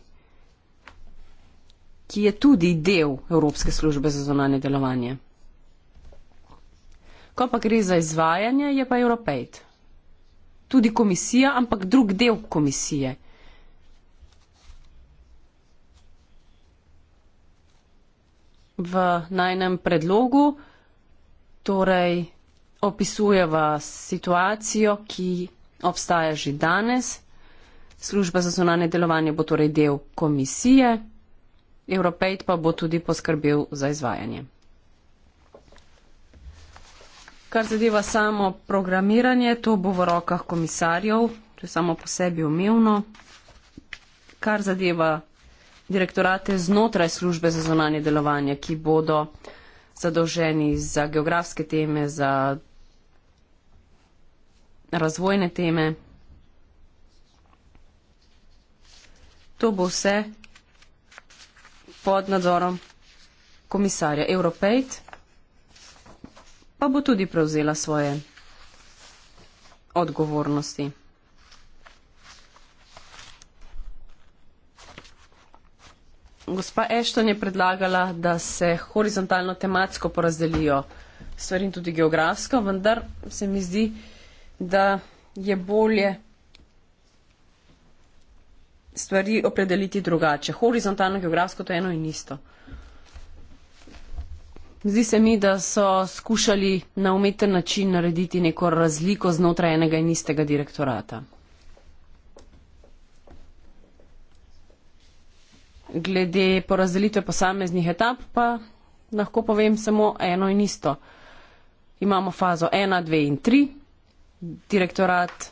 ki je tudi del Evropske službe za zonanje delovanje. Ko pa gre za izvajanje, je pa Evropejt. Tudi komisija, ampak drug del komisije. v najnem predlogu, torej opisujeva situacijo, ki obstaja že danes. Služba za zunanje delovanje bo torej del komisije, Evropejt pa bo tudi poskrbel za izvajanje. Kar zadeva samo programiranje, to bo v rokah komisarjev, to je samo po sebi umevno. Kar zadeva direktorate znotraj službe za zonanje delovanje, ki bodo zadolženi za geografske teme, za razvojne teme. To bo vse pod nadzorom komisarja Europejt, pa bo tudi prevzela svoje odgovornosti. gospa Ešton je predlagala, da se horizontalno tematsko porazdelijo stvari in tudi geografsko, vendar se mi zdi, da je bolje stvari opredeliti drugače. Horizontalno geografsko to je eno in isto. Zdi se mi, da so skušali na umeten način narediti neko razliko znotraj enega in istega direktorata. Glede porazdelitve posameznih etap pa lahko povem samo eno in isto. Imamo fazo 1, 2 in 3. Direktorat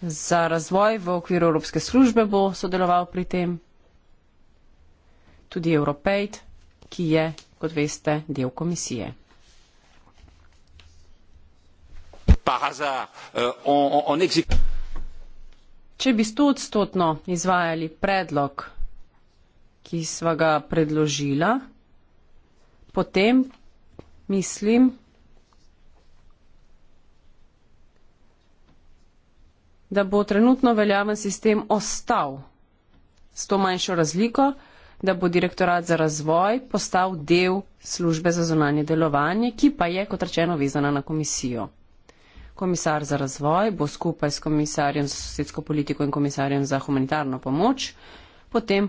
za razvoj v okviru Evropske službe bo sodeloval pri tem. Tudi Europejt, ki je, kot veste, del komisije. Euh, Če bi stotstotno izvajali predlog ki sva ga predložila, potem mislim, da bo trenutno veljaven sistem ostal s to manjšo razliko, da bo direktorat za razvoj postal del službe za zonanje delovanje, ki pa je, kot rečeno, vezana na komisijo. Komisar za razvoj bo skupaj s komisarjem za sosedsko politiko in komisarjem za humanitarno pomoč potem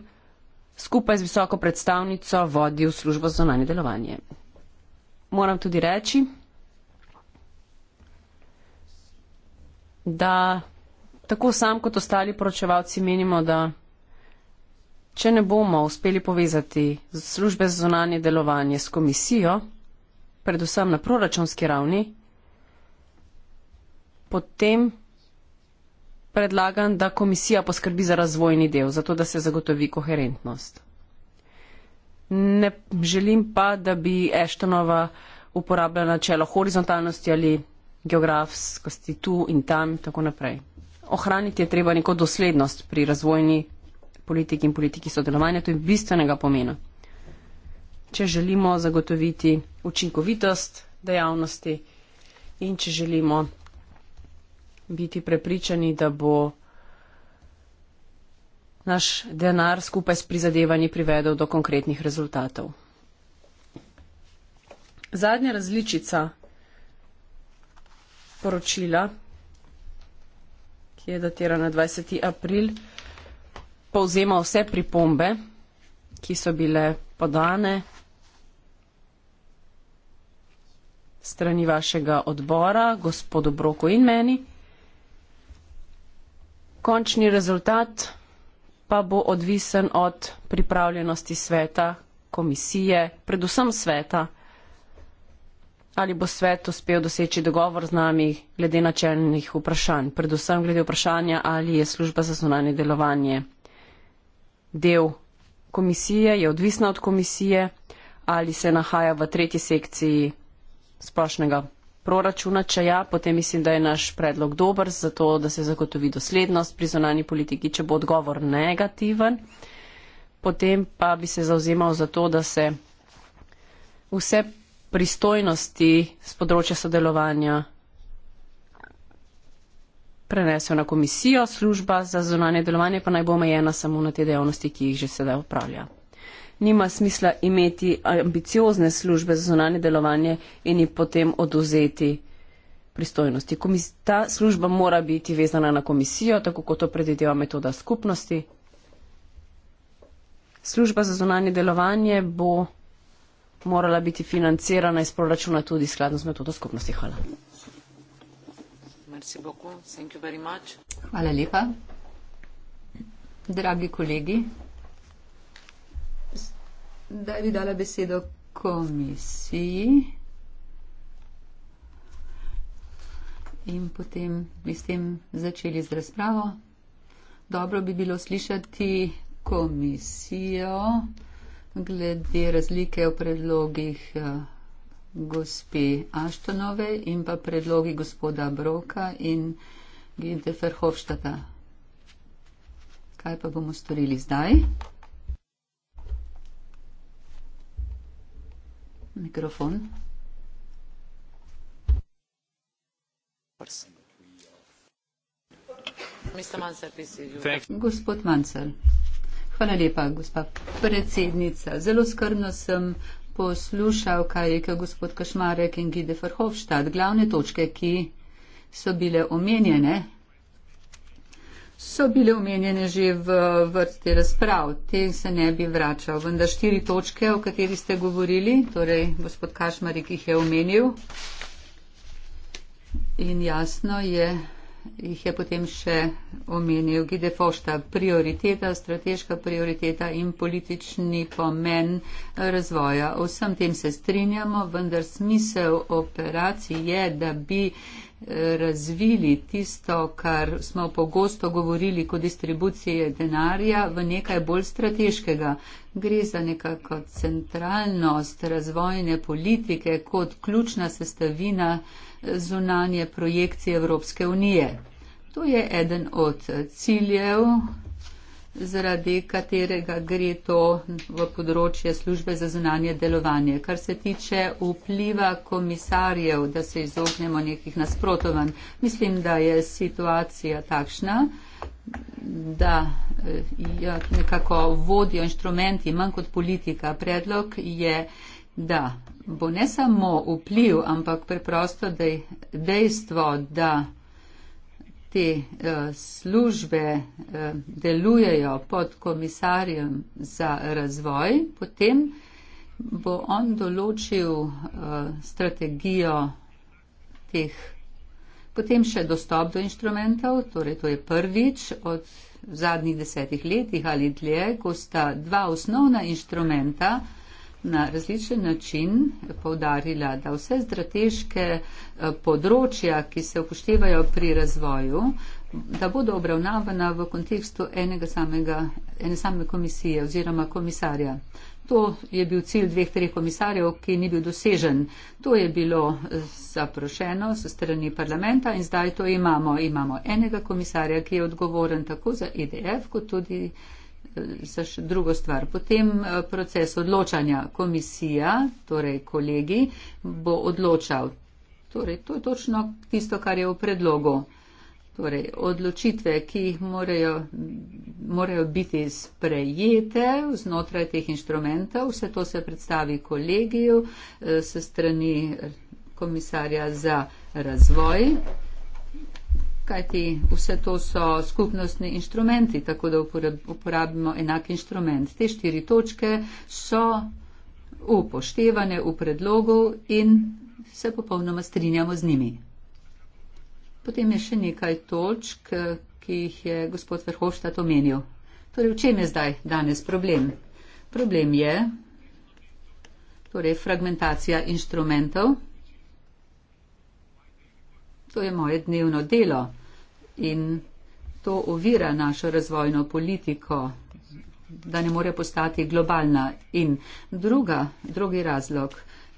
skupaj z visoko predstavnico vodil službo za zonanje delovanje. Moram tudi reči, da tako sam kot ostali poročevalci menimo, da če ne bomo uspeli povezati službe za zonanje delovanje s komisijo, predvsem na proračunski ravni, potem predlagam, da komisija poskrbi za razvojni del, zato da se zagotovi koherentnost. Ne želim pa, da bi Eštonova uporabljala načelo horizontalnosti ali geografskosti tu in tam in tako naprej. Ohraniti je treba neko doslednost pri razvojni politiki in politiki sodelovanja, to je bistvenega pomena. Če želimo zagotoviti učinkovitost dejavnosti in če želimo biti prepričani, da bo naš denar skupaj s prizadevanji privedel do konkretnih rezultatov. Zadnja različica poročila, ki je datirana 20. april, povzema vse pripombe, ki so bile podane strani vašega odbora, gospodu Broku in meni končni rezultat pa bo odvisen od pripravljenosti sveta, komisije, predvsem sveta, ali bo svet uspel doseči dogovor z nami glede načelnih vprašanj, predvsem glede vprašanja, ali je služba za zunanje delovanje del komisije, je odvisna od komisije, ali se nahaja v tretji sekciji splošnega proračuna, če ja, potem mislim, da je naš predlog dober za to, da se zagotovi doslednost pri zonani politiki, če bo odgovor negativen. Potem pa bi se zauzemal za to, da se vse pristojnosti z področja sodelovanja prenesejo na komisijo, služba za zonanje delovanje pa naj bo omejena samo na te dejavnosti, ki jih že sedaj upravlja nima smisla imeti ambiciozne službe za zunanje delovanje in ji potem oduzeti pristojnosti. Komis ta služba mora biti vezana na komisijo, tako kot to predvideva metoda skupnosti. Služba za zunanje delovanje bo morala biti financirana iz proračuna tudi skladno z metodo skupnosti. Hvala. Hvala lepa. Dragi kolegi da bi dala besedo komisiji in potem bi s tem začeli z razpravo. Dobro bi bilo slišati komisijo glede razlike v predlogih eh, gospe Aštonove in pa predlogi gospoda Broka in Ginte Ferhofštata. Kaj pa bomo storili zdaj? mikrofon. Gospod Mancel, hvala lepa, gospa predsednica. Zelo skrbno sem poslušal, kaj je rekel gospod Kašmarek in Gide Farhofštad. Glavne točke, ki so bile omenjene, so bile omenjene že v vrsti razprav. Te se ne bi vračal. Vendar štiri točke, o kateri ste govorili, torej gospod Kašmarik jih je omenil in jasno je, jih je potem še omenil Gide Fošta. Prioriteta, strateška prioriteta in politični pomen razvoja. O vsem tem se strinjamo, vendar smisel operacij je, da bi razvili tisto, kar smo pogosto govorili kot distribucije denarja, v nekaj bolj strateškega. Gre za nekako centralnost razvojne politike kot ključna sestavina zunanje projekcije Evropske unije. To je eden od ciljev zaradi katerega gre to v področje službe za zunanje delovanje. Kar se tiče vpliva komisarjev, da se izognemo nekih nasprotovanj, mislim, da je situacija takšna, da eh, ja, nekako vodijo inštrumenti manj kot politika. Predlog je, da bo ne samo vpliv, ampak preprosto dej, dejstvo, da te eh, službe eh, delujejo pod komisarjem za razvoj, potem bo on določil eh, strategijo teh, potem še dostop do inštrumentov, torej to je prvič od zadnjih desetih letih ali dlje, ko sta dva osnovna inštrumenta, na različen način povdarila, da vse strateške eh, področja, ki se upoštevajo pri razvoju, da bodo obravnavana v kontekstu enega samega, ene same komisije oziroma komisarja. To je bil cilj dveh, treh komisarjev, ki ni bil dosežen. To je bilo eh, zaprošeno s strani parlamenta in zdaj to imamo. Imamo enega komisarja, ki je odgovoren tako za IDF, e kot tudi za se še drugo stvar. Potem eh, proces odločanja komisija, torej kolegi, bo odločal. Torej, to je točno tisto, kar je v predlogu. Torej, odločitve, ki morajo, morajo biti sprejete znotraj teh inštrumentov, vse to se predstavi kolegiju eh, se strani komisarja za razvoj kajti vse to so skupnostni inštrumenti, tako da uporabimo enak inštrument. Te štiri točke so upoštevane v predlogu in se popolnoma strinjamo z njimi. Potem je še nekaj točk, ki jih je gospod Verhoštat omenil. Torej, v čem je zdaj danes problem? Problem je torej, fragmentacija inštrumentov. To je moje dnevno delo in to ovira našo razvojno politiko, da ne more postati globalna. In druga, drugi razlog,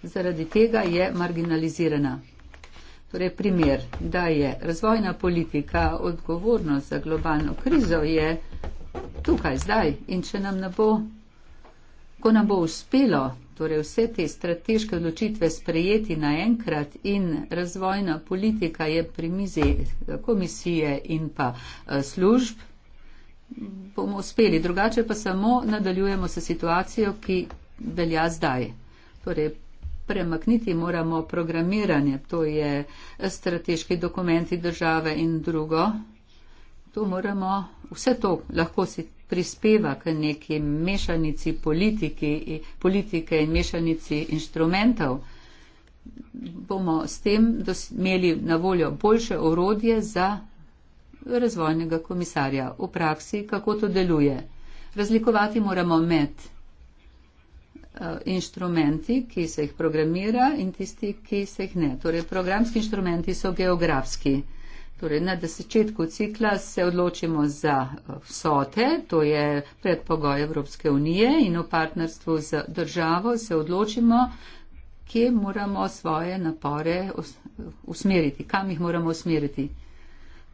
zaradi tega je marginalizirana. Torej primer, da je razvojna politika odgovornost za globalno krizo, je tukaj, zdaj. In če nam ne bo, ko nam bo uspelo torej vse te strateške odločitve sprejeti naenkrat in razvojna politika je pri mizi eh, komisije in pa eh, služb, bomo uspeli. Drugače pa samo nadaljujemo se situacijo, ki velja zdaj. Torej, premakniti moramo programiranje, to je eh, strateški dokumenti države in drugo. To moramo, vse to lahko si prispeva k neki mešanici politiki, politike in mešanici inštrumentov, bomo s tem dos, imeli na voljo boljše orodje za razvojnega komisarja v praksi, kako to deluje. Razlikovati moramo med eh, inštrumenti, ki se jih programira in tisti, ki se jih ne. Torej, programski inštrumenti so geografski. Torej, na začetku cikla se odločimo za eh, vsote, to je predpogoj Evropske unije in v partnerstvu z državo se odločimo, kje moramo svoje napore usmeriti, kam jih moramo usmeriti.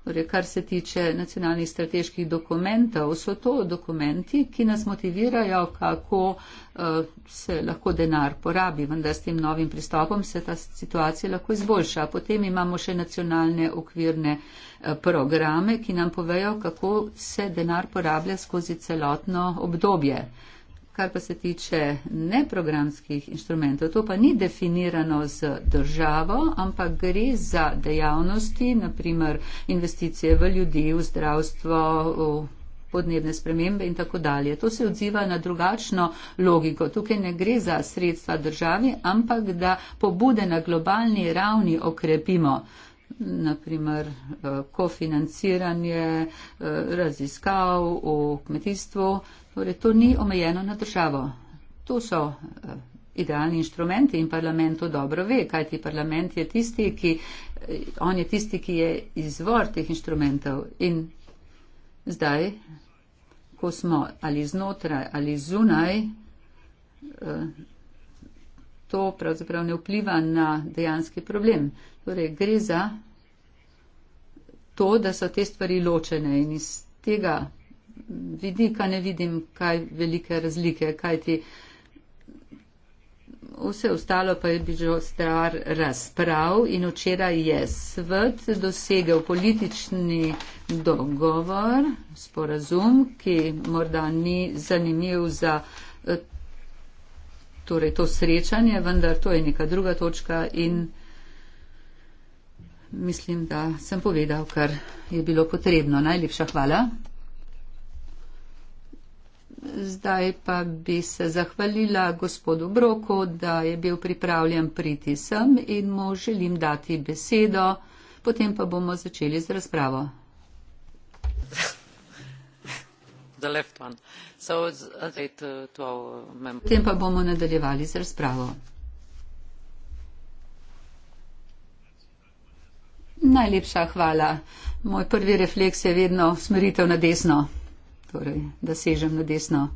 Torej, kar se tiče nacionalnih strateških dokumentov, so to dokumenti, ki nas motivirajo, kako uh, se lahko denar porabi, vendar s tem novim pristopom se ta situacija lahko izboljša. Potem imamo še nacionalne okvirne uh, programe, ki nam povejo, kako se denar porablja skozi celotno obdobje. Uh, kar pa se tiče neprogramskih inštrumentov, to pa ni definirano z državo, ampak gre za dejavnosti, naprimer investicije v ljudi, v zdravstvo, v podnebne spremembe in tako dalje. To se odziva na drugačno logiko. Tukaj ne gre za sredstva državi, ampak da pobude na globalni ravni okrepimo naprimer eh, kofinanciranje eh, raziskav v kmetijstvu, Torej, to ni omejeno na državo. To so eh, idealni inštrumenti in parlament to dobro ve, kajti parlament je tisti, ki, eh, on je tisti, ki je izvor teh inštrumentov. In zdaj, ko smo ali znotraj ali zunaj, eh, to pravzaprav ne vpliva na dejanski problem. Torej, gre za to, da so te stvari ločene in iz tega vidika ne vidim kaj velike razlike, kajti vse ostalo pa je bilo stvar razprav in včeraj je svet dosegel politični dogovor, sporazum, ki morda ni zanimiv za. Eh, torej, to srečanje, vendar to je neka druga točka in mislim, da sem povedal, kar je bilo potrebno. Najlepša hvala. Zdaj pa bi se zahvalila gospodu Broku, da je bil pripravljen priti sem in mu želim dati besedo, potem pa bomo začeli z razpravo. (laughs) Uh, uh, uh, potem pa bomo nadaljevali z razpravo. Najlepša hvala. Moj prvi refleks je vedno smeritev na desno torej, da sežem na desno.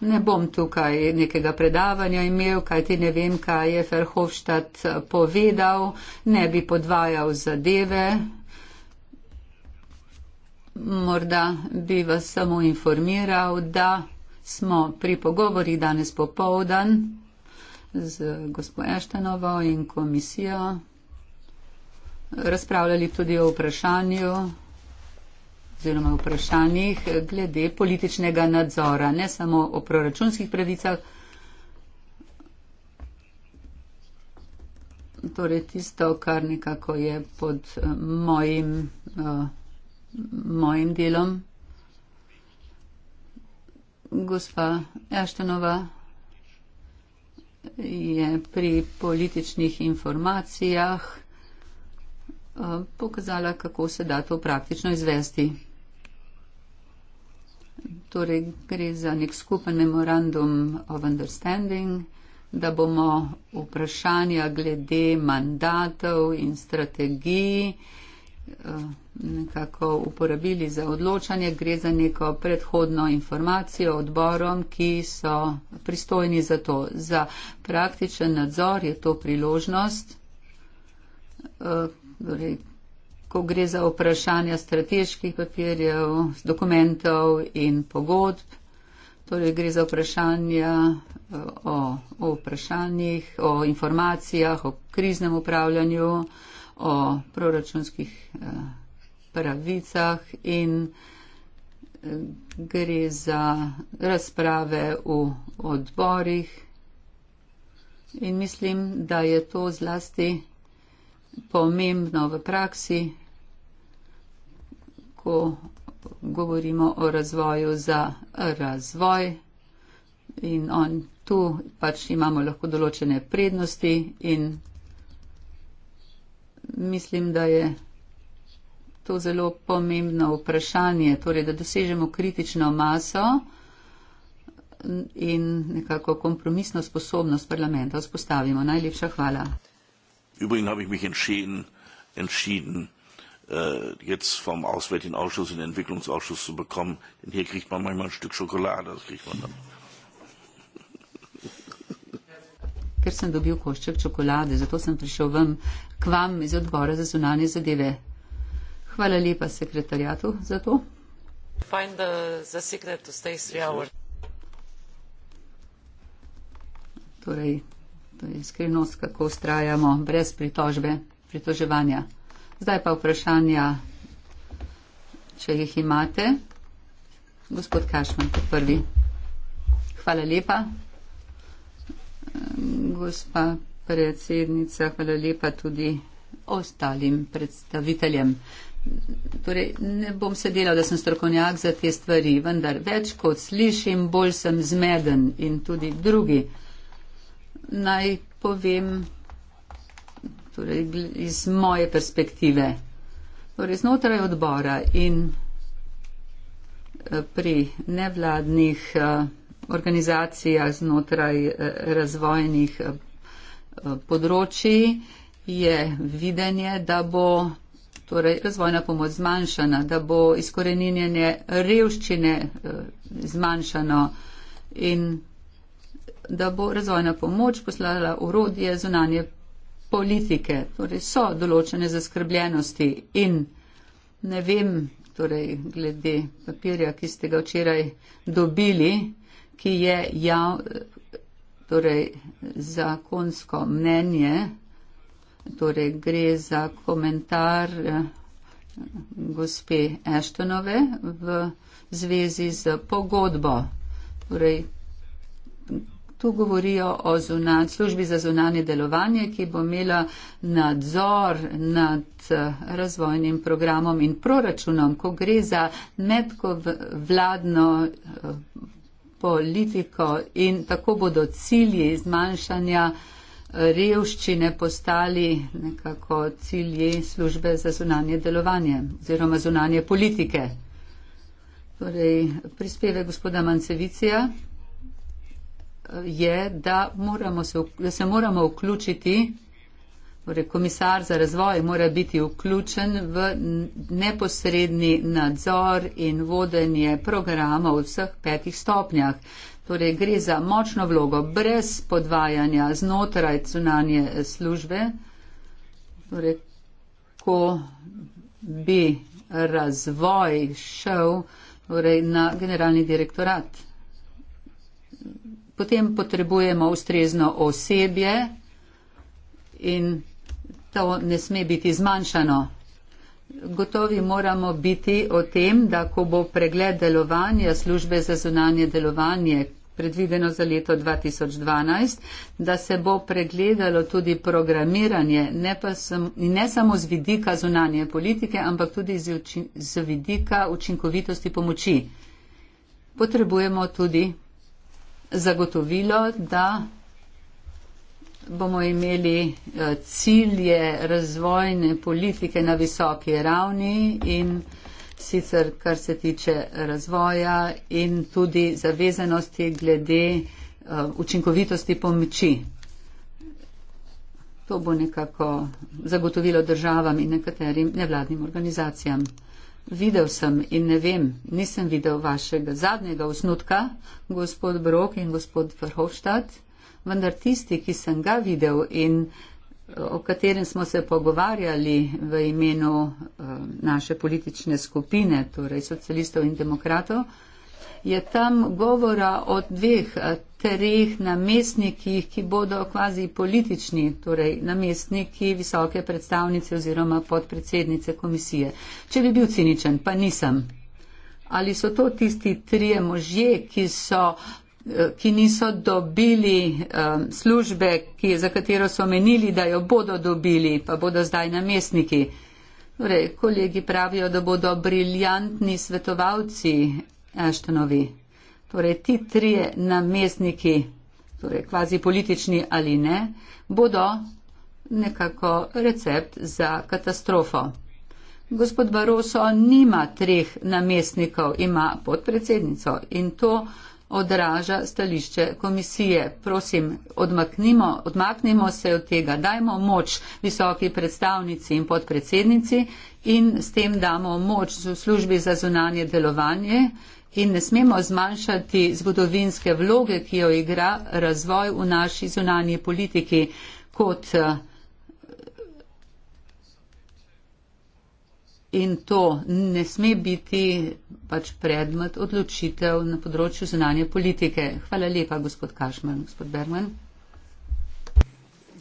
Ne bom tukaj nekega predavanja imel, kajti ne vem, kaj je Ferhofštad povedal, ne bi podvajal zadeve. Morda bi vas samo informiral, da smo pri pogovorih danes popovdan z gospod Eštenovo in komisijo razpravljali tudi o vprašanju oziroma vprašanjih glede političnega nadzora, ne samo o proračunskih pravicah, torej tisto, kar nekako je pod eh, mojim, eh, mojim delom. Gospa Eštonova je pri političnih informacijah eh, pokazala, kako se da to praktično izvesti. Torej gre za nek skupen memorandum of understanding, da bomo vprašanja glede mandatov in strategij eh, nekako uporabili za odločanje. Gre za neko predhodno informacijo odborom, ki so pristojni za to. Za praktičen nadzor je to priložnost. Eh, torej, ko gre za vprašanja strateških papirjev, dokumentov in pogodb. Torej gre za vprašanja eh, o, o vprašanjih, o informacijah, o kriznem upravljanju, o proračunskih eh, pravicah in eh, gre za razprave v odborih. In mislim, da je to zlasti pomembno v praksi, ko govorimo o razvoju za razvoj. In on, tu pač imamo lahko določene prednosti in mislim, da je to zelo pomembno vprašanje, torej da dosežemo kritično maso in nekako kompromisno sposobnost parlamenta vzpostavimo. Najlepša hvala. Übrigens habe ich mich entschieden, entschieden äh, jetzt vom Auswärtigen Ausschuss in den Entwicklungsausschuss zu bekommen. Denn hier kriegt man manchmal ein Stück Schokolade, das kriegt man dann. Ker sem dobil košček čokolade, zato sem prišel vam, k vam iz odbora za zunanje zadeve. Hvala lepa sekretarjatu za to. Torej, to je skrivnost, kako ustrajamo brez pritožbe, pritoževanja. Zdaj pa vprašanja, če jih imate. Gospod Kašman, kot prvi. Hvala lepa. Gospa predsednica, hvala lepa tudi ostalim predstaviteljem. Torej, ne bom se delal, da sem strokovnjak za te stvari, vendar več kot slišim, bolj sem zmeden in tudi drugi. Naj povem torej iz moje perspektive, torej znotraj odbora in eh, pri nevladnih eh, organizacijah znotraj eh, razvojnih področji je videnje, da bo torej razvojna pomoč zmanjšana, da bo izkoreninjenje revščine zmanjšano in da bo razvojna pomoč poslala urodje zunanje politike, torej so določene zaskrbljenosti in ne vem, torej glede papirja, ki ste ga včeraj dobili, ki je jav, torej zakonsko mnenje, torej gre za komentar eh, gospe Eštonove v zvezi z pogodbo. Torej, Tu govorijo o zunan, službi za zunanje delovanje, ki bo imela nadzor nad eh, razvojnim programom in proračunom, ko gre za medvladno eh, politiko in tako bodo cilji zmanjšanja eh, revščine postali nekako cilji službe za zunanje delovanje oziroma zunanje politike. Torej, prispeve gospoda Mancevicija je, da, se, da se moramo vključiti, torej komisar za razvoj mora biti vključen v neposredni nadzor in vodenje programa v vseh petih stopnjah. Torej gre za močno vlogo brez podvajanja znotraj cunanje službe. Torej, ko bi razvoj šel torej, na generalni direktorat potem potrebujemo ustrezno osebje in to ne sme biti zmanjšano. Gotovi moramo biti o tem, da ko bo pregled delovanja službe za zunanje delovanje predvideno za leto 2012, da se bo pregledalo tudi programiranje, ne, sem, ne samo z vidika zunanje politike, ampak tudi z, uči, z vidika učinkovitosti pomoči. Potrebujemo tudi zagotovilo, da bomo imeli eh, cilje razvojne politike na visoki ravni in sicer kar se tiče razvoja in tudi zavezanosti glede eh, učinkovitosti pomoči. To bo nekako zagotovilo državam in nekaterim nevladnim organizacijam. Videl sem in ne vem, nisem videl vašega zadnjega osnutka, gospod Brok in gospod Verhofstadt, vendar tisti, ki sem ga videl in eh, o katerem smo se pogovarjali v imenu eh, naše politične skupine, torej socialistov in demokratov, je tam govora o dveh, eh, treh namestnikih, ki bodo kvazi politični, torej namestniki visoke predstavnice oziroma podpredsednice komisije. Če bi bil ciničen, pa nisem. Ali so to tisti trije možje, ki, so, eh, ki niso dobili um, službe, ki, za katero so menili, da jo bodo dobili, pa bodo zdaj namestniki? Torej, kolegi pravijo, da bodo briljantni svetovalci Aštenovi. Torej, ti trije namestniki, torej kvazi politični ali ne, bodo nekako recept za katastrofo. Gospod Baroso nima treh namestnikov, ima podpredsednico in to odraža stališče komisije. Prosim, odmaknimo, odmaknimo se od tega, dajmo moč visoki predstavnici in podpredsednici in s tem damo moč v službi za zunanje delovanje in ne smemo zmanjšati zgodovinske vloge, ki jo igra razvoj v naši zunanji politiki kot eh, in to ne sme biti pač predmet odločitev na področju zunanje politike. Hvala lepa, gospod Kašman, gospod Bergman.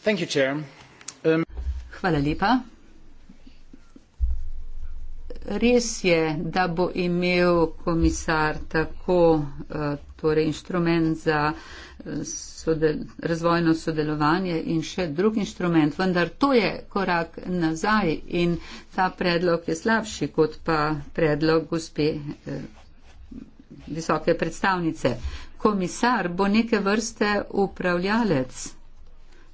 Um, Hvala lepa res je, da bo imel komisar tako eh, torej inštrument za eh, sodel, razvojno sodelovanje in še drug inštrument, vendar to je korak nazaj in ta predlog je slabši kot pa predlog gospe eh, visoke predstavnice. Komisar bo neke vrste upravljalec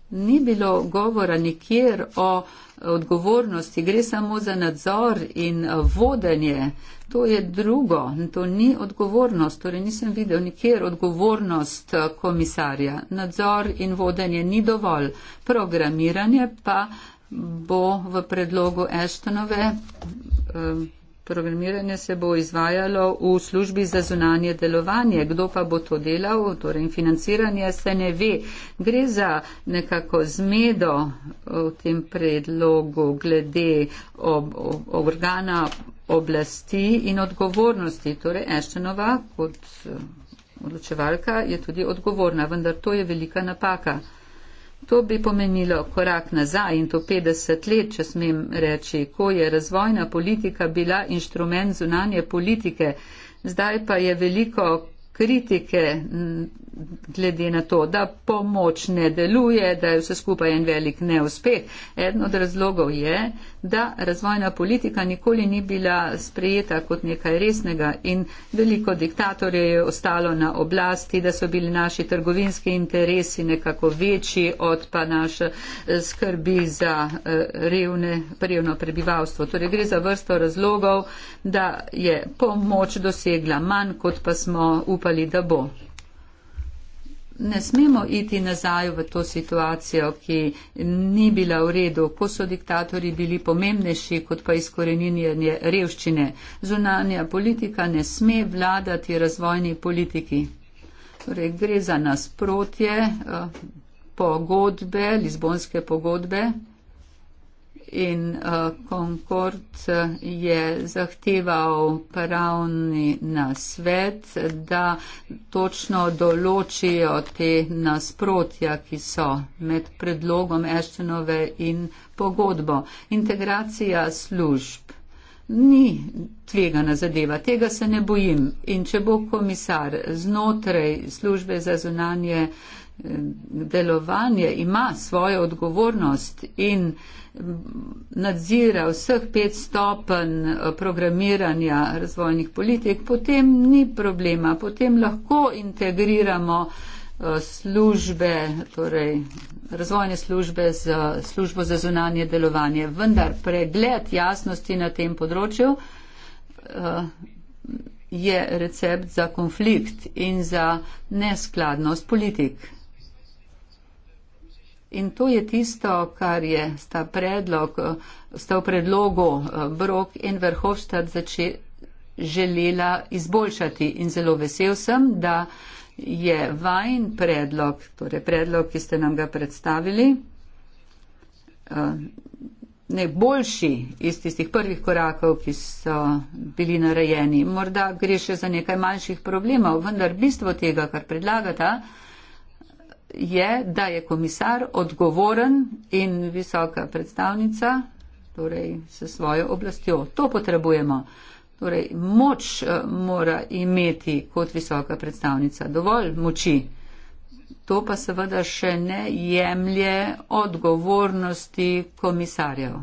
ni bilo govora nikjer o odgovornosti, gre samo za nadzor in vodenje. To je drugo, to ni odgovornost, torej nisem videl nikjer odgovornost eh, komisarja. Nadzor in vodenje ni dovolj, programiranje pa bo v predlogu Eštonove eh, Programiranje se bo izvajalo v službi za zunanje delovanje. Kdo pa bo to delal? Torej, financiranje se ne ve. Gre za nekako zmedo v tem predlogu glede ob, ob, organa oblasti in odgovornosti. Torej, Eštenova kot eh, odločevalka je tudi odgovorna, vendar to je velika napaka. To bi pomenilo korak nazaj in to 50 let, če smem reči, ko je razvojna politika bila inštrument zunanje politike, zdaj pa je veliko kritike mm, glede na to, da pomoč ne deluje, da je vse skupaj en velik neuspeh. Eden od razlogov je, da razvojna politika nikoli ni bila sprejeta kot nekaj resnega in veliko diktatorje je ostalo na oblasti, da so bili naši trgovinski interesi nekako večji od pa naš eh, skrbi za eh, revne, revno prebivalstvo. Torej gre za vrsto razlogov, da je pomoč dosegla manj, kot pa smo upali upali, da bo. Ne smemo iti nazaj v to situacijo, ki ni bila v redu, ko so diktatori bili pomembnejši kot pa izkoreninjenje revščine. Zunanja politika ne sme vladati razvojni politiki. Torej, gre za nasprotje eh, pogodbe, Lizbonske pogodbe in eh, Concord je zahteval pravni nasvet, da točno določijo te nasprotja, ki so med predlogom Eštenove in pogodbo. Integracija služb ni tvegana zadeva, tega se ne bojim. In če bo komisar znotraj službe za zunanje delovanje ima svojo odgovornost in nadzira vseh pet stopen programiranja razvojnih politik, potem ni problema, potem lahko integriramo eh, službe, torej razvojne službe z službo za zunanje delovanje. Vendar pregled jasnosti na tem področju eh, je recept za konflikt in za neskladnost politik. In to je tisto, kar je sta, predlog, sta v predlogu eh, Brok in Verhofstadt želela izboljšati. In zelo vesel sem, da je vajen predlog, torej predlog, ki ste nam ga predstavili, eh, ne boljši iz tistih prvih korakov, ki so bili narejeni. Morda gre še za nekaj manjših problemov, vendar bistvo tega, kar predlagata, je, da je komisar odgovoren in visoka predstavnica, torej s svojo oblastjo. To potrebujemo. Torej, moč eh, mora imeti kot visoka predstavnica dovolj moči. To pa seveda še ne jemlje odgovornosti komisarjev.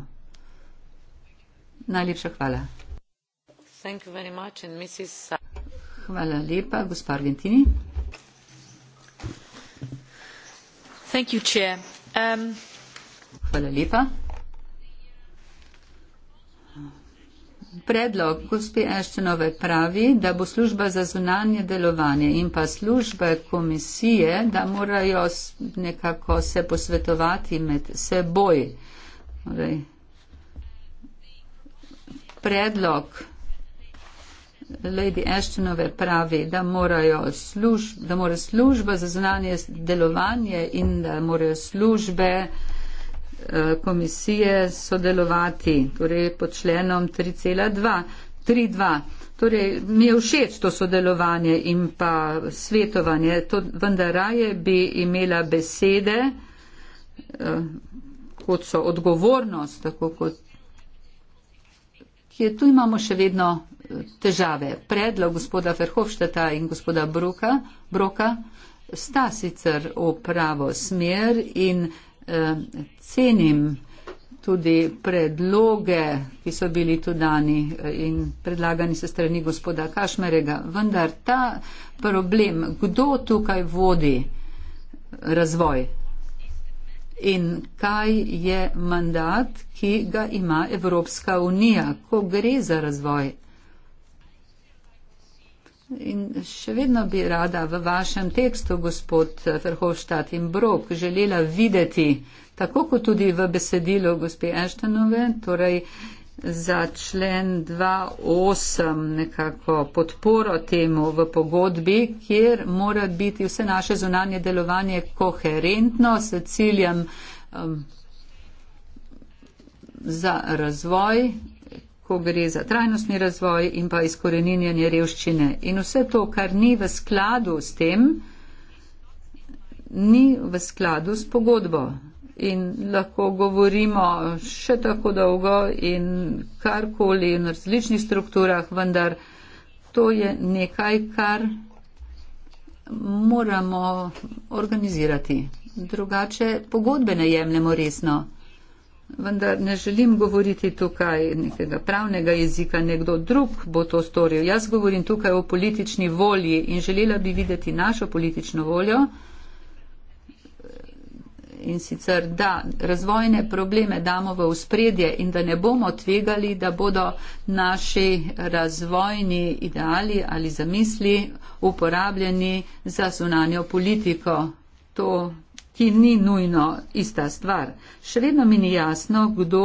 Najlepša hvala. Hvala lepa, gospod Argentini. Um, predlog gospe Eštenove pravi, da bo služba za zunanje delovanje in pa službe komisije, da morajo nekako se posvetovati med seboj. Torej, predlog Lady Ashtonove pravi, da, služb, da mora služba za znanje delovanje in da morajo službe eh, komisije sodelovati, torej pod členom 3.2. 3.2. Torej, mi je všeč to sodelovanje in pa svetovanje, to vendar raje bi imela besede, eh, kot so odgovornost, tako kot. Kje tu imamo še vedno težave. Predlog gospoda Ferhofšteta in gospoda Bruka, Broka sta sicer v pravo smer in eh, cenim tudi predloge, ki so bili tu dani eh, in predlagani se strani gospoda Kašmerega. Vendar ta problem, kdo tukaj vodi razvoj in kaj je mandat, ki ga ima Evropska unija, ko gre za razvoj In še vedno bi rada v vašem tekstu, gospod Verhofstadt in Brok, želela videti, tako kot tudi v besedilu gospe Enštenove, torej za člen 2.8 nekako podporo temu v pogodbi, kjer mora biti vse naše zunanje delovanje koherentno s ciljem um, za razvoj ko gre za trajnostni razvoj in pa izkoreninjanje revščine. In vse to, kar ni v skladu s tem, ni v skladu s pogodbo. In lahko govorimo še tako dolgo in karkoli in v različnih strukturah, vendar to je nekaj, kar moramo organizirati. Drugače pogodbe ne jemljemo resno vendar ne želim govoriti tukaj nekega pravnega jezika, nekdo drug bo to storil. Jaz govorim tukaj o politični volji in želela bi videti našo politično voljo in sicer, da razvojne probleme damo v uspredje in da ne bomo tvegali, da bodo naši razvojni ideali ali zamisli uporabljeni za zunanjo politiko. To ki ni nujno ista stvar. Še vedno mi ni jasno, kdo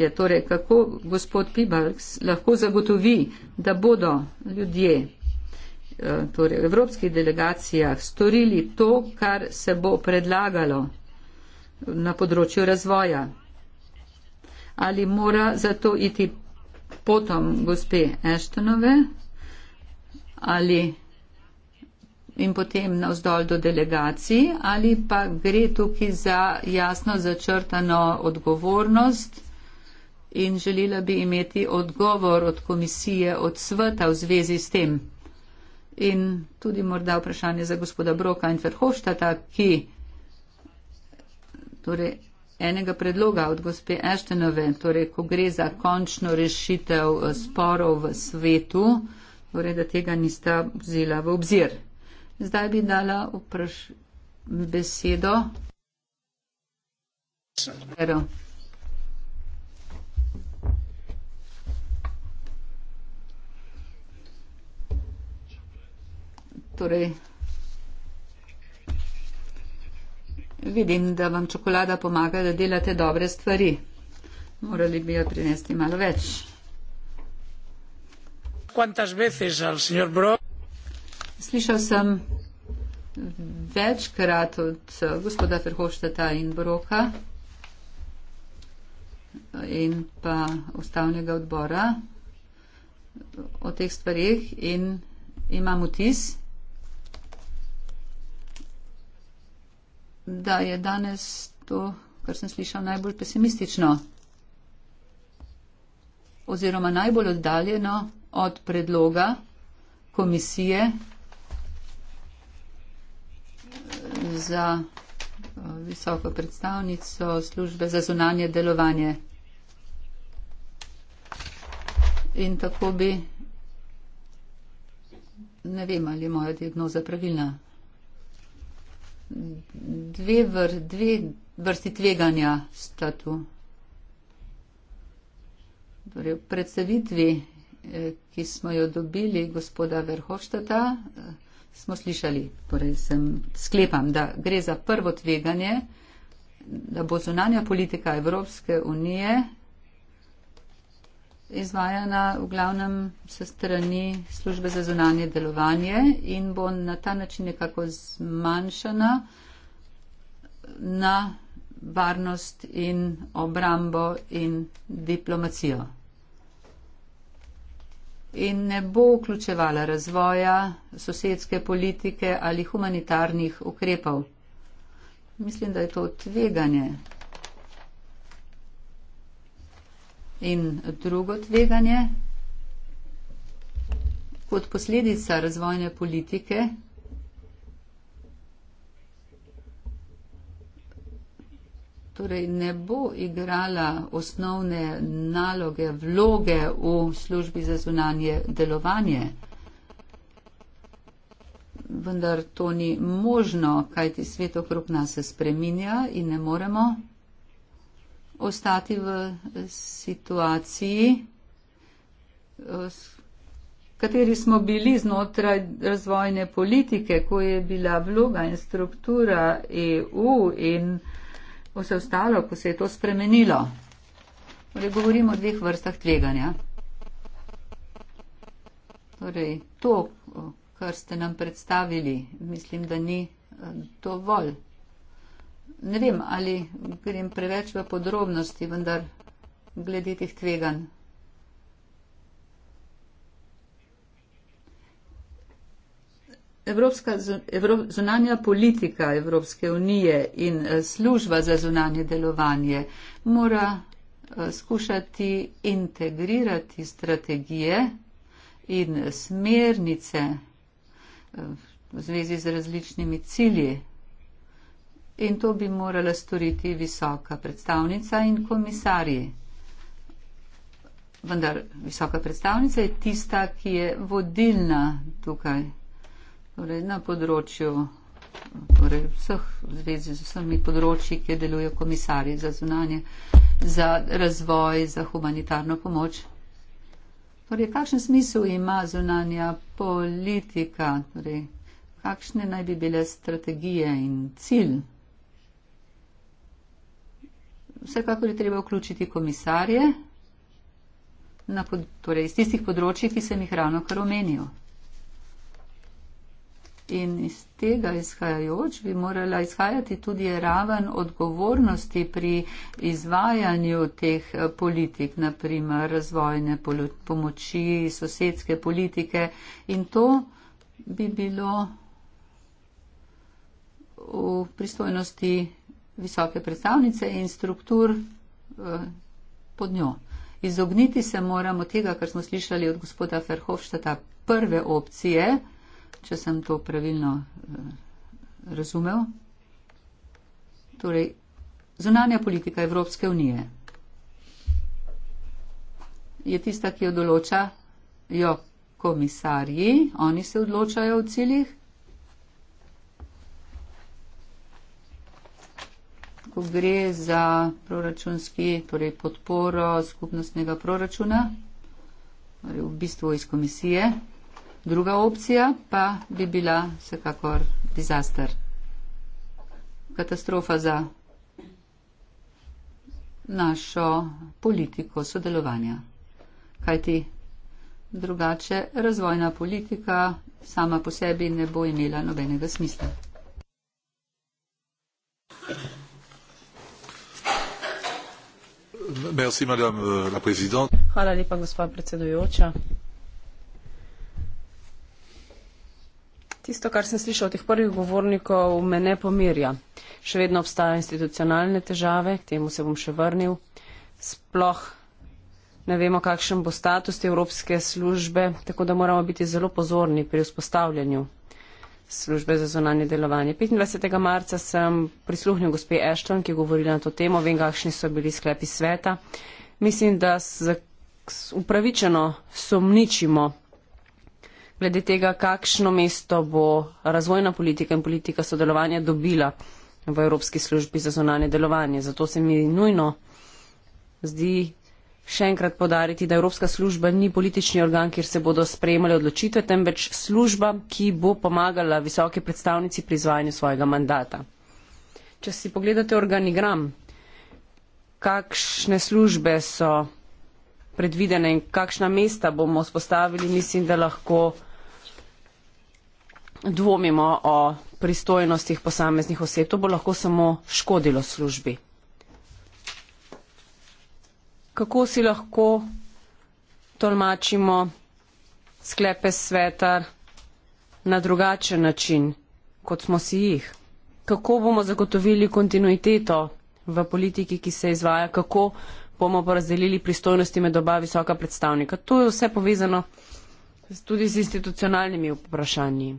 je torej, kako gospod Pibalks lahko zagotovi, da bodo ljudje eh, torej, v evropskih delegacijah storili to, kar se bo predlagalo na področju razvoja. Ali mora zato iti potom gospe Eštonove ali in potem navzdol do delegacij ali pa gre tukaj za jasno začrtano odgovornost in želela bi imeti odgovor od komisije, od sveta v zvezi s tem. In tudi morda vprašanje za gospoda Broka in Verhofštata, ki torej, enega predloga od gospe Eštenove, torej, ko gre za končno rešitev eh, sporov v svetu, torej, da tega nista vzela v obzir. Zdaj bi dala vpraš besedo. Vero. Torej, vidim, da vam čokolada pomaga, da delate dobre stvari. Morali bi jo prinesti malo več. Kvantas veces al señor Brock? Slišal sem večkrat od eh, gospoda Ferhošteta in Broka in pa ustavnega odbora eh, o teh stvarih in imam vtis, da je danes to, kar sem slišal, najbolj pesimistično oziroma najbolj oddaljeno od predloga komisije, za eh, visoko predstavnico službe za zunanje delovanje. In tako bi. Ne vem, ali je moja diagnoza pravilna. Dve, vr, dve vrsti tveganja sta tu. Torej, v predstavitvi, eh, ki smo jo dobili gospoda Verhoštata, eh, smo slišali, torej sem sklepam, da gre za prvo tveganje, da bo zunanja politika Evropske unije izvajana v glavnem se strani službe za zunanje delovanje in bo na ta način nekako zmanjšana na varnost in obrambo in diplomacijo in ne bo vključevala razvoja, sosedske politike ali humanitarnih ukrepov. Mislim, da je to tveganje. In drugo tveganje, kot posledica razvojne politike, torej ne bo igrala osnovne naloge, vloge v službi za zunanje delovanje. Vendar to ni možno, kajti svet okrog nas se spreminja in ne moremo ostati v situaciji, kateri smo bili znotraj razvojne politike, ko je bila vloga in struktura EU in bo se ostalo, ko se je to spremenilo? Torej, govorimo o dveh vrstah tveganja. Torej, to, kar ste nam predstavili, mislim, da ni eh, dovolj. Ne vem, ali grem preveč v podrobnosti, vendar glede teh tveganj. Evropska zunanja politika Evropske unije in eh, služba za zunanje delovanje mora eh, skušati integrirati strategije in eh, smernice v zvezi z različnimi cilji. In to bi morala storiti visoka predstavnica in komisarji. Vendar visoka predstavnica je tista, ki je vodilna tukaj. Torej, na področju, torej vseh, v zvezi z vsemi področji, kjer delujejo komisari za zunanje, za razvoj, za humanitarno pomoč. Torej, kakšen smisel ima zunanja politika? Torej, kakšne naj bi bile strategije in cilj? Vsekakor je treba vključiti komisarje na, torej, iz tistih področji, ki sem jih ravno kar omenil. In iz tega izhajajoč bi morala izhajati tudi raven odgovornosti pri izvajanju teh eh, politik, naprimer razvojne pomoči, sosedske politike. In to bi bilo v pristojnosti visoke predstavnice in struktur eh, pod njo. Izogniti se moramo tega, kar smo slišali od gospoda Ferhofštata, prve opcije, če sem to pravilno eh, razumel. Torej, zunanja politika Evropske unije je tista, ki jo določa jo komisarji, oni se odločajo v ciljih. Ko gre za proračunski, torej podporo skupnostnega proračuna, torej v bistvu iz komisije, Druga opcija pa bi bila vsekakor dizaster. Katastrofa za našo politiko sodelovanja. Kaj ti drugače razvojna politika sama po sebi ne bo imela nobenega smisla. Merci, euh, Hvala lepa, gospod predsedujoča. Tisto, kar sem slišal od teh prvih govornikov, me ne pomirja. Še vedno obstajajo institucionalne težave, k temu se bom še vrnil. Sploh ne vemo, kakšen bo status te Evropske službe, tako da moramo biti zelo pozorni pri vzpostavljanju službe za zonanje delovanje. 25. marca sem prisluhnil gospe Ashton, ki je govorila na to temo, vem, kakšni so bili sklepi sveta. Mislim, da upravičeno somničimo glede tega, kakšno mesto bo razvojna politika in politika sodelovanja dobila v Evropski službi za zonanje delovanje. Zato se mi nujno zdi še enkrat podariti, da Evropska služba ni politični organ, kjer se bodo sprejemali odločitve, temveč služba, ki bo pomagala visoke predstavnici pri izvajanju svojega mandata. Če si pogledate organigram, kakšne službe so predvidene in kakšna mesta bomo spostavili, mislim, da lahko dvomimo o pristojnostih posameznih oseb, to bo lahko samo škodilo službi. Kako si lahko tolmačimo sklepe sveta na drugačen način, kot smo si jih? Kako bomo zagotovili kontinuiteto v politiki, ki se izvaja? Kako bomo porazdelili pristojnosti med oba visoka predstavnika? To je vse povezano tudi z institucionalnimi vprašanji.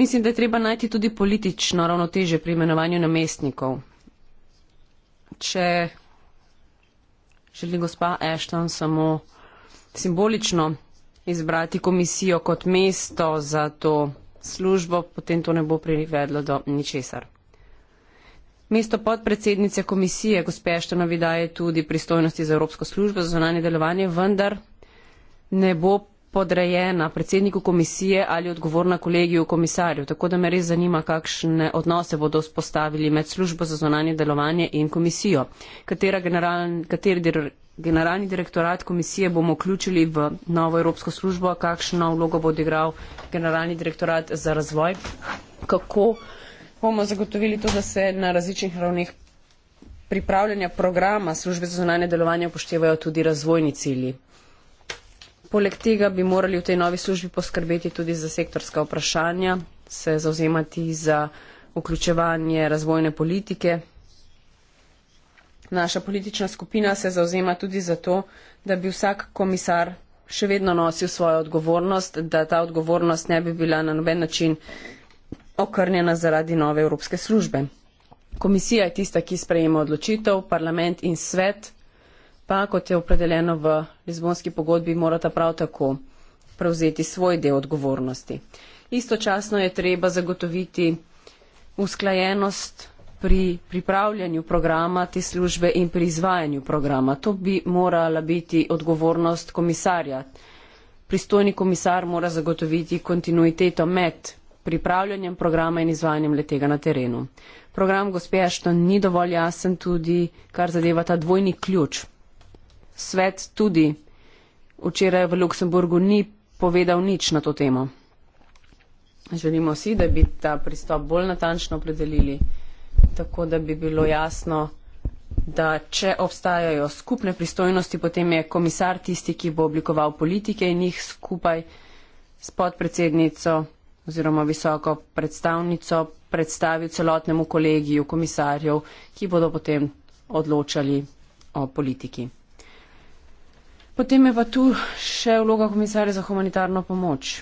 Mislim, da je treba najti tudi politično ravnoteže pri imenovanju namestnikov. Če želi gospa Ashton samo simbolično izbrati komisijo kot mesto za to službo, potem to ne bo privedlo do ničesar. Mesto podpredsednice komisije gospe Eštonovi daje tudi pristojnosti za Evropsko službo za zonanje delovanje, vendar ne bo podrejena predsedniku komisije ali odgovorna kolegiju komisarju. Tako da me res zanima, kakšne odnose bodo spostavili med službo za zvonanje delovanje in komisijo. Generaln, kateri dir, generalni direktorat komisije bomo vključili v novo Evropsko službo, kakšno vlogo bo odigral generalni direktorat za razvoj, kako bomo zagotovili to, da se na različnih ravneh pripravljanja programa službe za zvonanje delovanje upoštevajo tudi razvojni cilji. Poleg tega bi morali v tej novi službi poskrbeti tudi za sektorska vprašanja, se zauzemati za vključevanje razvojne politike. Naša politična skupina se zauzema tudi za to, da bi vsak komisar še vedno nosil svojo odgovornost, da ta odgovornost ne bi bila na noben način okrnjena zaradi nove Evropske službe. Komisija je tista, ki sprejema odločitev, parlament in svet pa, kot je opredeljeno v Lizbonski pogodbi, morata prav tako prevzeti svoj del odgovornosti. Istočasno je treba zagotoviti usklajenost pri pripravljanju programa te službe in pri izvajanju programa. To bi morala biti odgovornost komisarja. Pristojni komisar mora zagotoviti kontinuiteto med pripravljanjem programa in izvajanjem letega na terenu. Program gospe Ashton ni dovolj jasen tudi, kar zadeva ta dvojni ključ svet tudi včeraj v Luksemburgu ni povedal nič na to temo. Želimo si, da bi ta pristop bolj natančno opredelili, tako da bi bilo jasno, da če obstajajo skupne pristojnosti, potem je komisar tisti, ki bo oblikoval politike in jih skupaj s podpredsednico oziroma visoko predstavnico predstavil celotnemu kolegiju komisarjev, ki bodo potem odločali o politiki. Potem je pa tu še vloga komisarja za humanitarno pomoč.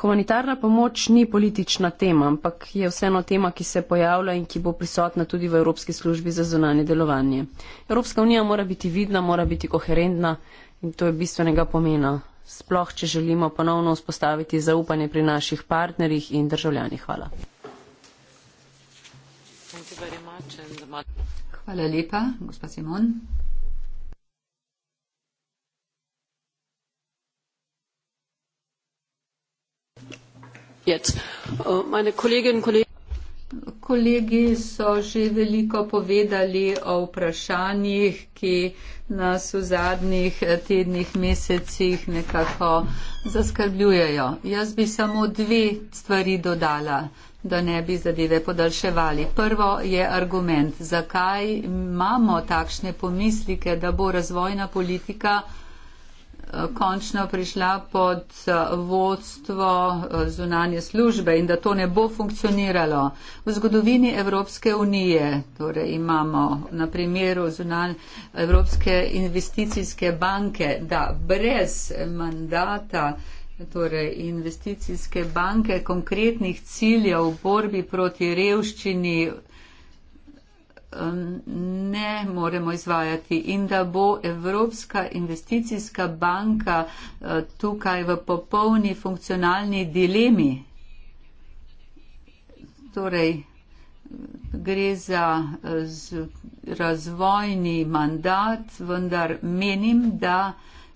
Humanitarna pomoč ni politična tema, ampak je vseeno tema, ki se pojavlja in ki bo prisotna tudi v Evropski službi za zunanje delovanje. Evropska unija mora biti vidna, mora biti koherentna in to je bistvenega pomena, sploh če želimo ponovno vzpostaviti zaupanje pri naših partnerjih in državljanih. Hvala. Hvala lepa, gospa Simon. Äh, Kolegi so že veliko povedali o vprašanjih, ki nas v zadnjih eh, tednih, mesecih nekako zaskrbljujejo. Jaz bi samo dve stvari dodala da ne bi zadeve podaljševali. Prvo je argument, zakaj imamo takšne pomislike, da bo razvojna politika eh, končno prišla pod eh, vodstvo eh, zunanje službe in da to ne bo funkcioniralo. V zgodovini Evropske unije, torej imamo na primeru zunanje Evropske investicijske banke, da brez mandata Torej, investicijske banke, konkretnih ciljev v borbi proti revščini ne moremo izvajati in da bo Evropska investicijska banka eh, tukaj v popolni funkcionalni dilemi. Torej, gre za eh, razvojni mandat, vendar menim, da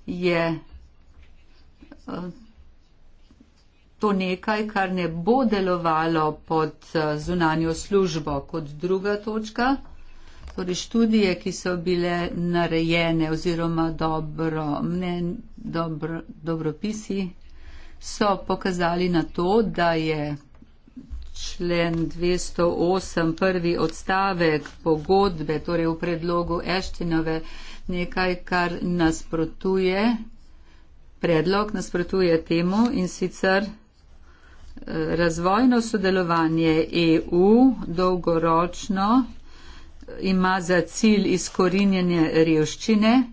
je eh, to nekaj, kar ne bo delovalo pod eh, zunanjo službo kot druga točka. Torej študije, ki so bile narejene oziroma dobro mnen, dobro, dobropisi, so pokazali na to, da je člen 208 prvi odstavek pogodbe, torej v predlogu Eštinove, nekaj, kar nasprotuje, predlog nasprotuje temu in sicer razvojno sodelovanje EU dolgoročno eh, ima za cilj izkorinjenje revščine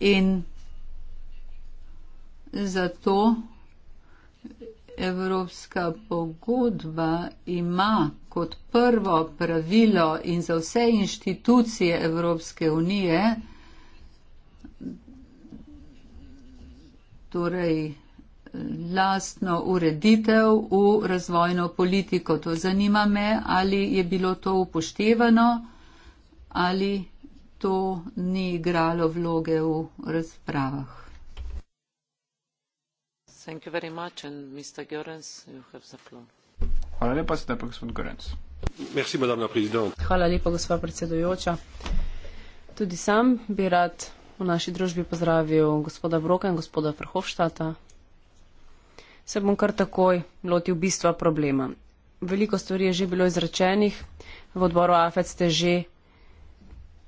in zato Evropska pogodba ima kot prvo pravilo in za vse inštitucije Evropske unije, torej lastno ureditev v razvojno politiko. To zanima me, ali je bilo to upoštevano, ali to ni igralo vloge v razpravah. Hvala lepa, sedaj pa gospod Gorenc. Hvala lepa, gospa predsedujoča. Tudi sam bi rad v naši družbi pozdravil gospoda Broka in gospoda Vrhovštata, se bom kar takoj lotil bistva problema. Veliko stvari je že bilo izrečenih, v odboru AFED ste že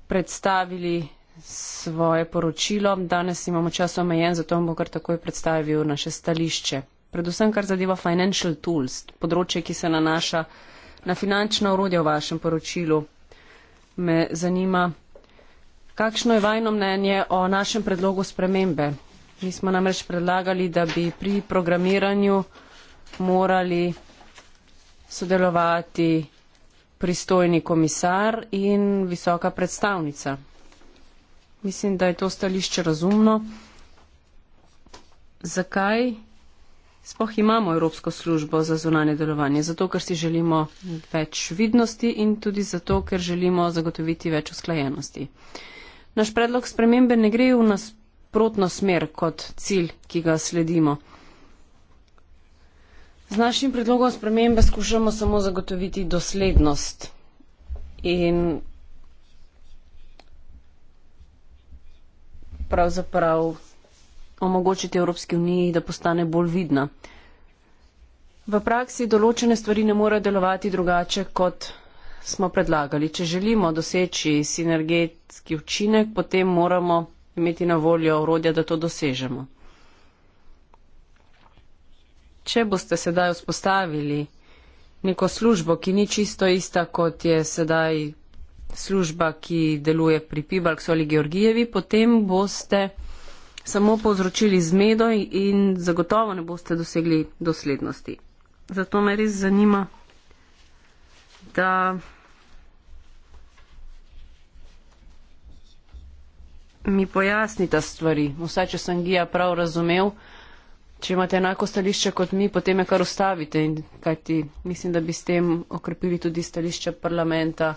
predstavili svoje poročilo, danes imamo čas omejen, zato bom kar takoj predstavil naše stališče. Predvsem kar zadeva financial tools, področje, ki se nanaša na finančno urodje v vašem poročilu, me zanima, kakšno je vajno mnenje o našem predlogu spremembe Mi smo namreč predlagali, da bi pri programiranju morali sodelovati pristojni komisar in visoka predstavnica. Mislim, da je to stališče razumno. Zakaj? Spoh imamo Evropsko službo za zunanje delovanje, zato ker si želimo več vidnosti in tudi zato, ker želimo zagotoviti več usklajenosti. Naš predlog spremembe ne gre v nas nasprotno smer kot cilj, ki ga sledimo. Z našim predlogom spremembe skušamo samo zagotoviti doslednost in pravzaprav omogočiti Evropski uniji, da postane bolj vidna. V praksi določene stvari ne morejo delovati drugače, kot smo predlagali. Če želimo doseči sinergetski učinek, potem moramo imeti na voljo orodja, da to dosežemo. Če boste sedaj vzpostavili neko službo, ki ni čisto ista, kot je sedaj služba, ki deluje pri Pibalksu ali Georgijevi, potem boste samo povzročili zmedo in zagotovo ne boste dosegli doslednosti. Zato me res zanima, da mi pojasnita stvari. Vsaj, če sem Gija prav razumel, če imate enako stališče kot mi, potem me kar ustavite. In, kajti, mislim, da bi s tem okrepili tudi stališče parlamenta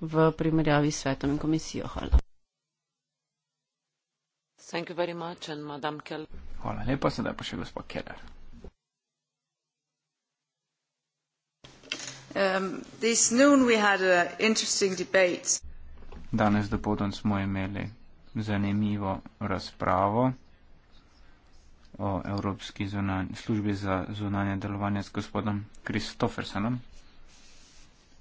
v primerjavi s svetom in komisijo. Hvala. Much, Hvala lepa, sedaj pa še gospod Keller. Um, Danes dopoldan smo imeli zanimivo razpravo o Evropski zunanj, službi za zunanje delovanje z gospodom Kristofersenom.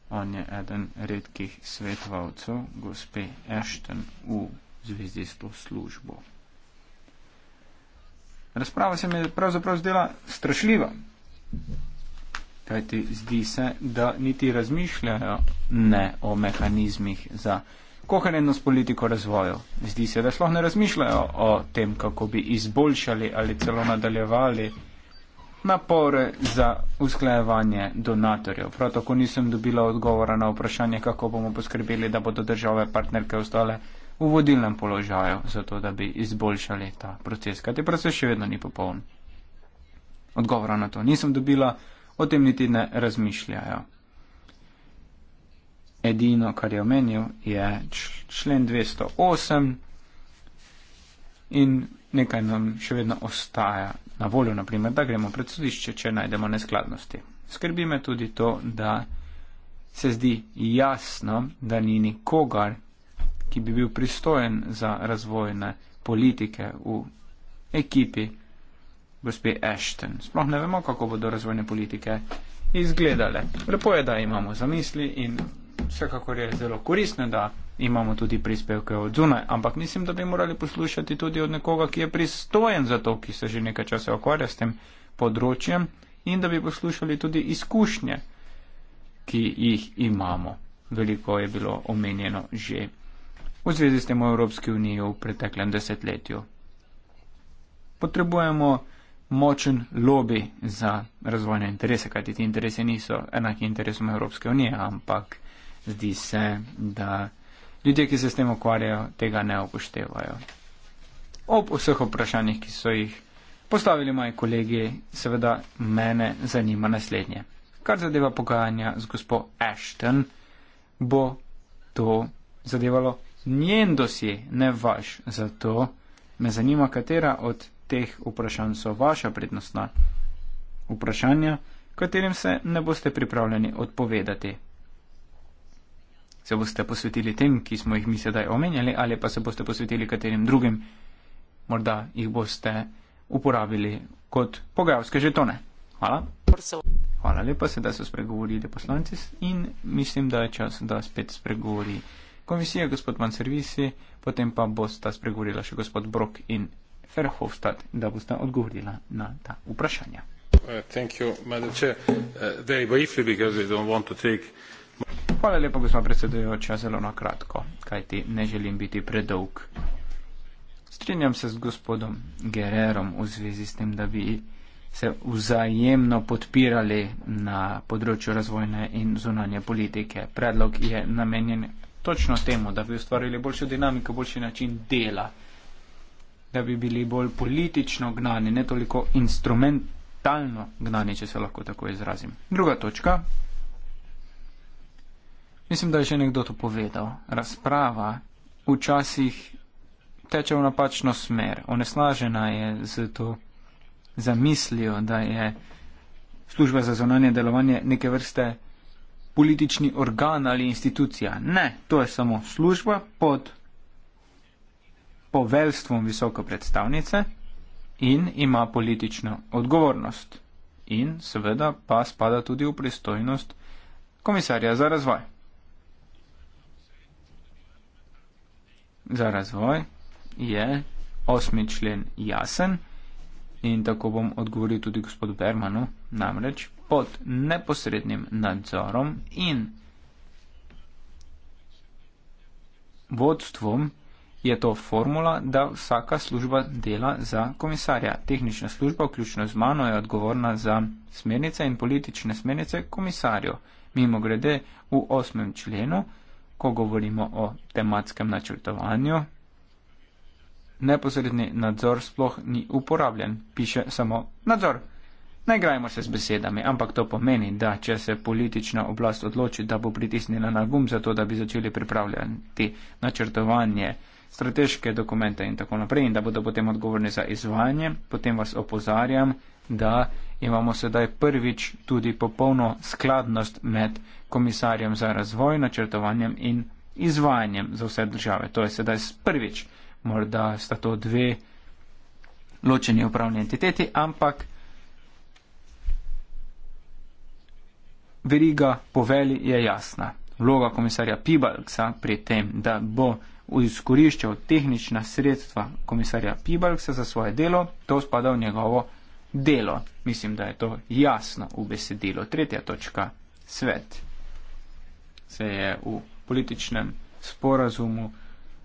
On je eden redkih svetovalcev gospe Ashton v zvezi s to službo. Razprava se mi je pravzaprav zdela strašljiva. Kajti zdi se, da niti razmišljajo ne o mehanizmih za koherentno s politiko razvoja. Zdi se, da sploh ne razmišljajo o tem, kako bi izboljšali ali celo nadaljevali napore za usklajevanje donatorjev. Prav tako nisem dobila odgovora na vprašanje, kako bomo poskrbeli, da bodo države partnerke ostale v vodilnem položaju, zato da bi izboljšali ta proces, kajti proces še vedno ni popoln. Odgovora na to nisem dobila, o tem niti ne razmišljajo edino, kar je omenil, je člen 208 in nekaj nam še vedno ostaja na voljo, naprimer, da gremo pred sodišče, če najdemo neskladnosti. Skrbi me tudi to, da se zdi jasno, da ni nikogar, ki bi bil pristojen za razvojne politike v ekipi gospe Ashton. Sploh ne vemo, kako bodo razvojne politike izgledale. Lepo je, da imamo zamisli in vsekakor je zelo koristno, da imamo tudi prispevke od zunaj, ampak mislim, da bi morali poslušati tudi od nekoga, ki je pristojen za to, ki se že nekaj časa okvarja s tem področjem in da bi poslušali tudi izkušnje, ki jih imamo. Veliko je bilo omenjeno že v zvezi s tem v Evropski uniji v preteklem desetletju. Potrebujemo močen lobby za razvojne interese, kajti ti interese niso enaki interesom Evropske unije, ampak zdi se, da ljudje, ki se s tem ukvarjajo, tega ne upoštevajo. Ob vseh vprašanjih, ki so jih postavili moji kolegi, seveda mene zanima naslednje. Kar zadeva pogajanja z gospo Ashton, bo to zadevalo njen dosje, ne vaš. Zato me zanima, katera od teh vprašanj so vaša prednostna vprašanja, katerim se ne boste pripravljeni odpovedati se boste posvetili tem, ki smo jih mi sedaj omenjali, ali pa se boste posvetili katerim drugim, morda jih boste uporabili kot pogajalske žetone. Hvala. Hvala lepa, sedaj so spregovorili poslanci in mislim, da je čas, da spet spregovori komisija, gospod Van Servisi, potem pa bosta spregovorila še gospod Brok in Ferhofstad, da bosta odgovorila na ta vprašanja. Uh, thank you, Madam Chair. Uh, very briefly, because we don't want to take Hvala lepa, gospod predsedujoča, zelo na kratko, kajti ne želim biti predolg. Strinjam se z gospodom Gererom v zvezi s tem, da bi se vzajemno podpirali na področju razvojne in zunanje politike. Predlog je namenjen točno temu, da bi ustvarili boljšo dinamiko, boljši način dela, da bi bili bolj politično gnani, ne toliko instrumentalno gnani, če se lahko tako izrazim. Druga točka. Mislim, da je že nekdo to povedal. Razprava včasih teče v napačno smer. Onesnažena je z to zamislijo, da je služba za zonanje delovanje neke vrste politični organ ali institucija. Ne, to je samo služba pod poveljstvom visoke predstavnice in ima politično odgovornost. In seveda pa spada tudi v pristojnost komisarja za razvoj. za razvoj je osmi člen jasen in tako bom odgovoril tudi gospodu Bermanu, namreč pod neposrednim nadzorom in vodstvom je to formula, da vsaka služba dela za komisarja. Tehnična služba, vključno z mano, je odgovorna za smernice in politične smernice komisarju. Mimo grede v osmem členu ko govorimo o tematskem načrtovanju, neposredni nadzor sploh ni uporabljen, piše samo nadzor. Ne igrajmo se z besedami, ampak to pomeni, da če se politična oblast odloči, da bo pritisnila na gum za to, da bi začeli pripravljati načrtovanje, strateške dokumente in tako naprej, in da bodo potem odgovorni za izvajanje, potem vas opozarjam, da imamo sedaj prvič tudi popolno skladnost med komisarjem za razvoj, načrtovanjem in izvajanjem za vse države. To je sedaj prvič. Morda sta to dve ločeni upravni entiteti, ampak veriga poveli je jasna. Vloga komisarja Pibalksa pri tem, da bo izkoriščal tehnična sredstva komisarja Pibalksa za svoje delo, to spada v njegovo delo. Mislim, da je to jasno v besedilu. Tretja točka. Svet se je v političnem sporazumu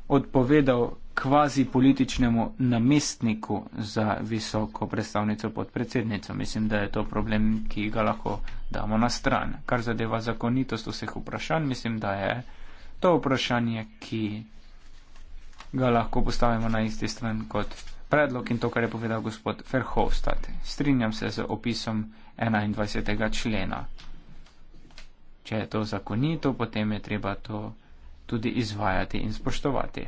odpovedal kvazi političnemu namestniku za visoko predstavnico podpredsednico. Mislim, da je to problem, ki ga lahko damo na stran. Kar zadeva zakonitost vseh vprašanj, mislim, da je to vprašanje, ki ga lahko postavimo na isti stran kot predlog in to, kar je povedal gospod Verhofstadt. Strinjam se z opisom 21. člena. Če je to zakonito, potem je treba to tudi izvajati in spoštovati.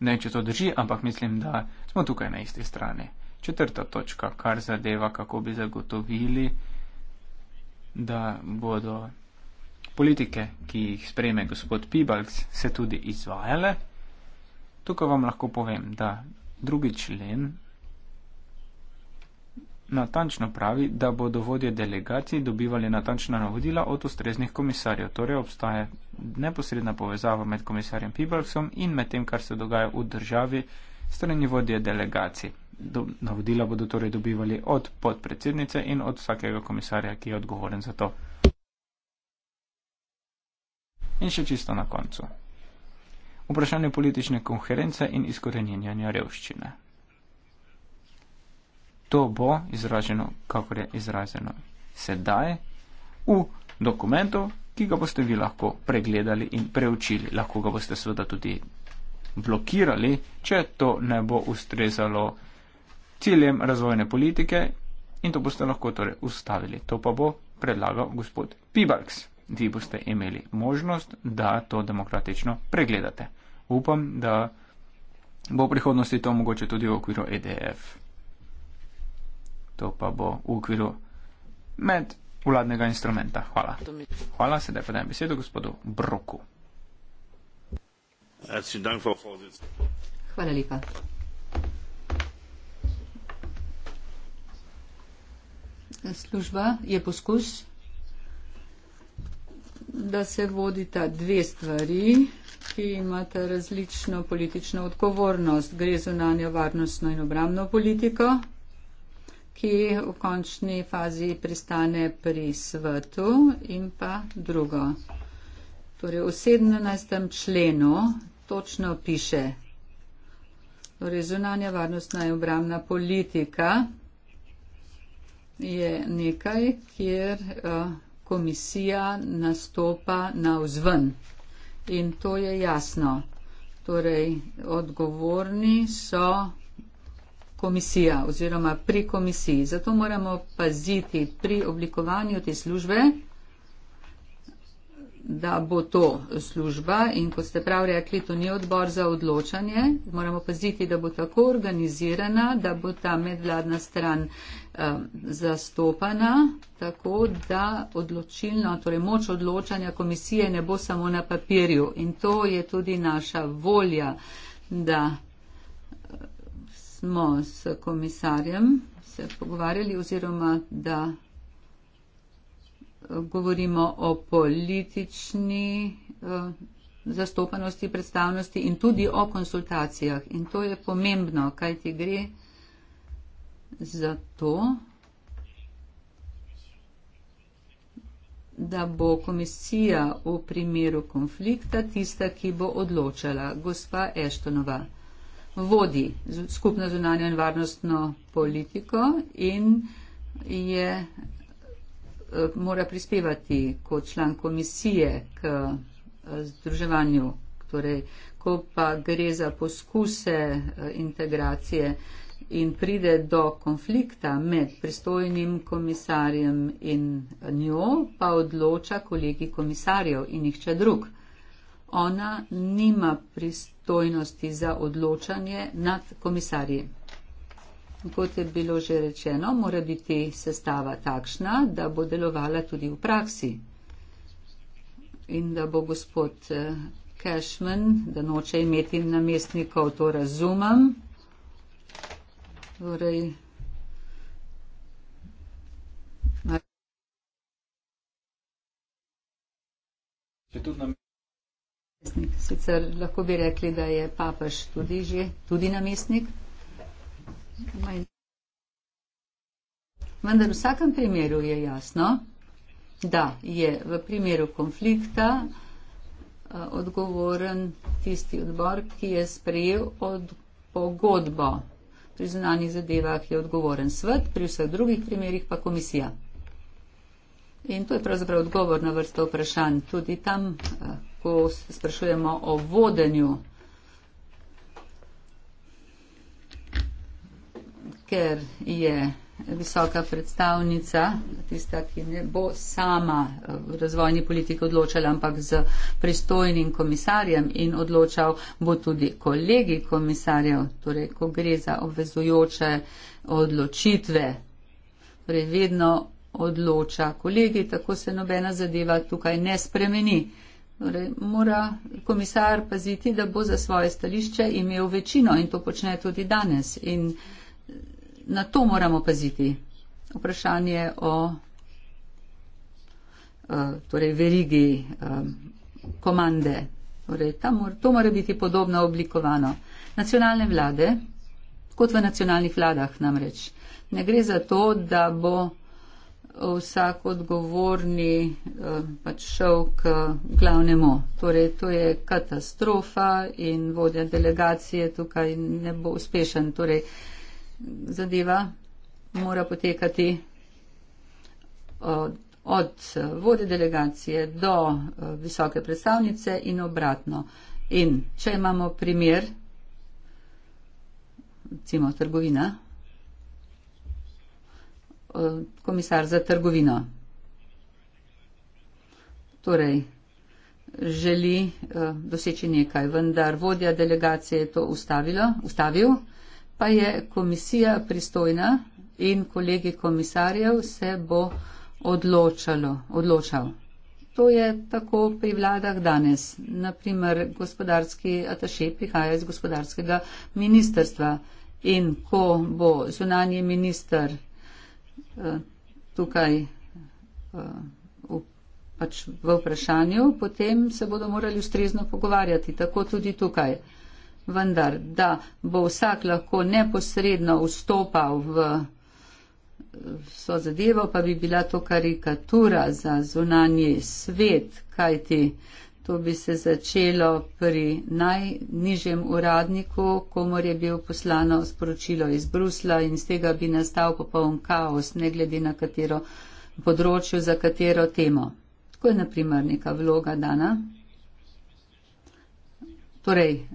Ne, če to drži, ampak mislim, da smo tukaj na isti strani. Četrta točka, kar zadeva, kako bi zagotovili, da bodo politike, ki jih spreme gospod Pibalc, se tudi izvajale. Tukaj vam lahko povem, da drugi člen natančno pravi, da bodo vodje delegacij dobivali natančna navodila od ustreznih komisarjev. Torej obstaja neposredna povezava med komisarjem Pibalsom in med tem, kar se dogaja v državi strani vodje delegacij. Do, navodila bodo torej dobivali od podpredsednice in od vsakega komisarja, ki je odgovoren za to. In še čisto na koncu vprašanju politične konference in izkorenjenja revščine. To bo izraženo, kako je izraženo sedaj, v dokumentu, ki ga boste vi lahko pregledali in preučili. Lahko ga boste seveda tudi blokirali, če to ne bo ustrezalo ciljem razvojne politike in to boste lahko torej ustavili. To pa bo predlagal gospod Pibarks. Vi boste imeli možnost, da to demokratično pregledate upam, da bo v prihodnosti to mogoče tudi v okviru EDF. To pa bo v okviru medvladnega instrumenta. Hvala. Hvala, sedaj pa dajem besedo gospodu Broku. Hvala lepa. Služba je poskus da se vodita dve stvari, ki imata različno politično odgovornost. Gre za nanjo varnostno in obramno politiko, ki v končni fazi pristane pri svetu in pa drugo. Torej, v 17. členu točno piše, torej zunanja varnostna in obramna politika je nekaj, kjer uh, komisija nastopa na vzven. In to je jasno. Torej, odgovorni so komisija oziroma pri komisiji. Zato moramo paziti pri oblikovanju te službe, da bo to služba in kot ste prav rekli, to ni odbor za odločanje. Moramo paziti, da bo tako organizirana, da bo ta medvladna stran um, zastopana, tako da odločilno, torej moč odločanja komisije ne bo samo na papirju in to je tudi naša volja, da eh, smo s komisarjem se pogovarjali oziroma da govorimo o politični eh, zastopanosti, predstavnosti in tudi o konsultacijah. In to je pomembno, kaj ti gre za to, da bo komisija v primeru konflikta tista, ki bo odločala. Gospa Eštonova vodi skupno zunanjo in varnostno politiko in je Eh, mora prispevati kot član komisije k eh, združevanju. Torej, ko pa gre za poskuse eh, integracije in pride do konflikta med pristojnim komisarjem in njo, pa odloča kolegi komisarjev in nihče drug. Ona nima pristojnosti za odločanje nad komisarjem kot je bilo že rečeno, mora biti sestava takšna, da bo delovala tudi v praksi in da bo gospod eh, Cashman, da noče imeti namestnikov, to razumem. Torej, Sicer lahko bi rekli, da je papež tudi že, tudi namestnik. Vendar v vsakem primeru je jasno, da je v primeru konflikta eh, odgovoren tisti odbor, ki je sprejel od pogodbo. Pri zunanjih zadevah je odgovoren svet, pri vseh drugih primerih pa komisija. In to je pravzaprav odgovor na vrsto vprašanj. Tudi tam, eh, ko se sprašujemo o vodenju ker je visoka predstavnica, tista, ki ne bo sama v eh, razvojni politiki odločala, ampak z pristojnim komisarjem in odločal bo tudi kolegi komisarjev, torej ko gre za obvezujoče odločitve, torej vedno odloča kolegi, tako se nobena zadeva tukaj ne spremeni. Torej, mora komisar paziti, da bo za svoje stališče imel večino in to počne tudi danes. In na to moramo paziti. Vprašanje o eh, torej verigi eh, komande. Torej, mora, to mora biti podobno oblikovano. Nacionalne vlade, kot v nacionalnih vladah namreč, ne gre za to, da bo vsak odgovorni eh, pač šel k glavnemu. Torej, to je katastrofa in vodja delegacije tukaj ne bo uspešen. Torej, zadeva mora potekati od, od vode delegacije do visoke predstavnice in obratno. In če imamo primer, recimo trgovina, komisar za trgovino. Torej, želi uh, doseči nekaj, vendar vodja delegacije je to ustavilo, ustavil pa je komisija pristojna in kolegi komisarjev se bo odločalo, odločal. To je tako pri vladah danes. Naprimer, gospodarski ataše prihaja iz gospodarskega ministerstva in ko bo zunanji minister eh, tukaj eh, pač v vprašanju, potem se bodo morali ustrezno pogovarjati, tako tudi tukaj vendar da bo vsak lahko neposredno vstopal v vso zadevo, pa bi bila to karikatura za zunanji svet, kajti to bi se začelo pri najnižjem uradniku, komor je bil poslano sporočilo iz Brusla in z tega bi nastal popoln kaos, ne glede na katero področju, za katero temo. Tako je naprimer neka vloga dana. Torej,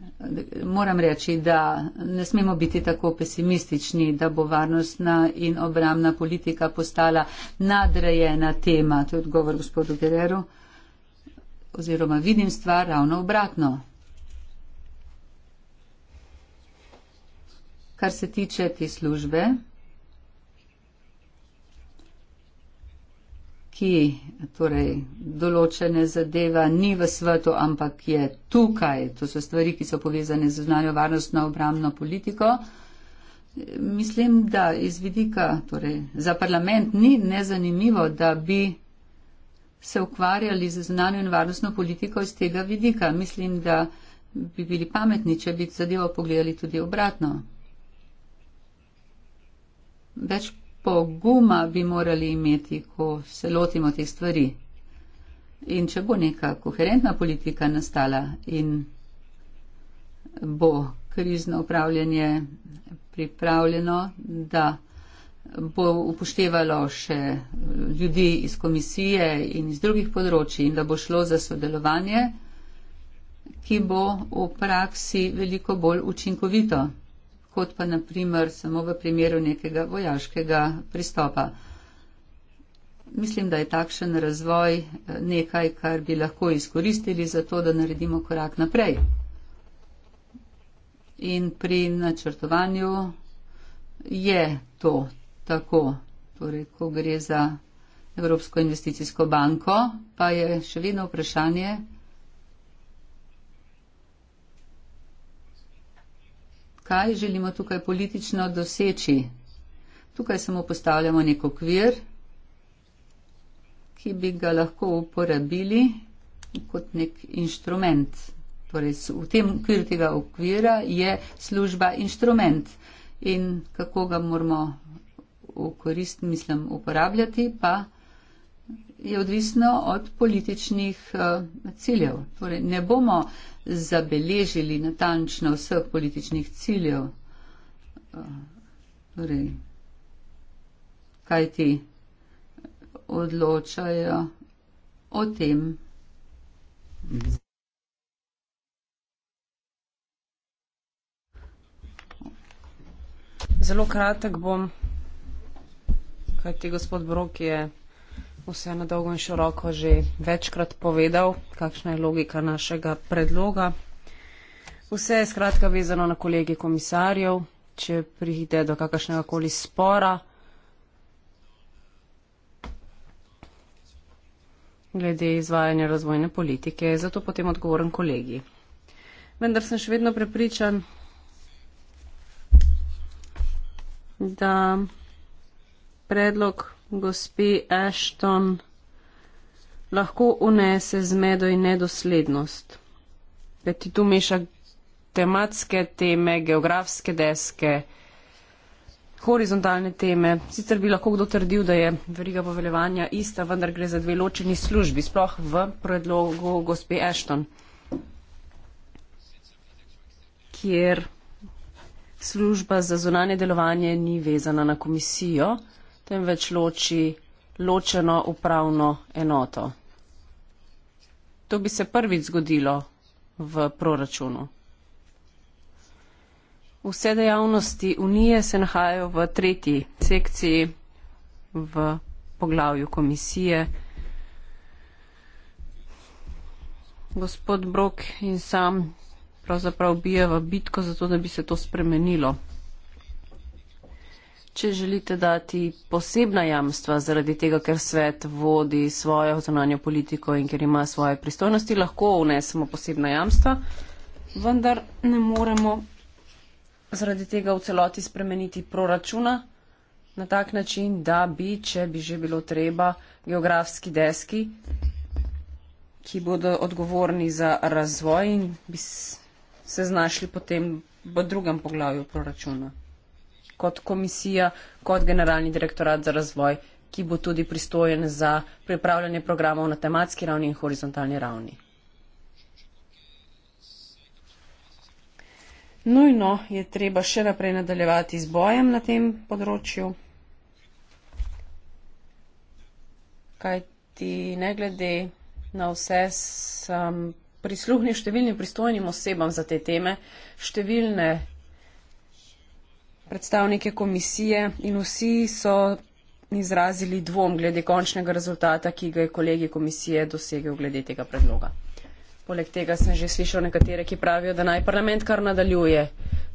moram reči, da ne smemo biti tako pesimistični, da bo varnostna in obramna politika postala nadrejena tema. To je odgovor gospodu Gereru. Oziroma vidim stvar ravno obratno. Kar se tiče te službe, ki torej, določene zadeva ni v svetu, ampak je tukaj. To so stvari, ki so povezane z znanjo varnostno obramno politiko. Mislim, da iz vidika torej, za parlament ni nezanimivo, da bi se ukvarjali z znanjo in varnostno politiko iz tega vidika. Mislim, da bi bili pametni, če bi zadevo pogledali tudi obratno. Več poguma bi morali imeti, ko se lotimo teh stvari. In če bo neka koherentna politika nastala in bo krizno upravljanje pripravljeno, da bo upoštevalo še ljudi iz komisije in iz drugih področji in da bo šlo za sodelovanje, ki bo v praksi veliko bolj učinkovito kot pa naprimer samo v primeru nekega vojaškega pristopa. Mislim, da je takšen razvoj eh, nekaj, kar bi lahko izkoristili za to, da naredimo korak naprej. In pri načrtovanju je to tako. Torej, ko gre za Evropsko investicijsko banko, pa je še vedno vprašanje, kaj želimo tukaj politično doseči. Tukaj samo postavljamo nek okvir, ki bi ga lahko uporabili kot nek inštrument. Torej, v tem okviru tega okvira je služba inštrument in kako ga moramo v korist, mislim, uporabljati, pa je odvisno od političnih uh, ciljev. Torej, ne bomo uh, zabeležili natančno vseh političnih ciljev. Eh, torej, kaj ti odločajo o tem. Zelo kratek bom, kaj ti gospod Brok je vse na dolgo in široko že večkrat povedal, kakšna je logika našega predloga. Vse je skratka vezano na kolege komisarjev, če pride do kakršnega koli spora. glede izvajanja razvojne politike, zato potem odgovoren kolegi. Vendar sem še vedno prepričan, da predlog gospe Ashton lahko unese zmedo in nedoslednost. Ker ja, ti tu meša tematske teme, geografske deske, horizontalne teme. Sicer bi lahko kdo trdil, da je veriga poveljevanja ista, vendar gre za dve ločeni službi, sploh v predlogu gospe Ashton, kjer služba za zunanje delovanje ni vezana na komisijo temveč loči ločeno upravno enoto. To bi se prvič zgodilo v proračunu. Vse dejavnosti unije se nahajajo v tretji sekciji v poglavju komisije. Gospod Brok in sam pravzaprav bijeva bitko za to, da bi se to spremenilo če želite dati posebna jamstva zaradi tega, ker svet vodi svojo zunanjo politiko in ker ima svoje pristojnosti, lahko vnesemo posebna jamstva, vendar ne moremo zaradi tega v celoti spremeniti proračuna na tak način, da bi, če bi že bilo treba, geografski deski, ki bodo odgovorni za razvoj in bi se znašli potem v drugem poglavju proračuna kot komisija, kot generalni direktorat za razvoj, ki bo tudi pristojen za pripravljanje programov na tematski ravni in horizontalni ravni. Nujno je treba še naprej nadaljevati z bojem na tem področju, kajti ne glede na vse sem prisluhnil številnim pristojnim osebam za te teme, številne predstavnike komisije in vsi so izrazili dvom glede končnega rezultata, ki ga je kolegi komisije dosegel glede tega predloga. Poleg tega sem že slišal nekatere, ki pravijo, da naj parlament kar nadaljuje,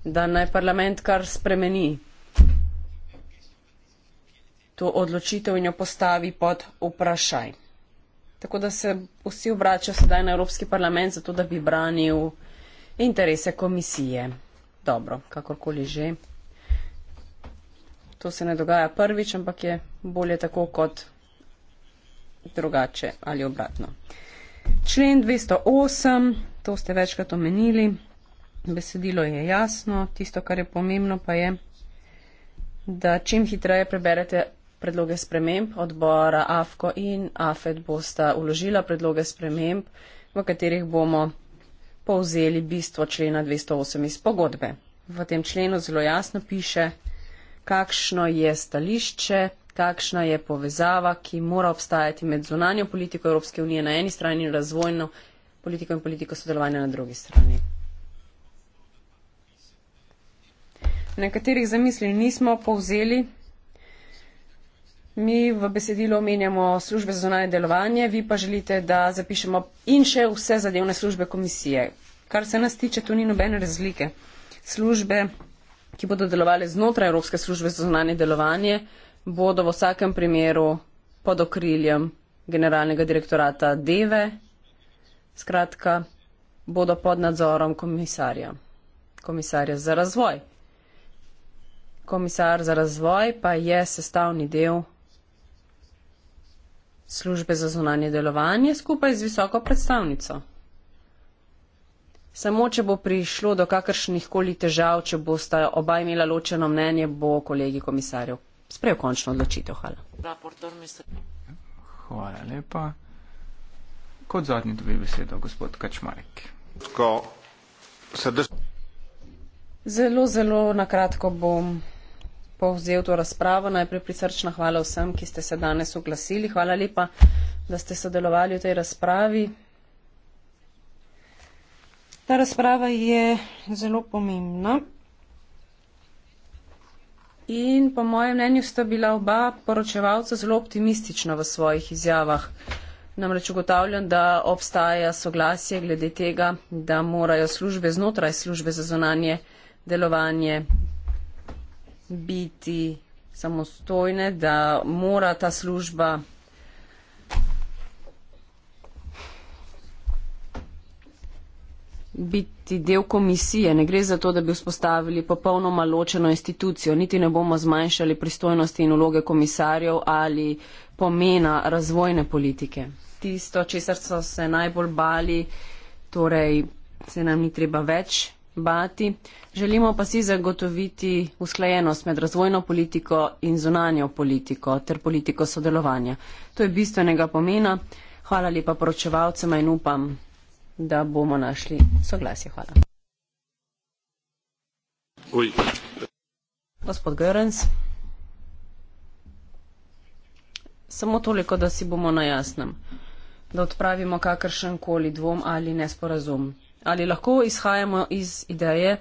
da naj parlament kar spremeni to odločitev in jo postavi pod vprašaj. Tako da se vsi obračajo sedaj na Evropski parlament, zato da bi branil interese komisije. Dobro, kakorkoli že to se ne dogaja prvič, ampak je bolje tako kot drugače ali obratno. Člen 208, to ste večkrat omenili, besedilo je jasno, tisto, kar je pomembno, pa je, da čim hitreje preberete predloge sprememb odbora AFKO in AFED bosta uložila predloge sprememb, v katerih bomo povzeli bistvo člena 208 iz pogodbe. V tem členu zelo jasno piše, kakšno je stališče, kakšna je povezava, ki mora obstajati med zunanjo politiko Evropske unije na eni strani in razvojno politiko in politiko sodelovanja na drugi strani. Nekaterih zamisli nismo povzeli. Mi v besedilu omenjamo službe za zunanje delovanje, vi pa želite, da zapišemo in še vse zadevne službe komisije. Kar se nas tiče, tu ni nobene razlike. Službe ki bodo delovali znotraj Evropske službe za zunanje delovanje, bodo v vsakem primeru pod okriljem generalnega direktorata DEVE, skratka, bodo pod nadzorom komisarja, komisarja za razvoj. Komisar za razvoj pa je sestavni del službe za zunanje delovanje skupaj z visoko predstavnico. Samo, če bo prišlo do kakršnih koli težav, če bosta oba imela ločeno mnenje, bo kolegi komisarjev sprejel končno odločitev. Hvala. Hvala lepa. Kot zadnji dobi besedo gospod Kačmarek. Zelo, zelo nakratko bom povzel to razpravo. Najprej prisrčna hvala vsem, ki ste se danes oglasili. Hvala lepa, da ste sodelovali v tej razpravi. Ta razprava je zelo pomembna. In po mojem mnenju sta bila oba poročevalca zelo optimistična v svojih izjavah. Namreč ugotavljam, da obstaja soglasje glede tega, da morajo službe znotraj službe za zonanje delovanje biti samostojne, da mora ta služba biti del komisije, ne gre za to, da bi vzpostavili popolnoma ločeno institucijo, niti ne bomo zmanjšali pristojnosti in uloge komisarjev ali pomena razvojne politike. Tisto, česar so se najbolj bali, torej se nam ni treba več bati. Želimo pa si zagotoviti usklajenost med razvojno politiko in zunanjo politiko ter politiko sodelovanja. To je bistvenega pomena. Hvala lepa poročevalcema in upam, da bomo našli soglasje. Hvala. Uj. Gospod Görens. Samo toliko, da si bomo na jasnem, da odpravimo kakršen koli dvom ali nesporazum. Ali lahko izhajamo iz ideje,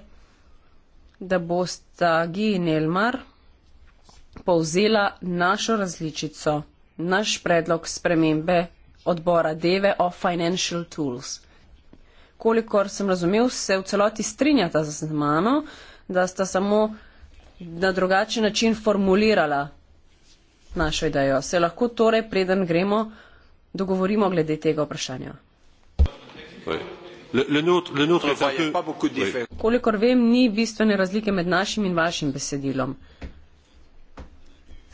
da bosta Gi in Elmar povzela našo različico, naš predlog spremembe odbora Deve o Financial Tools kolikor sem razumel, se v celoti strinjata z mano, da sta samo na drugačen način formulirala našo idejo. Se lahko torej, preden gremo, dogovorimo glede tega vprašanja. Le, le notre, le notre que... Kolikor vem, ni bistvene razlike med našim in vašim besedilom.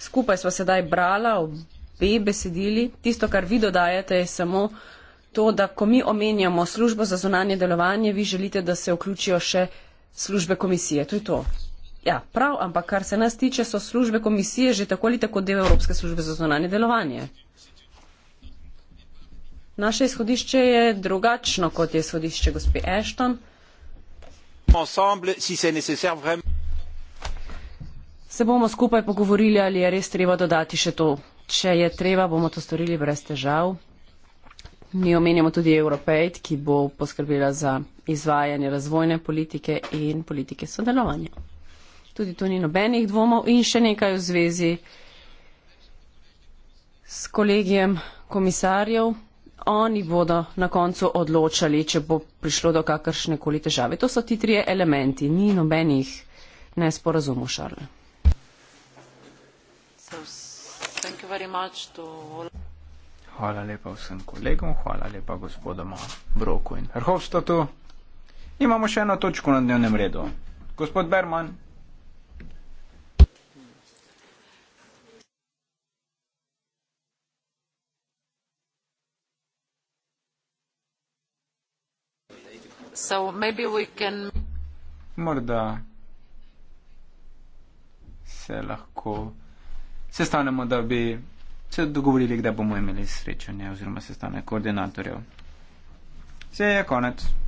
Skupaj smo sedaj brala obe besedili. Tisto, kar vi dodajate, je samo to, da ko mi omenjamo službo za zunanje delovanje, vi želite, da se vključijo še službe komisije. To je to. Ja, prav, ampak kar se nas tiče, so službe komisije že tako ali tako del Evropske službe za zunanje delovanje. Naše izhodišče je drugačno kot je izhodišče gospe Ashton. Se bomo skupaj pogovorili, ali je res treba dodati še to. Če je treba, bomo to storili brez težav. Mi omenjamo tudi Europejt, ki bo poskrbela za izvajanje razvojne politike in politike sodelovanja. Tudi tu ni nobenih dvomov in še nekaj v zvezi s kolegijem komisarjev. Oni bodo na koncu odločali, če bo prišlo do kakršne koli težave. To so ti trije elementi. Ni nobenih nesporazumov, Šarle. So, hvala lepa vsem kolegom, hvala lepa gospodoma Broku in Verhofstotu. Imamo še eno točko na dnevnem redu. Gospod Berman. Can... Morda se lahko sestanemo, da bi se dogovorili, kdaj bomo imeli srečanje oziroma sestanek koordinatorjev. Se je konec.